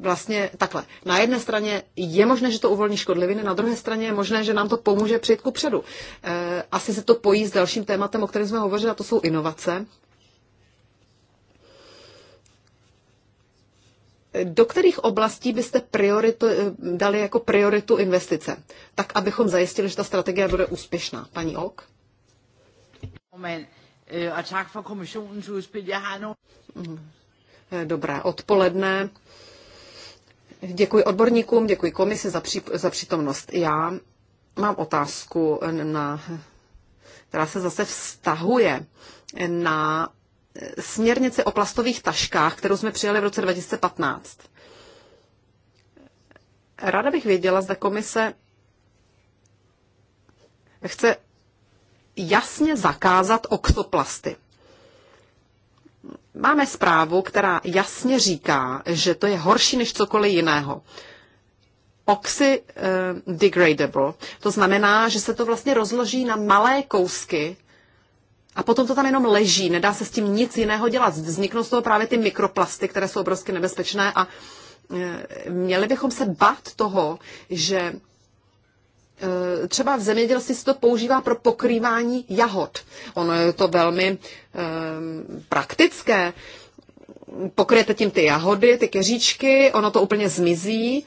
vlastně takhle. Na jedné straně je možné, že to uvolní škodliviny, na druhé straně je možné, že nám to pomůže přijít ku předu. Eh, asi se to pojí s dalším tématem, o kterém jsme hovořili, a to jsou inovace. Do kterých oblastí byste prioritu, eh, dali jako prioritu investice, tak abychom zajistili, že ta strategie bude úspěšná? Paní Ok? Moment. Eh, a tak for komisionens udspil. Jeg mhm. Dobré odpoledne. Děkuji odborníkům, děkuji komisi za, při, za přítomnost. Já mám otázku, na, která se zase vztahuje na směrnice o plastových taškách, kterou jsme přijali v roce 2015. Ráda bych věděla, zda komise chce jasně zakázat oktoplasty máme zprávu, která jasně říká, že to je horší než cokoliv jiného. Oxy eh, degradable, to znamená, že se to vlastně rozloží na malé kousky a potom to tam jenom leží, nedá se s tím nic jiného dělat. Vzniknou z toho právě ty mikroplasty, které jsou obrovsky nebezpečné a eh, měli bychom se bát toho, že Eh, třeba v zemědělství se to používá pro pokrývání jahod. Ono je to velmi eh, praktické. Pokryjete tím ty jahody, ty keříčky, ono to úplně zmizí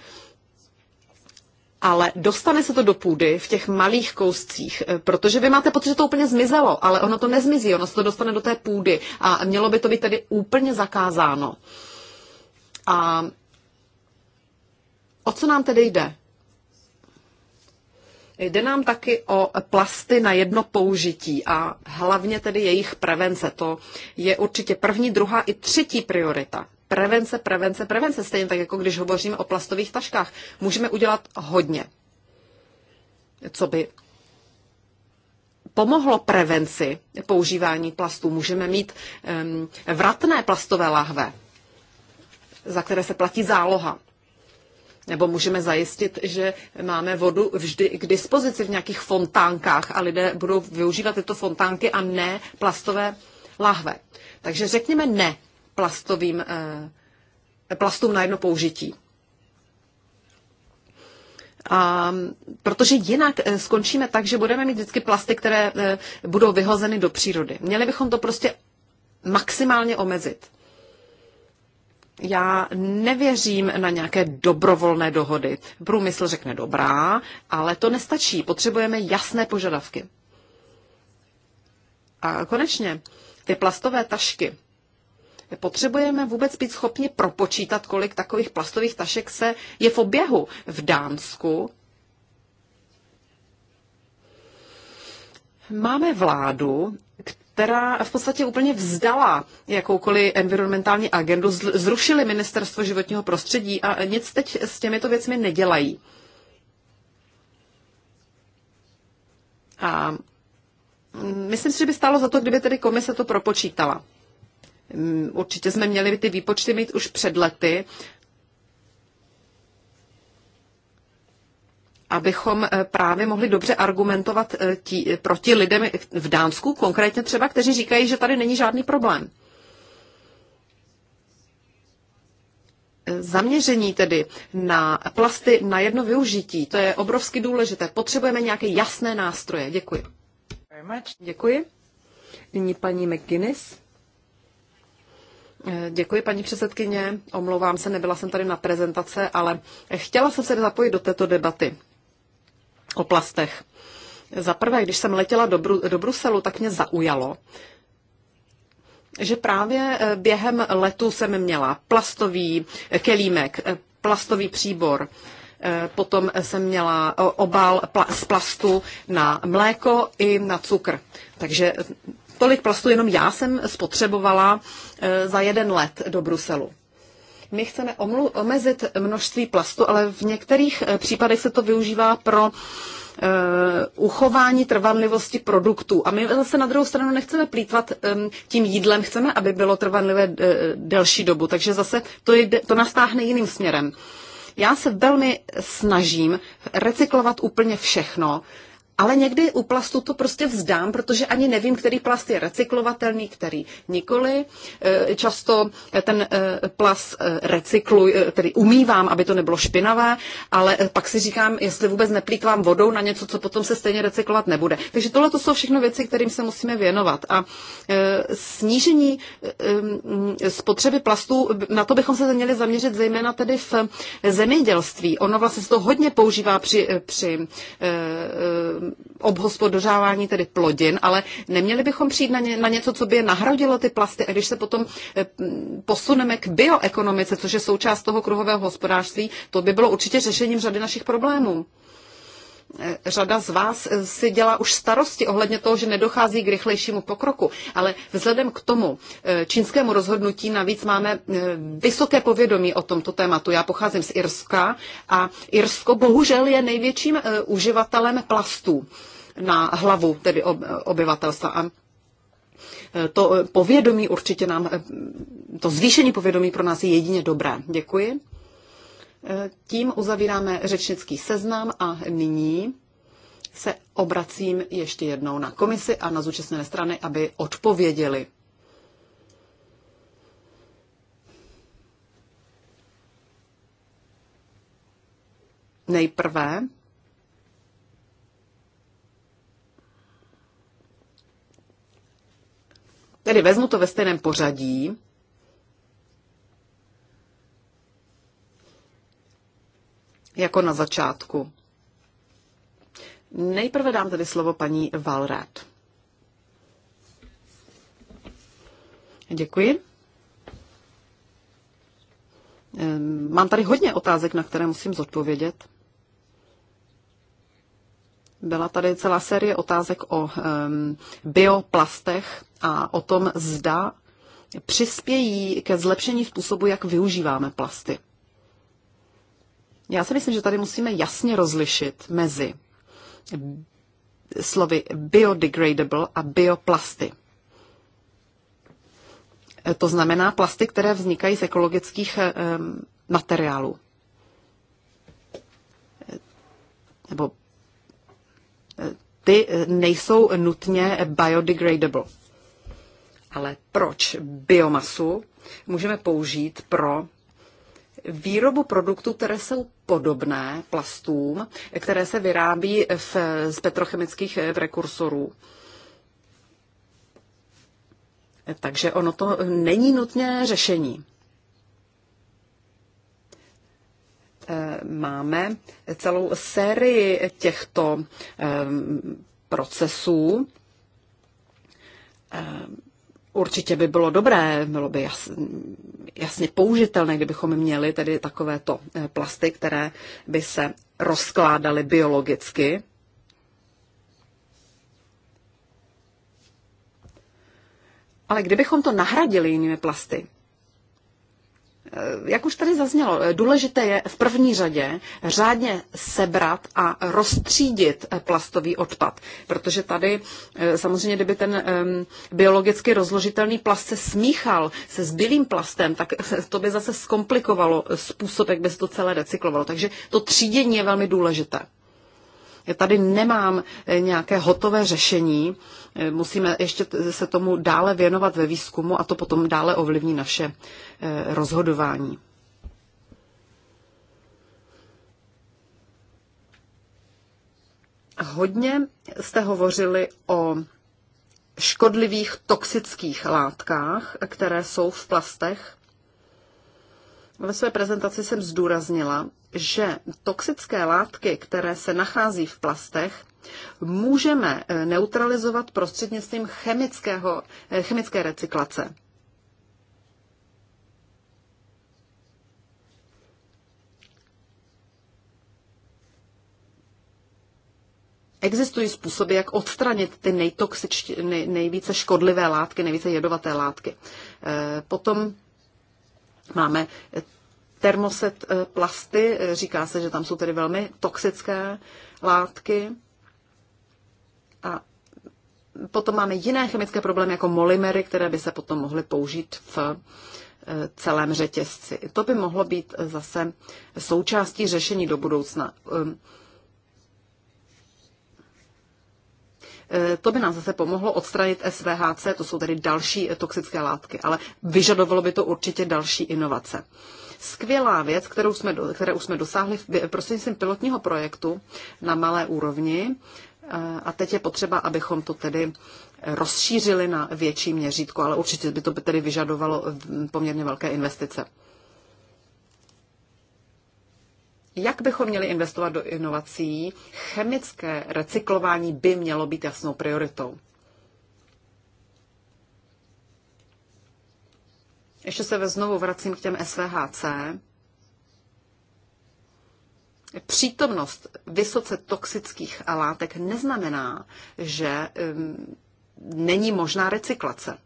ale dostane se to do půdy v těch malých kouscích, eh, protože vy máte pocit, že to úplně zmizelo, ale ono to nezmizí, ono se to dostane do té půdy a mělo by to být tedy úplně zakázáno. A o co nám tedy jde? Jde nám taky o plasty na jedno použití a hlavně tedy jejich prevence. To je určitě první, druhá i třetí priorita. Prevence, prevence, prevence. Stejně tak, jako když hovoříme o plastových taškách. Můžeme udělat hodně. Co by pomohlo prevenci používání plastů. Můžeme mít um, vratné plastové lahve, za které se platí záloha nebo můžeme zajistit, že máme vodu vždy k dispozici v nějakých fontánkách a lidé budou využívat tyto fontánky a ne plastové lahve. Takže řekněme ne plastovým, eh, plastům na jedno použití. A, protože jinak eh, skončíme tak, že budeme mít vždycky plasty, které eh, budou vyhozeny do přírody. Měli bychom to prostě maximálně omezit já nevěřím na nějaké dobrovolné dohody. Průmysl řekne dobrá, ale to nestačí. Potřebujeme jasné požadavky. A konečně, ty plastové tašky. Potřebujeme vůbec být schopni propočítat, kolik takových plastových tašek se je v oběhu v Dánsku. Máme vládu, která v podstatě úplně vzdala jakoukoliv environmentální agendu, zrušili ministerstvo životního prostředí a nic teď s těmito věcmi nedělají. A myslím si, že by stálo za to, kdyby tedy komise to propočítala. Mm, určitě jsme měli ty výpočty mít už před lety, abychom eh, právě mohli dobře argumentovat eh, tí, proti lidem v Dánsku, konkrétně třeba, kteří říkají, že tady není žádný problém. Zaměření tedy na plasty na jedno využití, to je obrovsky důležité. Potřebujeme nějaké jasné nástroje. Děkuji. Děkuji. Nyní paní McGuinness. Eh, děkuji, paní předsedkyně. Omlouvám se, nebyla jsem tady na prezentace, ale chtěla jsem se zapojit do této debaty oblastech. Za prvé, když jsem letěla do, Bru- do Bruselu, tak mě zaujalo, že právě eh, během letu jsem měla plastový eh, kelímek, eh, plastový příbor, potom jsem měla obal z plastu na mléko i na cukr. Takže tolik plastu jenom já jsem spotřebovala za jeden let do Bruselu. My chceme omezit množství plastu, ale v některých eh, případech se to využívá pro uh, uchování trvanlivosti produktů. A my zase na druhou stranu nechceme plítvat um, tím jídlem, chceme, aby bylo trvanlivé uh, delší dobu, takže zase to, jde, to nastáhne jiným směrem. Já se velmi snažím recyklovat úplně všechno, ale někdy u plastu to prostě vzdám, protože ani nevím, který plast je recyklovatelný, který nikoli. E, často ten e, plast e, recykluji, tedy umývám, aby to nebylo špinavé, ale pak si říkám, jestli vůbec neplýtvám vodou na něco, co potom se stejně recyklovat nebude. Takže tohle to jsou všechno věci, kterým se musíme věnovat. A snížení spotřeby plastů, na to bychom se měli zaměřit zejména tedy v zemědělství. Ono vlastně se to hodně používá při, při obhospodařování tedy plodin, ale neměli bychom přijít na, ně, na něco, co by je nahradilo ty plasty. A když se potom eh, posuneme k bioekonomice, což je součást toho kruhového hospodářství, to by bylo určitě řešením řady našich problémů řada z vás si dělá už starosti ohledně toho, že nedochází k rychlejšímu pokroku. Ale vzhledem k tomu e, čínskému rozhodnutí navíc máme e, vysoké povědomí o tomto tématu. Já pocházím z Irska a Irsko bohužel je největším e, uživatelem plastů na hlavu tedy obyvatelstva. A to povědomí určitě nám, to zvýšení povědomí pro nás je jedině dobré. Děkuji. Tím uzavíráme řečnický seznam a nyní se obracím ještě jednou na komisi a na zúčastněné strany, aby odpověděli. Nejprve Tedy vezmu to ve stejném pořadí. jako na začátku. Nejprve dám tedy slovo paní Valrát. Děkuji. Ehm, mám tady hodně otázek, na které musím zodpovědět. Byla tady celá série otázek o um, bioplastech a o tom, zda přispějí ke zlepšení způsobu, jak využíváme plasty. Já si myslím, že tady musíme jasně rozlišit mezi slovy biodegradable a bioplasty. To znamená plasty, které vznikají z ekologických eh, materiálů. Nebo eh, ty nejsou nutně biodegradable. Ale proč biomasu můžeme použít pro výrobu produktů, které jsou podobné plastům, které se vyrábí v, z petrochemických prekursorů. Takže ono to není nutné řešení. Eh, máme celou sérii těchto eh, procesů eh, Určitě by bylo dobré, bylo by jasně použitelné, kdybychom měli tedy takovéto eh, plasty, které by se rozkládaly biologicky. Ale kdybychom to nahradili jinými plasty, Eh, jak už tady zaznělo, eh, důležité je v první řadě řádně sebrat a rozstřídit eh, plastový odpad, protože tady samozřejmě, kdyby ten biologicky rozložitelný plast se smíchal se zbylým plastem, tak *laughs* to by zase zkomplikovalo způsob, jak by se to celé recyklovalo. Takže to třídění je velmi důležité. Tady nemám eh, nějaké hotové řešení, eh, musíme ještě se tomu dále věnovat ve výzkumu a to potom dále ovlivní naše eh, rozhodování. Hodně jste hovořili o škodlivých toxických látkách, které jsou v plastech. Ve své prezentaci jsem zdůraznila, že toxické látky, které se nachází v plastech, můžeme eh, neutralizovat prostřednictvím chemického, eh, chemické recyklace. Existují způsoby, jak odstranit ty nejtoxič, nej, nejvíce škodlivé látky, nejvíce jedovaté látky. Eh, potom Máme termoset eh, plasty, eh, říká se, že tam jsou tedy velmi toxické látky. A potom máme jiné chemické problémy, jako molymery, které by se potom mohly použít v eh, celém řetězci. To by mohlo být zase součástí řešení do budoucna. Ehm, Eh, to by nám zase pomohlo odstranit SVHC, to jsou tedy další eh, toxické látky, ale vyžadovalo by to určitě další inovace. Skvělá věc, kterou jsme, které už jsme dosáhli eh, prostřednictvím pilotního projektu na malé úrovni, a teď je potřeba, abychom to tedy rozšířili na větší měřítko, ale určitě by to by tedy vyžadovalo mm, poměrně velké investice. Jak bychom měli investovat do inovací? Chemické recyklování by mělo být jasnou prioritou. Ještě se znovu vracím k těm SVHC. Přítomnost vysoce toxických látek neznamená, že um, není možná recyklace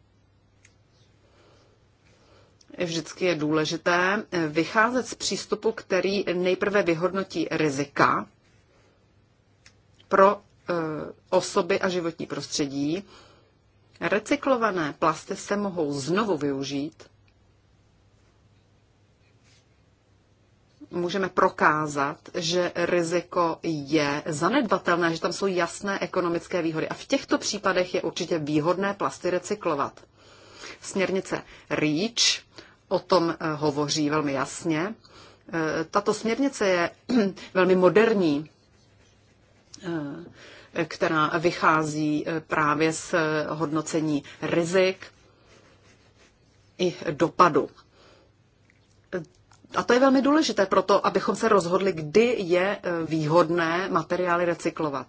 vždycky je důležité eh, vycházet z přístupu, který nejprve vyhodnotí rizika pro eh, osoby a životní prostředí. Recyklované plasty se mohou znovu využít. Můžeme prokázat, že riziko je zanedbatelné, že tam jsou jasné ekonomické výhody. A v těchto případech je určitě výhodné plasty recyklovat. Směrnice REACH o tom eh, hovoří velmi jasně. Eh, tato směrnice je *clears throat* velmi moderní, eh, která vychází právě z hodnocení rizik i dopadu. A to je velmi důležité pro to, abychom se rozhodli, kdy je výhodné materiály recyklovat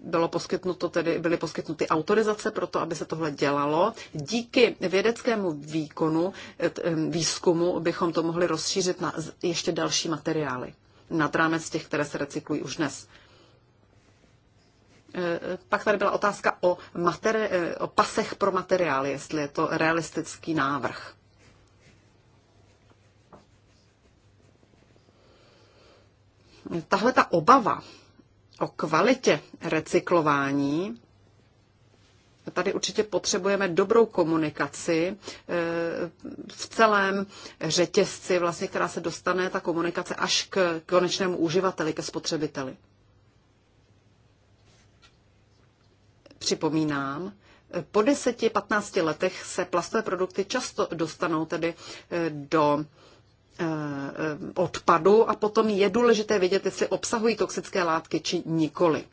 bylo poskytnuto tedy, byly poskytnuty autorizace pro to, aby se tohle dělalo. Díky vědeckému výkonu, eh, eh, výzkumu bychom to mohli rozšířit na ještě další materiály nad rámec těch, které se recyklují už dnes. Eh, pak tady byla otázka o, materi- o pasech pro materiály, jestli je to realistický návrh. Tahle ta obava o kvalitě recyklování, tady určitě potřebujeme dobrou komunikaci eh, v celém řetězci, vlastně, která se dostane, ta komunikace až k konečnému uživateli, ke spotřebiteli. Připomínám, eh, po 10-15 letech se plastové produkty často dostanou tedy eh, do Eh, odpadu a potom je důležité vědět, jestli obsahují toxické látky či nikoli.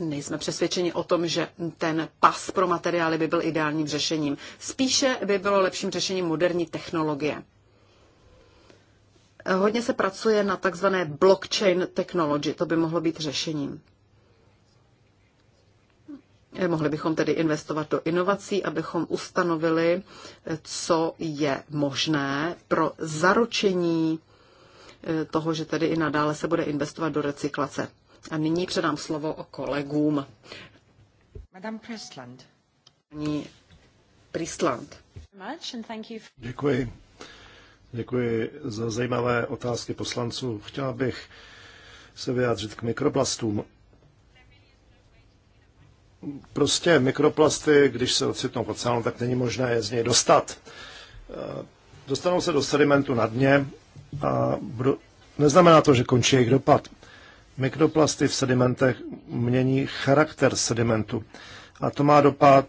Nejsme přesvědčeni o tom, že ten pas pro materiály by byl ideálním řešením. Spíše by bylo lepším řešením moderní technologie. Hodně se pracuje na takzvané blockchain technology, to by mohlo být řešením. Mohli bychom tedy investovat do inovací, abychom ustanovili, co je možné pro zaručení eh, toho, že tedy i nadále se bude investovat do recyklace. A nyní předám slovo o kolegům. Madame Priestland. Paní Priestland. Děkuji. Děkuji za zajímavé otázky poslanců. Chtěla bych se vyjádřit k mikroplastům prostě mikroplasty, když se ocitnou v oceánu, tak není možné je z něj dostat. Eh, dostanou se do sedimentu na dně a budu... neznamená to, že končí jejich dopad. Mikroplasty v sedimentech mění charakter sedimentu a to má dopad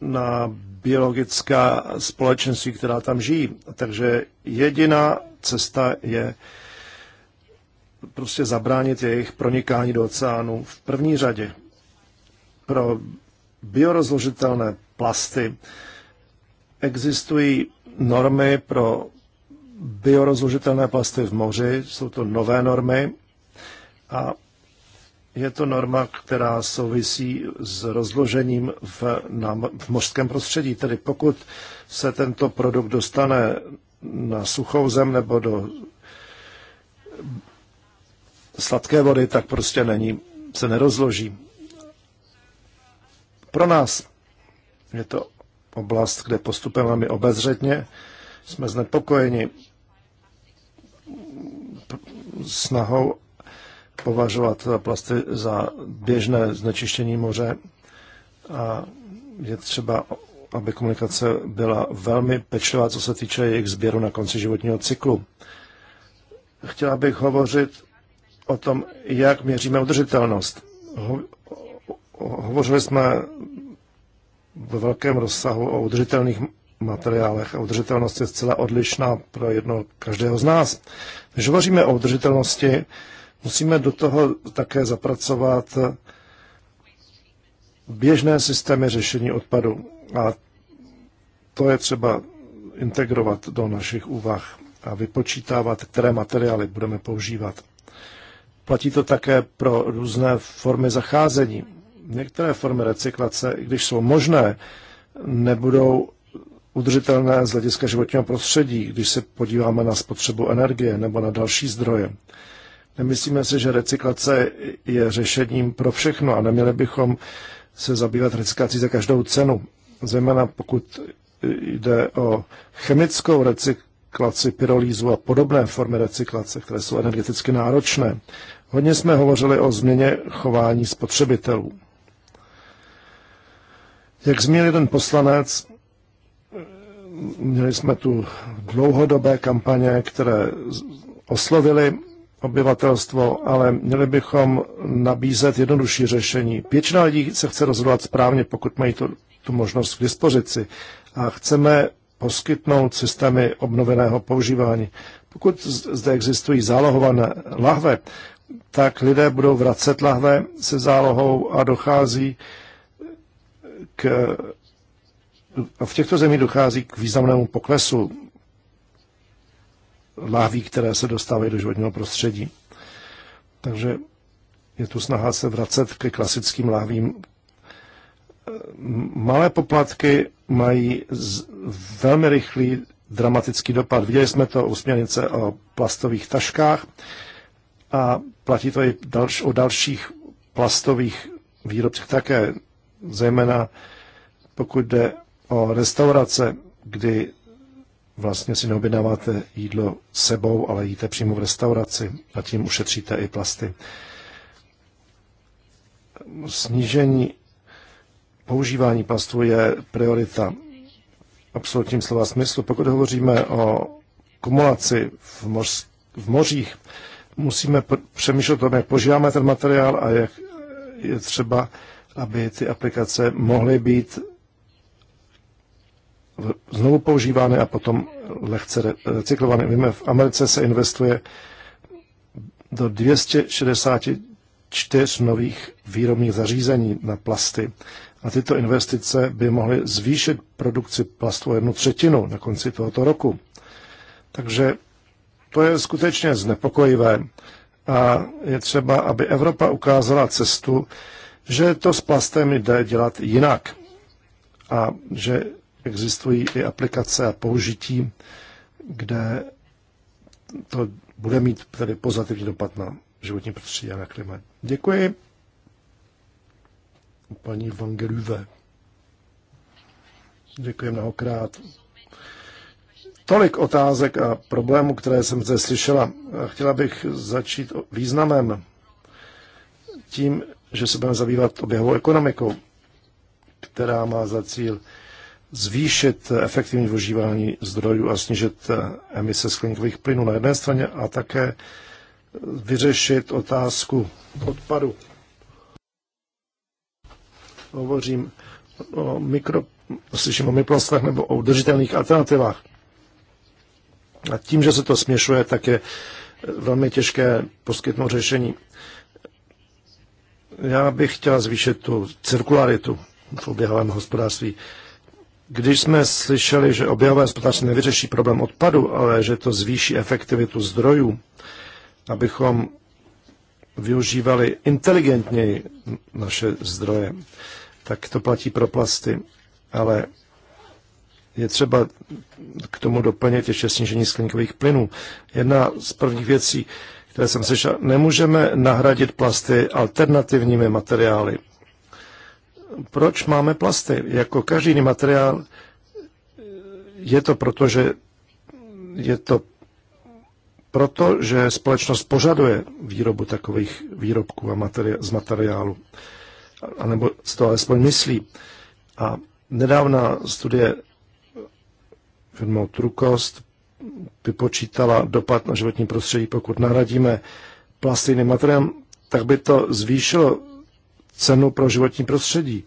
na biologická společenství, která tam žijí. Takže jediná cesta je prostě zabránit jejich pronikání do oceánu v první řadě pro biorozložitelné plasty existují normy pro biorozložitelné plasty v moři, jsou to nové normy a je to norma, která souvisí s rozložením v, na, v mořském prostředí. Tedy pokud se tento produkt dostane na suchou zem nebo do sladké vody, tak prostě není, se nerozloží. Pro nás je to oblast, kde postupem velmi obezřetně jsme znepokojeni snahou považovat plasty za běžné znečištění moře a je třeba, aby komunikace byla velmi pečlivá, co se týče jejich sběru na konci životního cyklu. Chtěla bych hovořit o tom, jak měříme udržitelnost. Hovořili jsme ve velkém rozsahu o udržitelných materiálech a udržitelnost je zcela odlišná pro jedno každého z nás. Když hovoříme o udržitelnosti, musíme do toho také zapracovat běžné systémy řešení odpadu a to je třeba integrovat do našich úvah a vypočítávat, které materiály budeme používat. Platí to také pro různé formy zacházení. Některé formy recyklace, i když jsou možné, nebudou udržitelné z hlediska životního prostředí, když se podíváme na spotřebu energie nebo na další zdroje. Nemyslíme si, že recyklace je řešením pro všechno a neměli bychom se zabývat recyklací za každou cenu. Zejména pokud jde o chemickou recyklaci, pyrolízu a podobné formy recyklace, které jsou energeticky náročné. Hodně jsme hovořili o změně chování spotřebitelů. Jak zmínil jeden poslanec, měli jsme tu dlouhodobé kampaně, které oslovili obyvatelstvo, ale měli bychom nabízet jednodušší řešení. Většina lidí se chce rozhodovat správně, pokud mají tu, tu možnost k dispozici. A chceme poskytnout systémy obnoveného používání. Pokud zde existují zálohované lahve, tak lidé budou vracet lahve se zálohou a dochází k, v těchto zemích dochází k významnému poklesu láví, které se dostávají do životního prostředí. Takže je tu snaha se vracet ke klasickým lávím. Malé poplatky mají velmi rychlý dramatický dopad. Viděli jsme to u směrnice o plastových taškách a platí to i o dalších plastových výrobcích také zejména pokud jde o restaurace, kdy vlastně si neobjednáváte jídlo sebou, ale jíte přímo v restauraci a tím ušetříte i plasty. Snížení používání plastu je priorita absolutním slova smyslu. Pokud hovoříme o kumulaci v, moř, v mořích, musíme přemýšlet o tom, jak požíváme ten materiál a jak je třeba aby ty aplikace mohly být znovu používány a potom lehce recyklovány. Víme, v Americe se investuje do 264 nových výrobních zařízení na plasty. A tyto investice by mohly zvýšit produkci plastu o jednu třetinu na konci tohoto roku. Takže to je skutečně znepokojivé. A je třeba, aby Evropa ukázala cestu, že to s plastem jde dělat jinak a že existují i aplikace a použití, kde to bude mít tedy pozitivní dopad na životní prostředí a na klima. Děkuji. Paní Van Gerüve. Děkuji mnohokrát. Tolik otázek a problémů, které jsem zde slyšela. Chtěla bych začít významem tím, že se budeme zabývat oběhovou ekonomikou, která má za cíl zvýšit efektivní využívání zdrojů a snížit emise skleníkových plynů na jedné straně a také vyřešit otázku odpadu. Hovořím o mikro, slyším o mikroplastech nebo o udržitelných alternativách. A tím, že se to směšuje, tak je velmi těžké poskytnout řešení. Já bych chtěl zvýšit tu cirkularitu v oběhovém hospodářství. Když jsme slyšeli, že oběhové hospodářství nevyřeší problém odpadu, ale že to zvýší efektivitu zdrojů, abychom využívali inteligentněji naše zdroje, tak to platí pro plasty. Ale je třeba k tomu doplnit ještě snížení skleníkových plynů. Jedna z prvních věcí, které jsem slyšel, nemůžeme nahradit plasty alternativními materiály. Proč máme plasty? Jako každý jiný materiál je to proto, že je to proto, že společnost požaduje výrobu takových výrobků a materi- z materiálu. anebo z toho alespoň myslí. A nedávná studie firmou Trukost vypočítala dopad na životní prostředí, pokud nahradíme plasty jiným materiálem, tak by to zvýšilo cenu pro životní prostředí.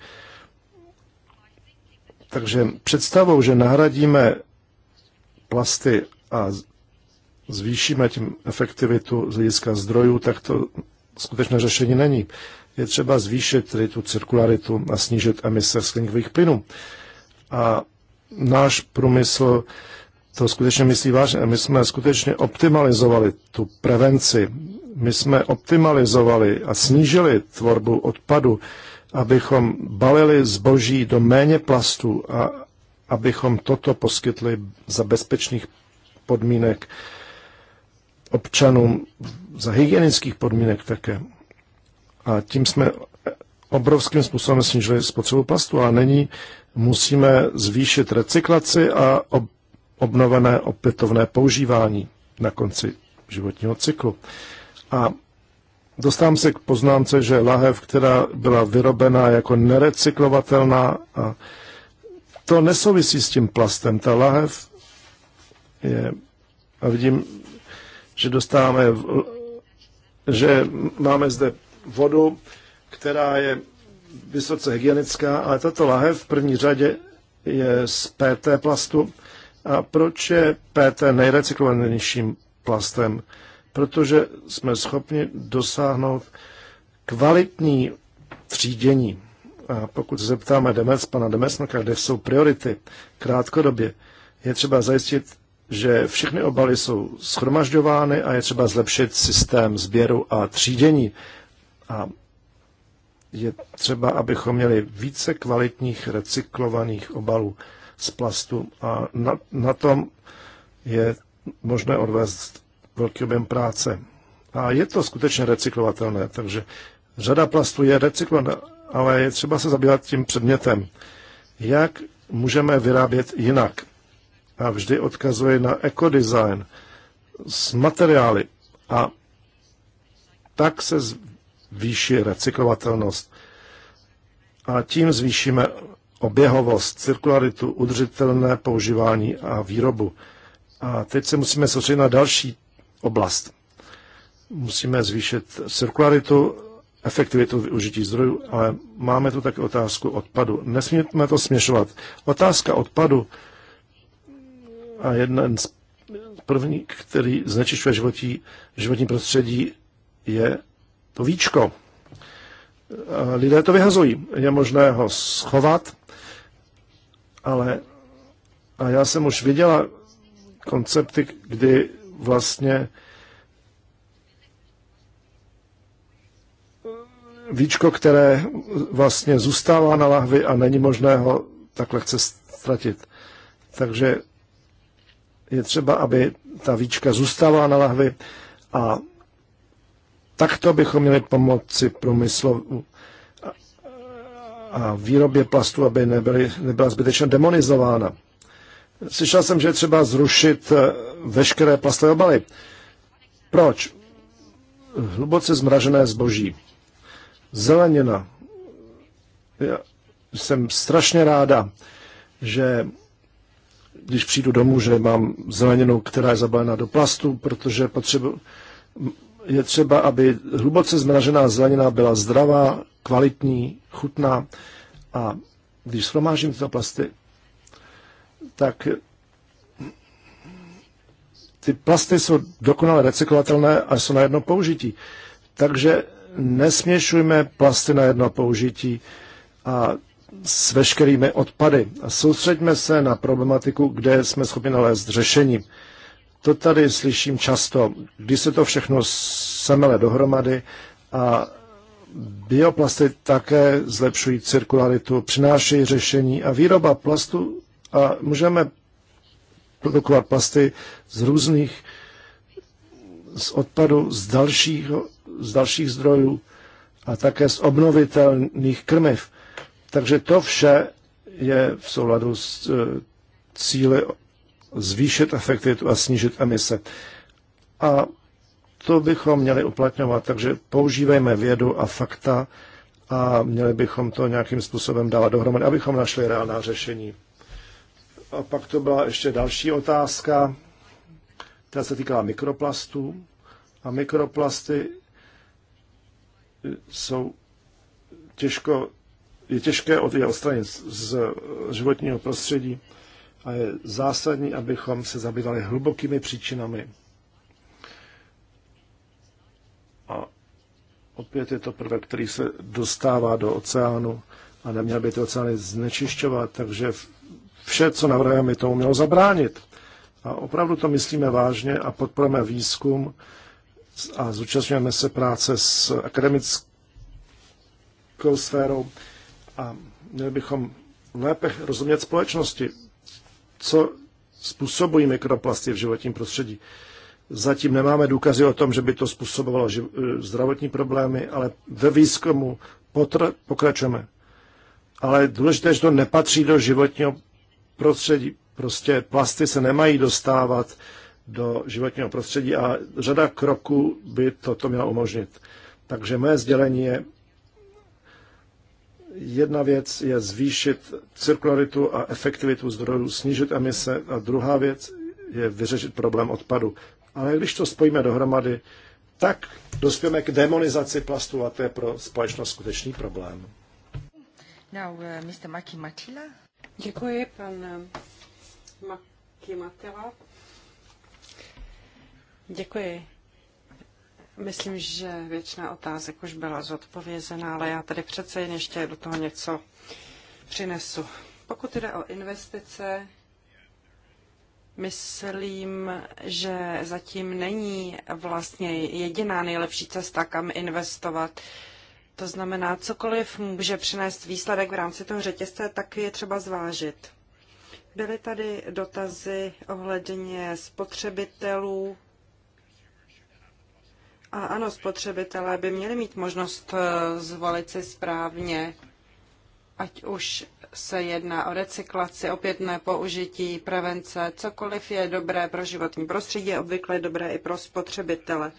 Takže představou, že nahradíme plasty a zvýšíme tím efektivitu z hlediska zdrojů, tak to skutečné řešení není. Je třeba zvýšit tedy tu cirkularitu a snížit emise skleníkových plynů. A náš průmysl to skutečně myslí vážně. My jsme skutečně optimalizovali tu prevenci. My jsme optimalizovali a snížili tvorbu odpadu, abychom balili zboží do méně plastů a abychom toto poskytli za bezpečných podmínek občanům, za hygienických podmínek také. A tím jsme obrovským způsobem snížili spotřebu plastu, a není musíme zvýšit recyklaci a ob obnovené opětovné používání na konci životního cyklu. A dostávám se k poznámce, že lahev, která byla vyrobená jako nerecyklovatelná, a to nesouvisí s tím plastem. Ta lahev je, a vidím, že dostáváme, že máme zde vodu, která je vysoce hygienická, ale tato lahev v první řadě je z PT plastu a proč je PET nejrecyklovanějším plastem? Protože jsme schopni dosáhnout kvalitní třídění. A pokud zeptáme Demes, pana Demesnoka, kde jsou priority krátkodobě, je třeba zajistit, že všechny obaly jsou schromažďovány a je třeba zlepšit systém sběru a třídění. A je třeba, abychom měli více kvalitních recyklovaných obalů z plastu. A na, na tom je možné odvést velký objem práce. A je to skutečně recyklovatelné, takže řada plastu je recyklovatelná, ale je třeba se zabývat tím předmětem. Jak můžeme vyrábět jinak? A vždy odkazuje na ekodesign s materiály a tak se zvýší recyklovatelnost. A tím zvýšíme oběhovost, cirkularitu, udržitelné používání a výrobu. A teď se musíme soustředit na další oblast. Musíme zvýšit cirkularitu, efektivitu využití zdrojů, ale máme tu také otázku odpadu. Nesmíme to směšovat. Otázka odpadu a jeden z první, který znečišťuje životí, životní prostředí, je to víčko. Lidé to vyhazují. Je možné ho schovat, ale a já jsem už viděla koncepty, kdy vlastně víčko, které vlastně zůstává na lahvi a není možné ho tak lehce ztratit. Takže je třeba, aby ta víčka zůstává na lahvi a takto bychom měli pomoci průmyslu a výrobě plastu, aby nebyly, nebyla zbytečně demonizována. Slyšel jsem, že je třeba zrušit eh, veškeré plastové obaly. Proč? Hluboce zmražené zboží. Zelenina. Já jsem strašně ráda, že když přijdu domů, že mám zeleninu, která je zabalena do plastu, protože potřebuji je třeba, aby hluboce zmražená zelenina byla zdravá, kvalitní, chutná a když shromážím tyto plasty, tak ty plasty jsou dokonale recyklovatelné a jsou na jedno použití. Takže nesměšujme plasty na jedno použití a s veškerými odpady. A soustřeďme se na problematiku, kde jsme schopni nalézt řešení. To tady slyším často, když se to všechno semele dohromady a bioplasty také zlepšují cirkularitu, přinášejí řešení a výroba plastu a můžeme produkovat plasty z různých z odpadu, z dalších, z dalších zdrojů a také z obnovitelných krmiv. Takže to vše je v souladu s e, cíly zvýšit efektivitu a snížit emise. A to bychom měli uplatňovat, takže používejme vědu a fakta a měli bychom to nějakým způsobem dávat dohromady, abychom našli reálná řešení. A pak to byla ještě další otázka, která se týkala mikroplastů. A mikroplasty jsou těžko, je těžké je odstranit z životního prostředí a je zásadní, abychom se zabývali hlubokými příčinami. A opět je to prvek, který se dostává do oceánu a neměl by ty oceány znečišťovat, takže vše, co navrhujeme, tomu mělo zabránit. A opravdu to myslíme vážně a podporujeme výzkum a zúčastňujeme se práce s akademickou sférou a měli bychom lépe rozumět společnosti co způsobují mikroplasty v životním prostředí. Zatím nemáme důkazy o tom, že by to způsobovalo eh, zdravotní problémy, ale ve výzkumu pokračujeme. Ale důležité, že to nepatří do životního prostředí. Prostě plasty se nemají dostávat do životního prostředí a řada kroků by toto měla umožnit. Takže moje sdělení je, Jedna věc je zvýšit cirkularitu a efektivitu zdrojů, snížit emise a druhá věc je vyřešit problém odpadu. Ale když to spojíme dohromady, tak dospějeme k demonizaci plastu a to je pro společnost skutečný problém. Now, uh, Mr. Maki Matila. Děkuji, pan eh, Maki Matila. Děkuji. Myslím, že většina otázek už byla zodpovězená, ale já tady přece jen ještě do toho něco přinesu. Pokud jde o investice, myslím, že zatím není vlastně jediná nejlepší cesta, kam investovat. To znamená, cokoliv může přinést výsledek v rámci toho řetězce, tak je třeba zvážit. Byly tady dotazy ohledně spotřebitelů, a ano, spotřebitelé by měli mít možnost eh, zvolit si správně, ať už se jedná o recyklaci, opětné použití, prevence, cokoliv je dobré pro životní prostředí, je obvykle dobré i pro spotřebitele.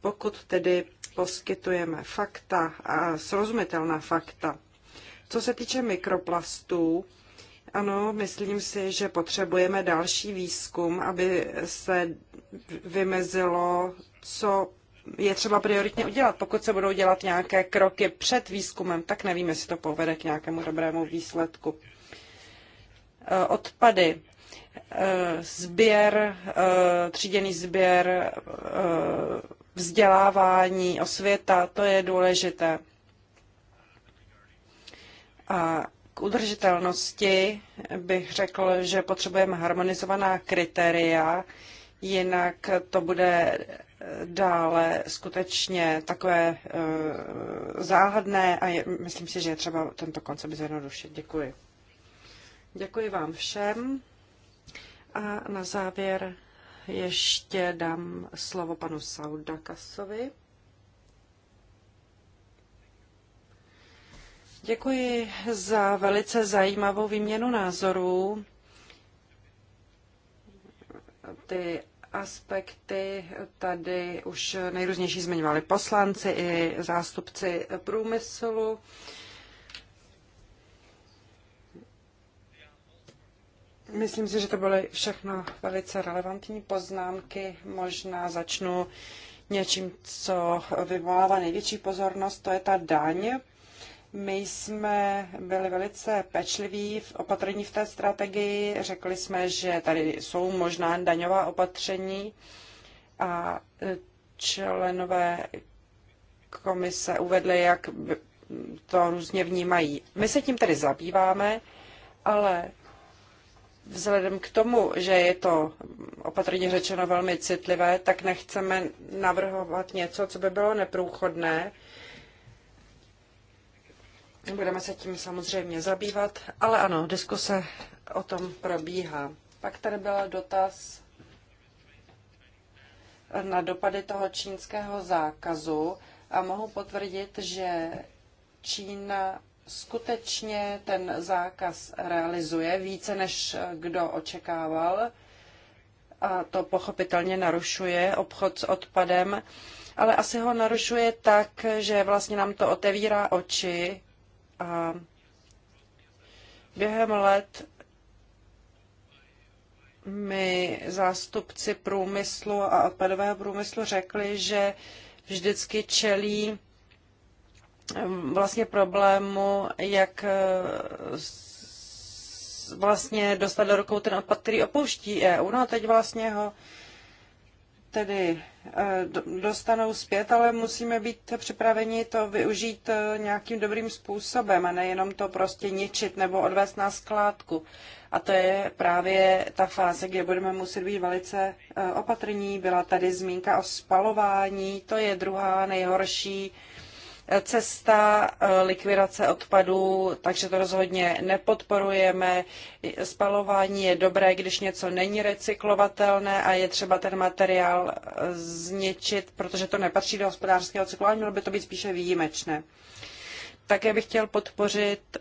Pokud tedy poskytujeme fakta a srozumitelná fakta. Co se týče mikroplastů, ano, myslím si, že potřebujeme další výzkum, aby se vymezilo, co je třeba prioritně udělat. Pokud se budou dělat nějaké kroky před výzkumem, tak nevím, jestli to povede k nějakému dobrému výsledku. Eh, odpady. Eh, sběr, eh, tříděný sběr, vzdělávání, osvěta, to je důležité. A k udržitelnosti bych řekl, že potřebujeme harmonizovaná kritéria, jinak to bude dále skutečně takové eh, záhadné a je, myslím si, že je třeba tento koncept zjednodušit. Děkuji. Děkuji vám všem. A na závěr ještě dám slovo panu Saudakasovi. Děkuji za velice zajímavou výměnu názorů. Ty aspekty tady už nejrůznější zmiňovali poslanci i zástupci průmyslu. Myslím si, že to byly všechno velice relevantní poznámky. Možná začnu něčím, co vyvolává největší pozornost, to je ta daň my jsme byli velice pečliví v v té strategii. Řekli jsme, že tady jsou možná daňová opatření a e, členové komise uvedli, jak to různě vnímají. My se tím tedy zabýváme, ale vzhledem k tomu, že je to opatrně řečeno velmi citlivé, tak nechceme navrhovat něco, co by bylo neprůchodné Budeme se tím samozřejmě zabývat, ale ano, diskuse o tom probíhá. Pak tady byl dotaz na dopady toho čínského zákazu a mohu potvrdit, že Čína skutečně ten zákaz realizuje více, než kdo očekával. A to pochopitelně narušuje obchod s odpadem, ale asi ho narušuje tak, že vlastně nám to otevírá oči a během let mi zástupci průmyslu a odpadového průmyslu řekli, že vždycky čelí mm, vlastně problému, jak e, vlastně dostat do rukou ten odpad, který opouští EU. No a teď vlastně ho tedy eh, dostanou zpět, ale musíme být připraveni to využít eh, nějakým dobrým způsobem a nejenom to prostě ničit nebo odvést na skládku. A to je právě ta fáze, kde budeme muset být velice eh, opatrní. Byla tady zmínka o spalování, to je druhá nejhorší cesta eh, likvidace odpadů, takže to rozhodně nepodporujeme. Spalování je dobré, když něco není recyklovatelné a je třeba ten materiál eh, zničit, protože to nepatří do hospodářského cyklu, ale mělo by to být spíše výjimečné. Také bych chtěl podpořit eh,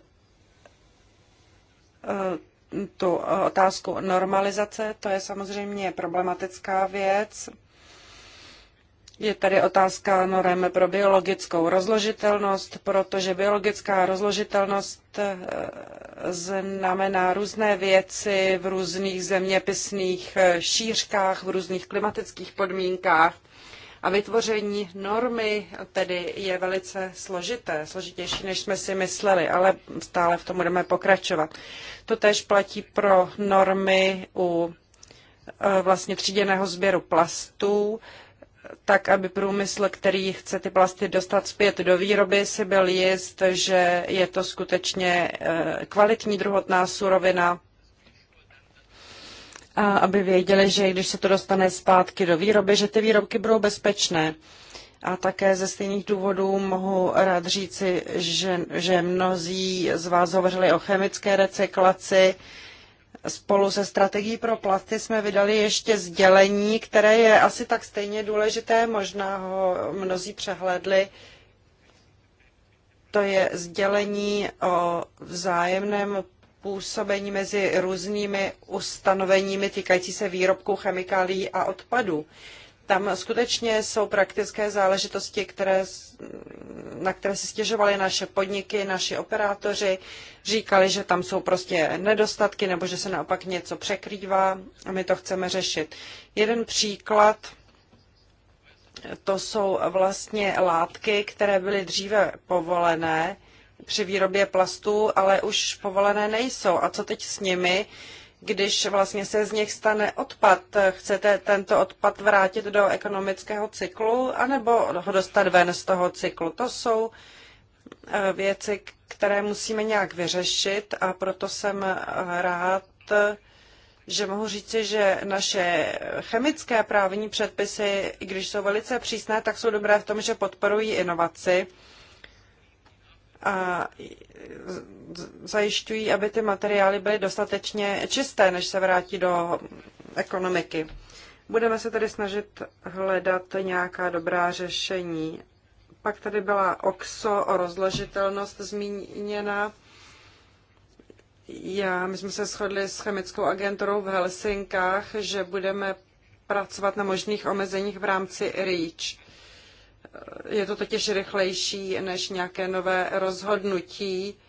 tu otázku normalizace, to je samozřejmě problematická věc. Je tady otázka norem pro biologickou rozložitelnost, protože biologická rozložitelnost eh, znamená různé věci v různých zeměpisných eh, šířkách, v různých klimatických podmínkách. A vytvoření normy tedy je velice složité, složitější, než jsme si mysleli, ale stále v tom budeme pokračovat. To tež platí pro normy u eh, vlastně tříděného sběru plastů tak aby průmysl, který chce ty plasty dostat zpět do výroby, si byl jist, že je to skutečně eh, kvalitní druhotná surovina, a aby věděli, že když se to dostane zpátky do výroby, že ty výrobky budou bezpečné. A také ze stejných důvodů mohu rád říci, že, že mnozí z vás hovořili o chemické recyklaci. Spolu se strategií pro plasty jsme vydali ještě sdělení, které je asi tak stejně důležité, možná ho mnozí přehledli. To je sdělení o vzájemném působení mezi různými ustanoveními týkající se výrobků chemikálií a odpadů. Tam skutečně jsou praktické záležitosti, které, na které si stěžovaly naše podniky, naši operátoři. Říkali, že tam jsou prostě nedostatky nebo že se naopak něco překrývá a my to chceme řešit. Jeden příklad to jsou vlastně látky, které byly dříve povolené při výrobě plastů, ale už povolené nejsou. A co teď s nimi? když vlastně se z nich stane odpad. Chcete tento odpad vrátit do ekonomického cyklu, anebo ho dostat ven z toho cyklu? To jsou eh, věci, které musíme nějak vyřešit a proto jsem eh, rád, že mohu říci, že naše chemické právní předpisy, i když jsou velice přísné, tak jsou dobré v tom, že podporují inovaci a zajišťují, aby ty materiály byly dostatečně čisté, než se vrátí do ekonomiky. Budeme se tedy snažit hledat nějaká dobrá řešení. Pak tady byla OXO o rozložitelnost zmíněna. Já, my jsme se shodli s chemickou agenturou v Helsinkách, že budeme pracovat na možných omezeních v rámci REACH. Je to totiž rychlejší než nějaké nové rozhodnutí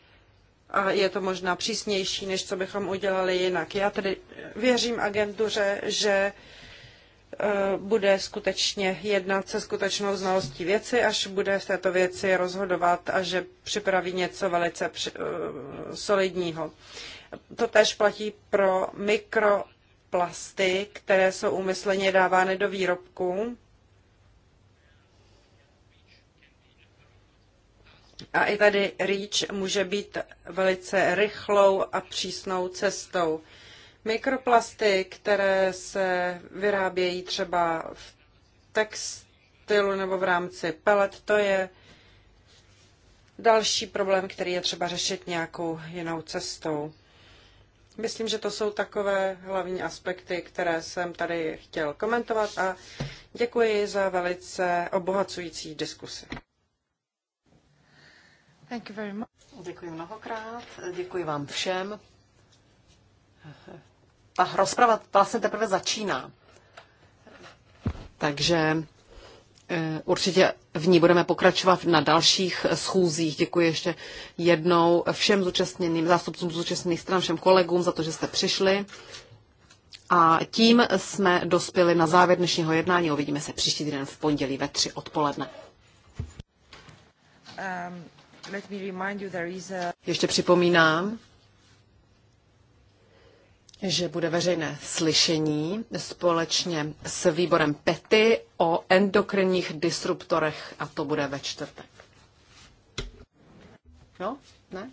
a je to možná přísnější, než co bychom udělali jinak. Já tedy věřím agentuře, že eh, bude skutečně jednat se skutečnou znalostí věci, až bude v této věci rozhodovat a že připraví něco velice eh, solidního. To tež platí pro mikroplasty, které jsou úmyslně dávány do výrobků. A i tady REACH může být velice rychlou a přísnou cestou. Mikroplasty, které se vyrábějí třeba v textilu nebo v rámci pelet, to je další problém, který je třeba řešit nějakou jinou cestou. Myslím, že to jsou takové hlavní aspekty, které jsem tady chtěl komentovat a děkuji za velice obohacující diskusy. Thank you very much. Děkuji mnohokrát, děkuji vám všem. Ta rozprava vlastně teprve začíná. Takže eh, určitě v ní budeme pokračovat na dalších schůzích. Děkuji ještě jednou všem zúčastněným, zástupcům zúčastněných stran, všem kolegům za to, že jste přišli. A tím jsme dospěli na závěr dnešního jednání. Uvidíme se příští den v pondělí ve tři odpoledne. Um. Ještě připomínám, že bude veřejné slyšení společně s výborem PETY o endokrinních disruptorech a to bude ve čtvrtek. No, ne?